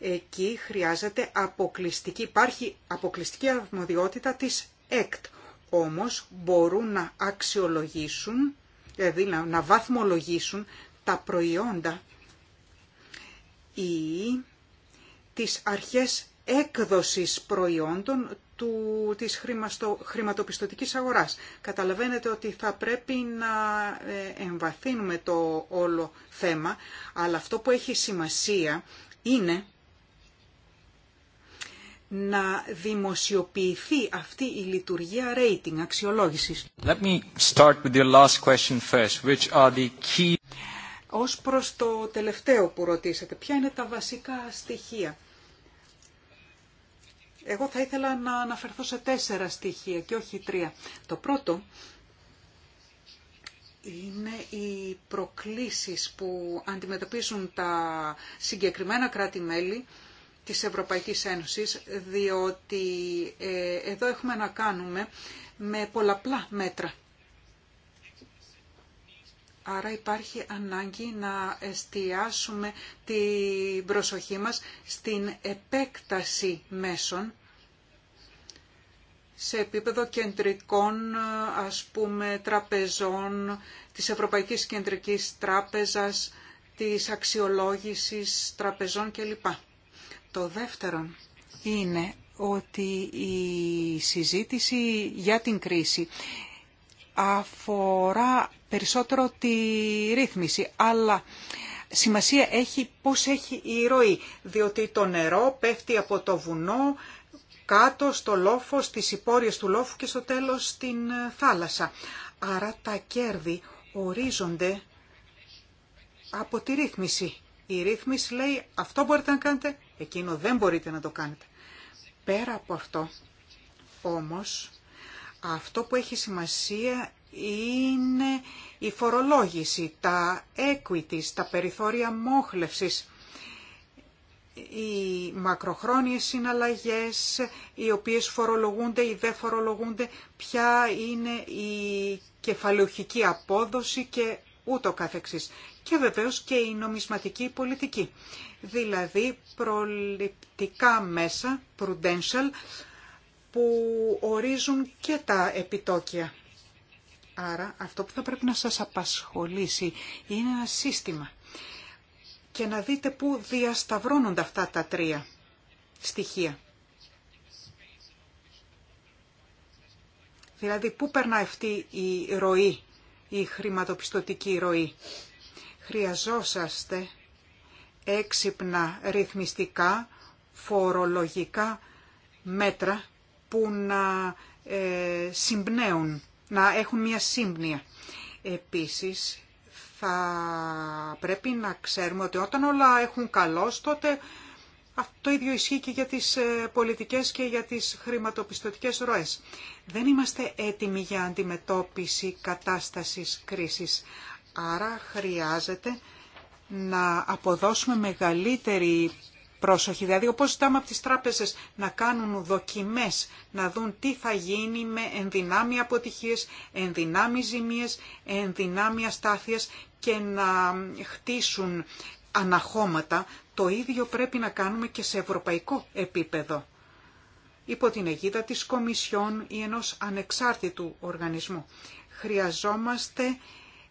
Εκεί χρειάζεται αποκλειστική, υπάρχει αποκλειστική αρμοδιότητα της ΕΚΤ. Όμως μπορούν να αξιολογήσουν, δηλαδή να βαθμολογήσουν τα προϊόντα ή τις αρχές έκδοσης προϊόντων του, της χρηματο, χρηματοπιστωτικής αγοράς. Καταλαβαίνετε ότι θα πρέπει να ε, εμβαθύνουμε το όλο θέμα, αλλά αυτό που έχει σημασία είναι να δημοσιοποιηθεί αυτή η λειτουργία rating αξιολόγησης. Let me start with your last question first, which are the key... Ως προς το τελευταίο που ρωτήσατε, ποια είναι τα βασικά στοιχεία εγώ θα ήθελα να αναφερθώ σε τέσσερα στοιχεία και όχι τρία. Το πρώτο είναι οι προκλήσεις που αντιμετωπίζουν τα συγκεκριμένα κράτη-μέλη της Ευρωπαϊκής Ένωσης, διότι ε, εδώ έχουμε να κάνουμε με πολλαπλά μέτρα Άρα υπάρχει ανάγκη να εστιάσουμε την προσοχή μας στην επέκταση μέσων σε επίπεδο κεντρικών, ας πούμε, τραπεζών, της Ευρωπαϊκής Κεντρικής Τράπεζας, της αξιολόγησης τραπεζών κλπ. Το δεύτερο είναι ότι η συζήτηση για την κρίση αφορά περισσότερο τη ρύθμιση, αλλά σημασία έχει πώς έχει η ροή, διότι το νερό πέφτει από το βουνό κάτω στο λόφο, στις υπόρειες του λόφου και στο τέλος στην ε, θάλασσα. Άρα τα κέρδη ορίζονται από τη ρύθμιση. Η ρύθμιση λέει αυτό μπορείτε να κάνετε, εκείνο δεν μπορείτε να το κάνετε. Πέρα από αυτό, όμως, αυτό που έχει σημασία είναι η φορολόγηση, τα equity, τα περιθώρια μόχλευσης, οι μακροχρόνιες συναλλαγές, οι οποίες φορολογούνται ή δεν φορολογούνται, ποια είναι η κεφαλαιοχική απόδοση και ούτω καθεξής. Και βεβαίως και η νομισματική πολιτική, δηλαδή προληπτικά μέσα, prudential, που ορίζουν και τα επιτόκια. Άρα αυτό που θα πρέπει να σας απασχολήσει είναι ένα σύστημα και να δείτε πού διασταυρώνονται αυτά τα τρία στοιχεία. Δηλαδή πού περνά αυτή η ροή, η χρηματοπιστωτική ροή. Χρειαζόσαστε έξυπνα ρυθμιστικά, φορολογικά μέτρα που να ε, συμπνέουν, να έχουν μια σύμπνοια. Επίσης, θα πρέπει να ξέρουμε ότι όταν όλα έχουν καλώς, τότε αυτό ίδιο ισχύει και για τις ε, πολιτικές και για τις χρηματοπιστωτικές ροές. Δεν είμαστε έτοιμοι για αντιμετώπιση κατάστασης κρίσης. Άρα χρειάζεται να αποδώσουμε μεγαλύτερη πρόσοχη. Δηλαδή όπως ζητάμε από τις τράπεζες να κάνουν δοκιμές, να δουν τι θα γίνει με ενδυνάμει αποτυχίες, ενδυνάμει ζημίες, ενδυνάμει αστάθειες και να χτίσουν αναχώματα, το ίδιο πρέπει να κάνουμε και σε ευρωπαϊκό επίπεδο υπό την αιγίδα της Κομισιόν ή ενός ανεξάρτητου οργανισμού. Χρειαζόμαστε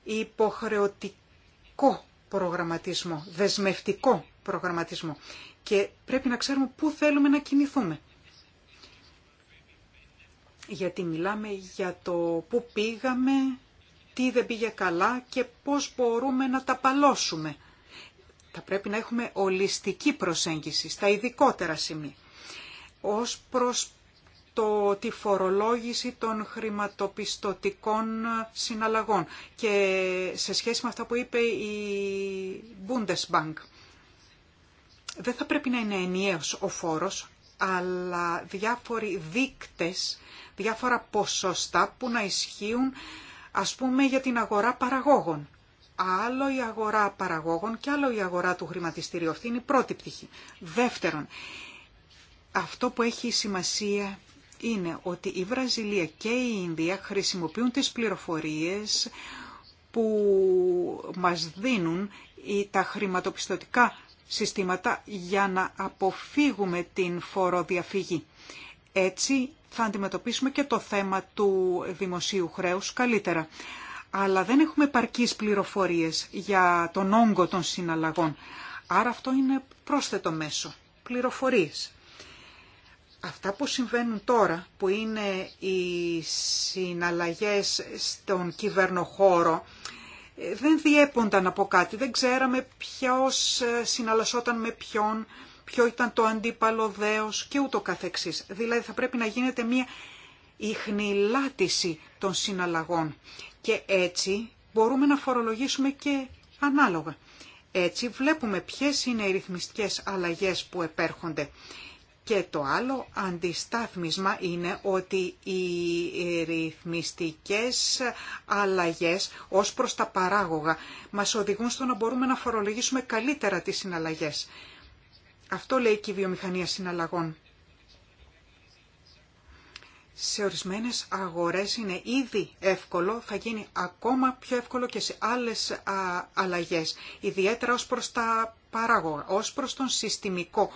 υποχρεωτικό προγραμματισμό, δεσμευτικό προγραμματισμό και πρέπει να ξέρουμε πού θέλουμε να κινηθούμε. Γιατί μιλάμε για το πού πήγαμε, τι δεν πήγε καλά και πώς μπορούμε να τα παλώσουμε. Θα πρέπει να έχουμε ολιστική προσέγγιση στα ειδικότερα σημεία. Ως προς το, τη φορολόγηση των χρηματοπιστωτικών συναλλαγών και σε σχέση με αυτά που είπε η Bundesbank δεν θα πρέπει να είναι ενιαίος ο φόρος, αλλά διάφοροι δίκτες, διάφορα ποσοστά που να ισχύουν ας πούμε για την αγορά παραγόγων. Άλλο η αγορά παραγόγων και άλλο η αγορά του χρηματιστηρίου. Αυτή είναι η πρώτη πτυχή. Δεύτερον, αυτό που έχει σημασία είναι ότι η Βραζιλία και η Ινδία χρησιμοποιούν τις πληροφορίες που μας δίνουν τα χρηματοπιστωτικά συστήματα για να αποφύγουμε την φοροδιαφυγή. Έτσι θα αντιμετωπίσουμε και το θέμα του δημοσίου χρέους καλύτερα. Αλλά δεν έχουμε παρκείς πληροφορίες για τον όγκο των συναλλαγών. Άρα αυτό είναι πρόσθετο μέσο. Πληροφορίες. Αυτά που συμβαίνουν τώρα, που είναι οι συναλλαγές στον κυβερνοχώρο, δεν διέπονταν από κάτι, δεν ξέραμε ποιος ε, συναλλασσόταν με ποιον, ποιο ήταν το αντίπαλο δέος και ούτω καθεξής. Δηλαδή θα πρέπει να γίνεται μια ηχνηλάτηση των συναλλαγών και έτσι μπορούμε να φορολογήσουμε και ανάλογα. Έτσι βλέπουμε ποιες είναι οι ρυθμιστικές αλλαγές που επέρχονται και το άλλο αντιστάθμισμα είναι ότι οι ρυθμιστικές αλλαγές ως προς τα παράγωγα μας οδηγούν στο να μπορούμε να φορολογήσουμε καλύτερα τις συναλλαγές. Αυτό λέει και η βιομηχανία συναλλαγών. Σε ορισμένες αγορές είναι ήδη εύκολο, θα γίνει ακόμα πιο εύκολο και σε άλλες αλλαγές, ιδιαίτερα ως προς τα παράγωγα, ως προς τον συστημικό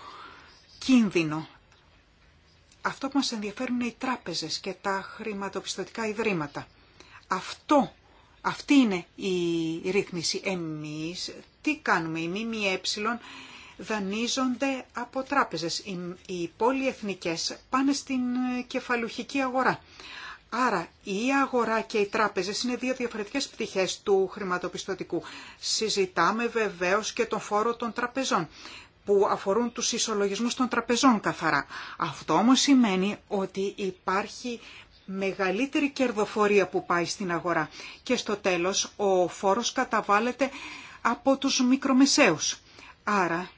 κίνδυνο. Αυτό που μας ενδιαφέρουν είναι οι τράπεζες και τα χρηματοπιστωτικά ιδρύματα. Αυτό, αυτή είναι η ρύθμιση. Εμείς τι κάνουμε, οι ΜΜΕ δανείζονται από τράπεζες. Οι πολυεθνικές πάνε στην κεφαλουχική αγορά. Άρα η αγορά και οι τράπεζες είναι δύο διαφορετικές πτυχές του χρηματοπιστωτικού. Συζητάμε βεβαίως και τον φόρο των τραπεζών που αφορούν τους ισολογισμούς των τραπεζών καθαρά. Αυτό όμως σημαίνει ότι υπάρχει μεγαλύτερη κερδοφορία που πάει στην αγορά και στο τέλος ο φόρος καταβάλλεται από τους μικρομεσαίους. Άρα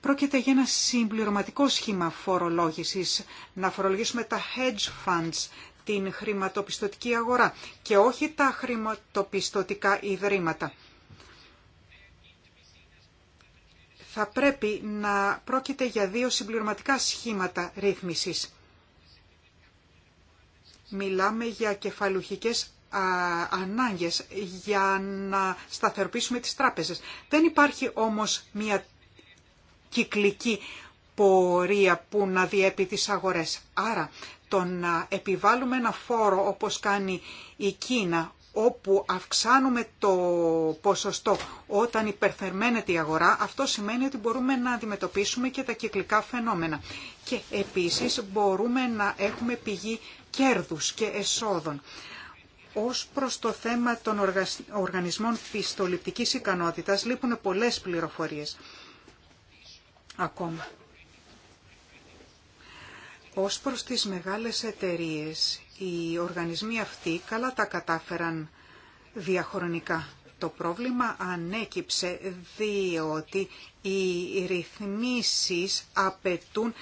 πρόκειται για ένα συμπληρωματικό σχήμα φορολόγησης, να φορολογήσουμε τα hedge funds, την χρηματοπιστωτική αγορά και όχι τα χρηματοπιστωτικά ιδρύματα. θα πρέπει να πρόκειται για δύο συμπληρωματικά σχήματα ρύθμισης. Μιλάμε για κεφαλουχικές ανάγκες για να σταθεροποιήσουμε τις τράπεζες. Δεν υπάρχει όμως μια κυκλική πορεία που να διέπει τις αγορές. Άρα το να επιβάλλουμε ένα φόρο όπως κάνει η Κίνα όπου αυξάνουμε το ποσοστό όταν υπερθερμαίνεται η αγορά, αυτό σημαίνει ότι μπορούμε να αντιμετωπίσουμε και τα κυκλικά φαινόμενα. Και επίσης μπορούμε να έχουμε πηγή κέρδους και εσόδων. Ως προς το θέμα των οργανισμών πιστοληπτικής ικανότητας λείπουν πολλές πληροφορίες ακόμα. Ως προς τις μεγάλες εταιρείες, οι οργανισμοί αυτοί καλά τα κατάφεραν διαχρονικά. Το πρόβλημα ανέκυψε διότι οι ρυθμίσεις απαιτούν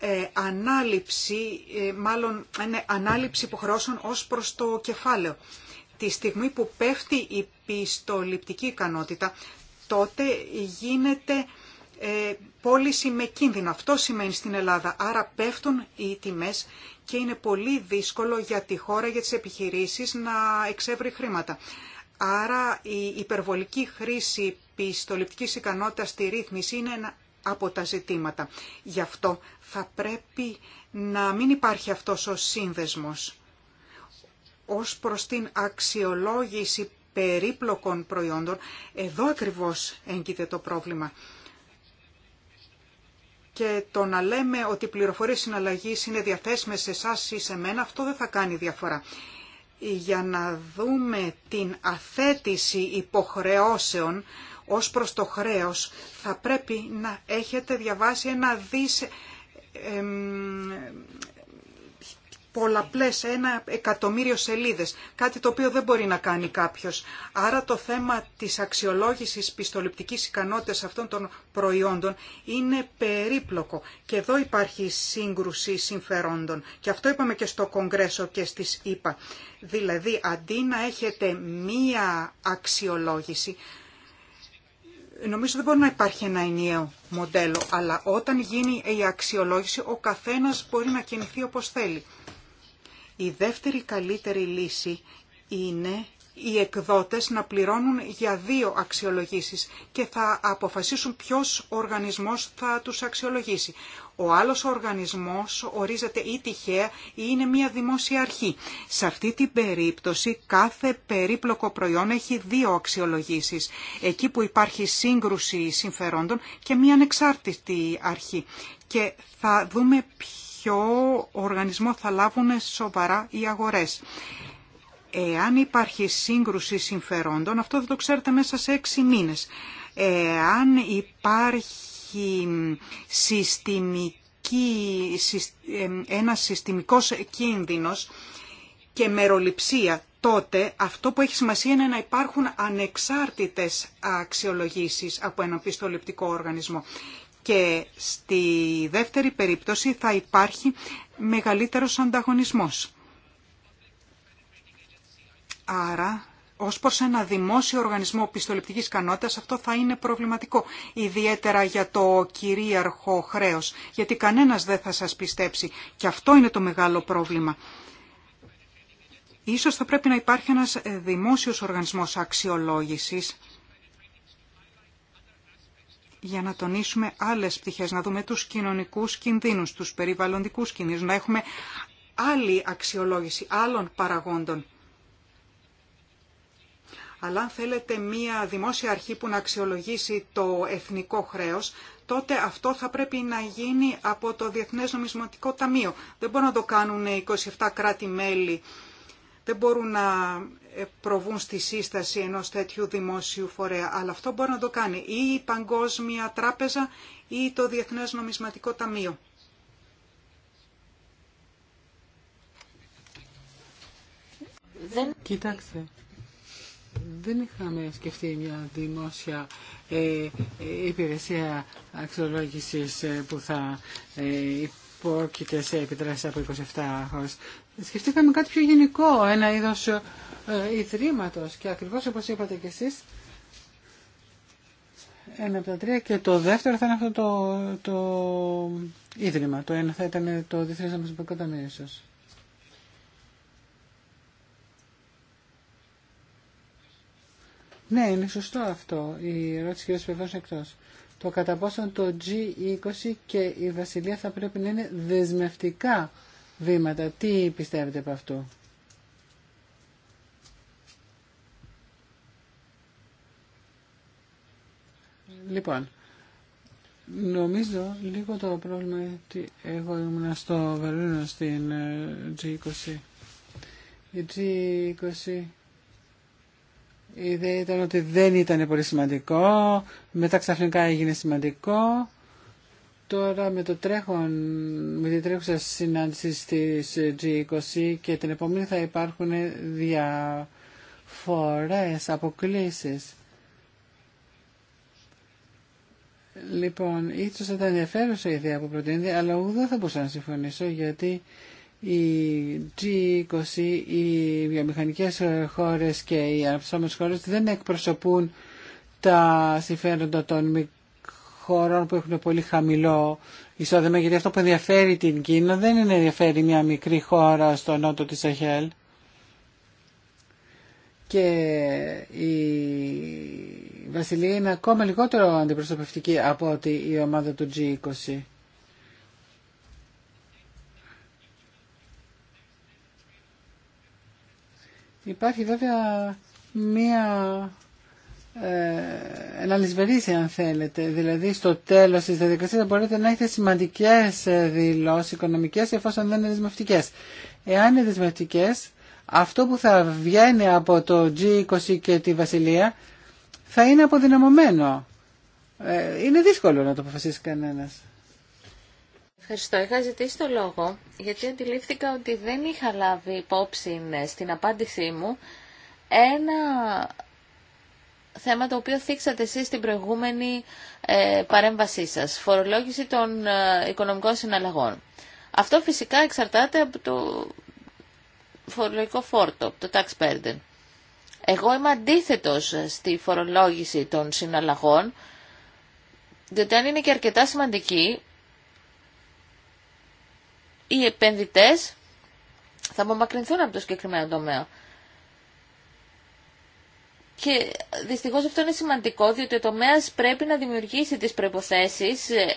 ε, ανάληψη, ε, μάλλον ναι, ανάληψη υποχρεώσεων ως προς το κεφάλαιο. Τη στιγμή που πέφτει η πιστοληπτική ικανότητα, τότε γίνεται ε, πώληση με κίνδυνο. Αυτό σημαίνει στην Ελλάδα. Άρα πέφτουν οι τιμές και είναι πολύ δύσκολο για τη χώρα, για τις επιχειρήσεις να εξεύρει χρήματα. Άρα η υπερβολική χρήση πιστοληπτικής ικανότητας στη ρύθμιση είναι ένα από τα ζητήματα. Γι' αυτό θα πρέπει να μην υπάρχει αυτός ο σύνδεσμος ως προς την αξιολόγηση περίπλοκων προϊόντων. Εδώ ακριβώς έγκυται το πρόβλημα και το να λέμε ότι οι πληροφορίες συναλλαγής είναι διαθέσιμες σε εσά ή σε μένα, αυτό δεν θα κάνει διαφορά. Για να δούμε την αθέτηση υποχρεώσεων ως προς το χρέος, θα πρέπει να έχετε διαβάσει ένα δις πολλαπλές, ένα εκατομμύριο σελίδες, κάτι το οποίο δεν μπορεί να κάνει κάποιος. Άρα το θέμα της αξιολόγησης πιστοληπτικής ικανότητας αυτών των προϊόντων είναι περίπλοκο και εδώ υπάρχει σύγκρουση συμφερόντων. Και αυτό είπαμε και στο Κογκρέσο και στις ΗΠΑ. Δηλαδή αντί να έχετε μία αξιολόγηση, Νομίζω δεν μπορεί να υπάρχει ένα ενιαίο μοντέλο, αλλά όταν γίνει η αξιολόγηση ο καθένας μπορεί να κινηθεί όπως θέλει. Η δεύτερη καλύτερη λύση είναι οι εκδότες να πληρώνουν για δύο αξιολογήσεις και θα αποφασίσουν ποιος οργανισμός θα τους αξιολογήσει. Ο άλλος οργανισμός ορίζεται ή τυχαία ή είναι μια δημόσια αρχή. Σε αυτή την περίπτωση κάθε περίπλοκο προϊόν έχει δύο αξιολογήσεις. Εκεί που υπάρχει σύγκρουση συμφερόντων και μια ανεξάρτητη αρχή. Και θα δούμε ποιο οργανισμό θα λάβουν σοβαρά οι αγορές. Εάν υπάρχει σύγκρουση συμφερόντων, αυτό δεν το ξέρετε μέσα σε έξι μήνες. Εάν υπάρχει συστημική, ένα συστημικός κίνδυνος και μεροληψία, τότε αυτό που έχει σημασία είναι να υπάρχουν ανεξάρτητες αξιολογήσεις από ένα πιστοληπτικό οργανισμό και στη δεύτερη περίπτωση θα υπάρχει μεγαλύτερος ανταγωνισμός. Άρα, ως προς ένα δημόσιο οργανισμό πιστοληπτικής κανότητας, αυτό θα είναι προβληματικό, ιδιαίτερα για το κυρίαρχο χρέος, γιατί κανένας δεν θα σας πιστέψει και αυτό είναι το μεγάλο πρόβλημα. Ίσως θα πρέπει να υπάρχει ένας δημόσιος οργανισμός αξιολόγησης, για να τονίσουμε άλλες πτυχές, να δούμε τους κοινωνικούς κινδύνους, τους περιβαλλοντικούς κινδύνους, να έχουμε άλλη αξιολόγηση άλλων παραγόντων. Αλλά αν θέλετε μία δημόσια αρχή που να αξιολογήσει το εθνικό χρέος, τότε αυτό θα πρέπει να γίνει από το Διεθνές Νομισματικό Ταμείο. Δεν μπορούν να το κάνουν 27 κράτη-μέλη. Δεν μπορούν να προβούν στη σύσταση ενός τέτοιου δημόσιου φορέα. Αλλά αυτό μπορεί να το κάνει ή η Παγκόσμια Τράπεζα ή το Διεθνές Νομισματικό Ταμείο. Δεν... Κοιτάξτε, δεν είχαμε σκεφτεί μια δημόσια ε, ε υπηρεσία αξιολόγησης ε, που θα ε, υπόκειται σε επιδράσεις από 27 χώρες. Σκεφτήκαμε κάτι πιο γενικό, ένα είδος ε, Ιδρύματος και ακριβώς όπως είπατε και εσείς, ένα από τα τρία και το δεύτερο θα είναι αυτό το, το ίδρυμα. Το ένα θα ήταν το Διεθνές μας Ταμείο Ναι, είναι σωστό αυτό. Η ερώτηση κυρίως βεβαίως εκτός. Το κατά πόσο το G20 και η Βασιλεία θα πρέπει να είναι δεσμευτικά βήματα. Τι πιστεύετε από αυτό Λοιπόν, νομίζω λίγο το πρόβλημα ότι εγώ ήμουν στο Βερολίνο στην ε, G20. Η G20 η ιδέα ήταν ότι δεν ήταν πολύ σημαντικό, μετά ξαφνικά έγινε σημαντικό. Τώρα με, το τρέχον, με τη τρέχουσα συνάντηση στις ε, G20 και την επόμενη θα υπάρχουν διαφορές, αποκλήσεις. Λοιπόν, ίσω θα ήταν ενδιαφέρουσα η ιδέα που προτείνεται, αλλά εγώ δεν θα μπορούσα να συμφωνήσω γιατί οι G20, οι βιομηχανικές χώρες και οι αναπτυσσόμενες χώρε δεν εκπροσωπούν τα συμφέροντα των χωρών που έχουν πολύ χαμηλό εισόδημα, γιατί αυτό που ενδιαφέρει την Κίνα δεν είναι ενδιαφέρει μια μικρή χώρα στο νότο της Αχέλ. Και η η Βασιλεία είναι ακόμα λιγότερο αντιπροσωπευτική από ότι η ομάδα του G20. Υπάρχει βέβαια μία ε, αν θέλετε. Δηλαδή στο τέλος της διαδικασίας μπορείτε να έχετε σημαντικές ε, δηλώσεις οικονομικές εφόσον δεν είναι δεσμευτικές. Εάν είναι δεσμευτικές, αυτό που θα βγαίνει από το G20 και τη Βασιλεία θα είναι αποδυναμωμένο. Ε, είναι δύσκολο να το αποφασίσει κανένας. Ευχαριστώ. Είχα ζητήσει το λόγο γιατί αντιλήφθηκα ότι δεν είχα λάβει υπόψη ε, στην απάντησή μου ένα θέμα το οποίο θίξατε εσείς στην προηγούμενη ε, παρέμβασή σας. Φορολόγηση των οικονομικών συναλλαγών. Αυτό φυσικά εξαρτάται από το φορολογικό φόρτο, το tax burden. Εγώ είμαι αντίθετος στη φορολόγηση των συναλλαγών, διότι αν είναι και αρκετά σημαντική, οι επενδυτές θα απομακρυνθούν από το συγκεκριμένο τομέα. Και δυστυχώς αυτό είναι σημαντικό, διότι ο τομέας πρέπει να δημιουργήσει τις προϋποθέσεις ε,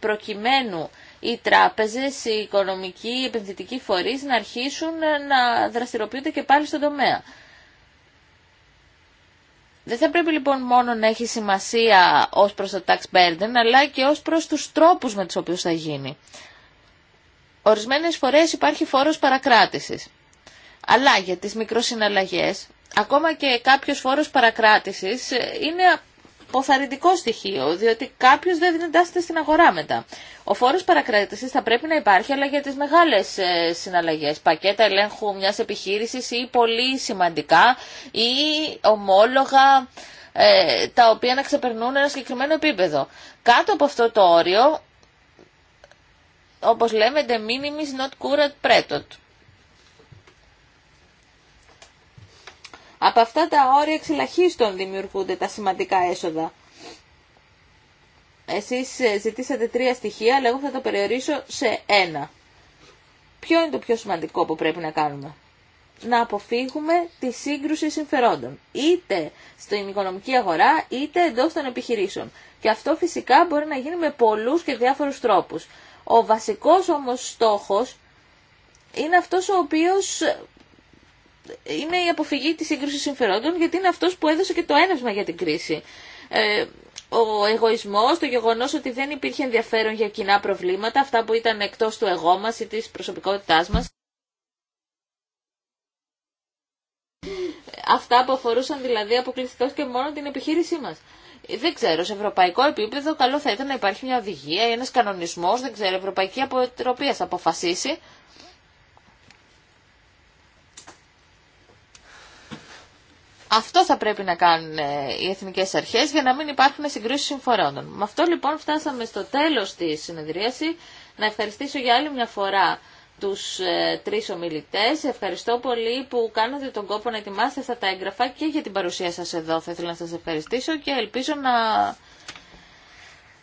προκειμένου οι τράπεζες, οι οικονομικοί, οι επενδυτικοί φορείς να αρχίσουν ε, να δραστηριοποιούνται και πάλι στον τομέα. Δεν θα πρέπει λοιπόν μόνο να έχει σημασία ως προς το tax burden, αλλά και ως προς τους τρόπους με τους οποίους θα γίνει. Ορισμένες φορές υπάρχει φόρος παρακράτησης. Αλλά για τις μικροσυναλλαγές, ακόμα και κάποιος φόρος παρακράτησης ε, είναι αποθαρρυντικό στοιχείο, διότι κάποιο δεν εντάσσεται στην αγορά μετά. Ο φόρο παρακράτηση θα πρέπει να υπάρχει, αλλά για τι μεγάλε συναλλαγέ. Πακέτα ελέγχου μια επιχείρηση ή πολύ σημαντικά ή ομόλογα ε, τα οποία να ξεπερνούν ένα συγκεκριμένο επίπεδο. Κάτω από αυτό το όριο, όπως λέμε, the minimis not curat pretot. Από αυτά τα όρια εξελαχίστων δημιουργούνται τα σημαντικά έσοδα. Εσείς ε, ζητήσατε τρία στοιχεία, αλλά εγώ θα τα περιορίσω σε ένα. Ποιο είναι το πιο σημαντικό που πρέπει να κάνουμε. Να αποφύγουμε τη σύγκρουση συμφερόντων, είτε στην οικονομική αγορά, είτε εντός των επιχειρήσεων. Και αυτό φυσικά μπορεί να γίνει με πολλούς και διάφορους τρόπους. Ο βασικός όμως στόχος είναι αυτός ο οποίος είναι η αποφυγή της σύγκρουσης συμφερόντων γιατί είναι αυτός που έδωσε και το έναυσμα για την κρίση. Ε, ο εγωισμός, το γεγονός ότι δεν υπήρχε ενδιαφέρον για κοινά προβλήματα, αυτά που ήταν εκτός του εγώ μας ή της προσωπικότητάς μας. Αυτά που αφορούσαν δηλαδή αποκλειστικά και μόνο την επιχείρησή μας. Δεν ξέρω, σε ευρωπαϊκό επίπεδο καλό θα ήταν να υπάρχει μια οδηγία ή ένας κανονισμός, δεν ξέρω, Ευρωπαϊκή Αποτροπή αποφασίσει Αυτό θα πρέπει να κάνουν ε, οι εθνικές αρχές για να μην υπάρχουν συγκρούσεις συμφορών. Με αυτό λοιπόν φτάσαμε στο τέλος της συνεδρίαση. Να ευχαριστήσω για άλλη μια φορά τους ε, τρεις ομιλητές. Ευχαριστώ πολύ που κάνατε τον κόπο να ετοιμάσετε αυτά τα έγγραφα και για την παρουσία σας εδώ. Θα ήθελα να σας ευχαριστήσω και ελπίζω να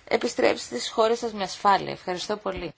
επιστρέψετε στις χώρες σας με ασφάλεια. Ευχαριστώ πολύ.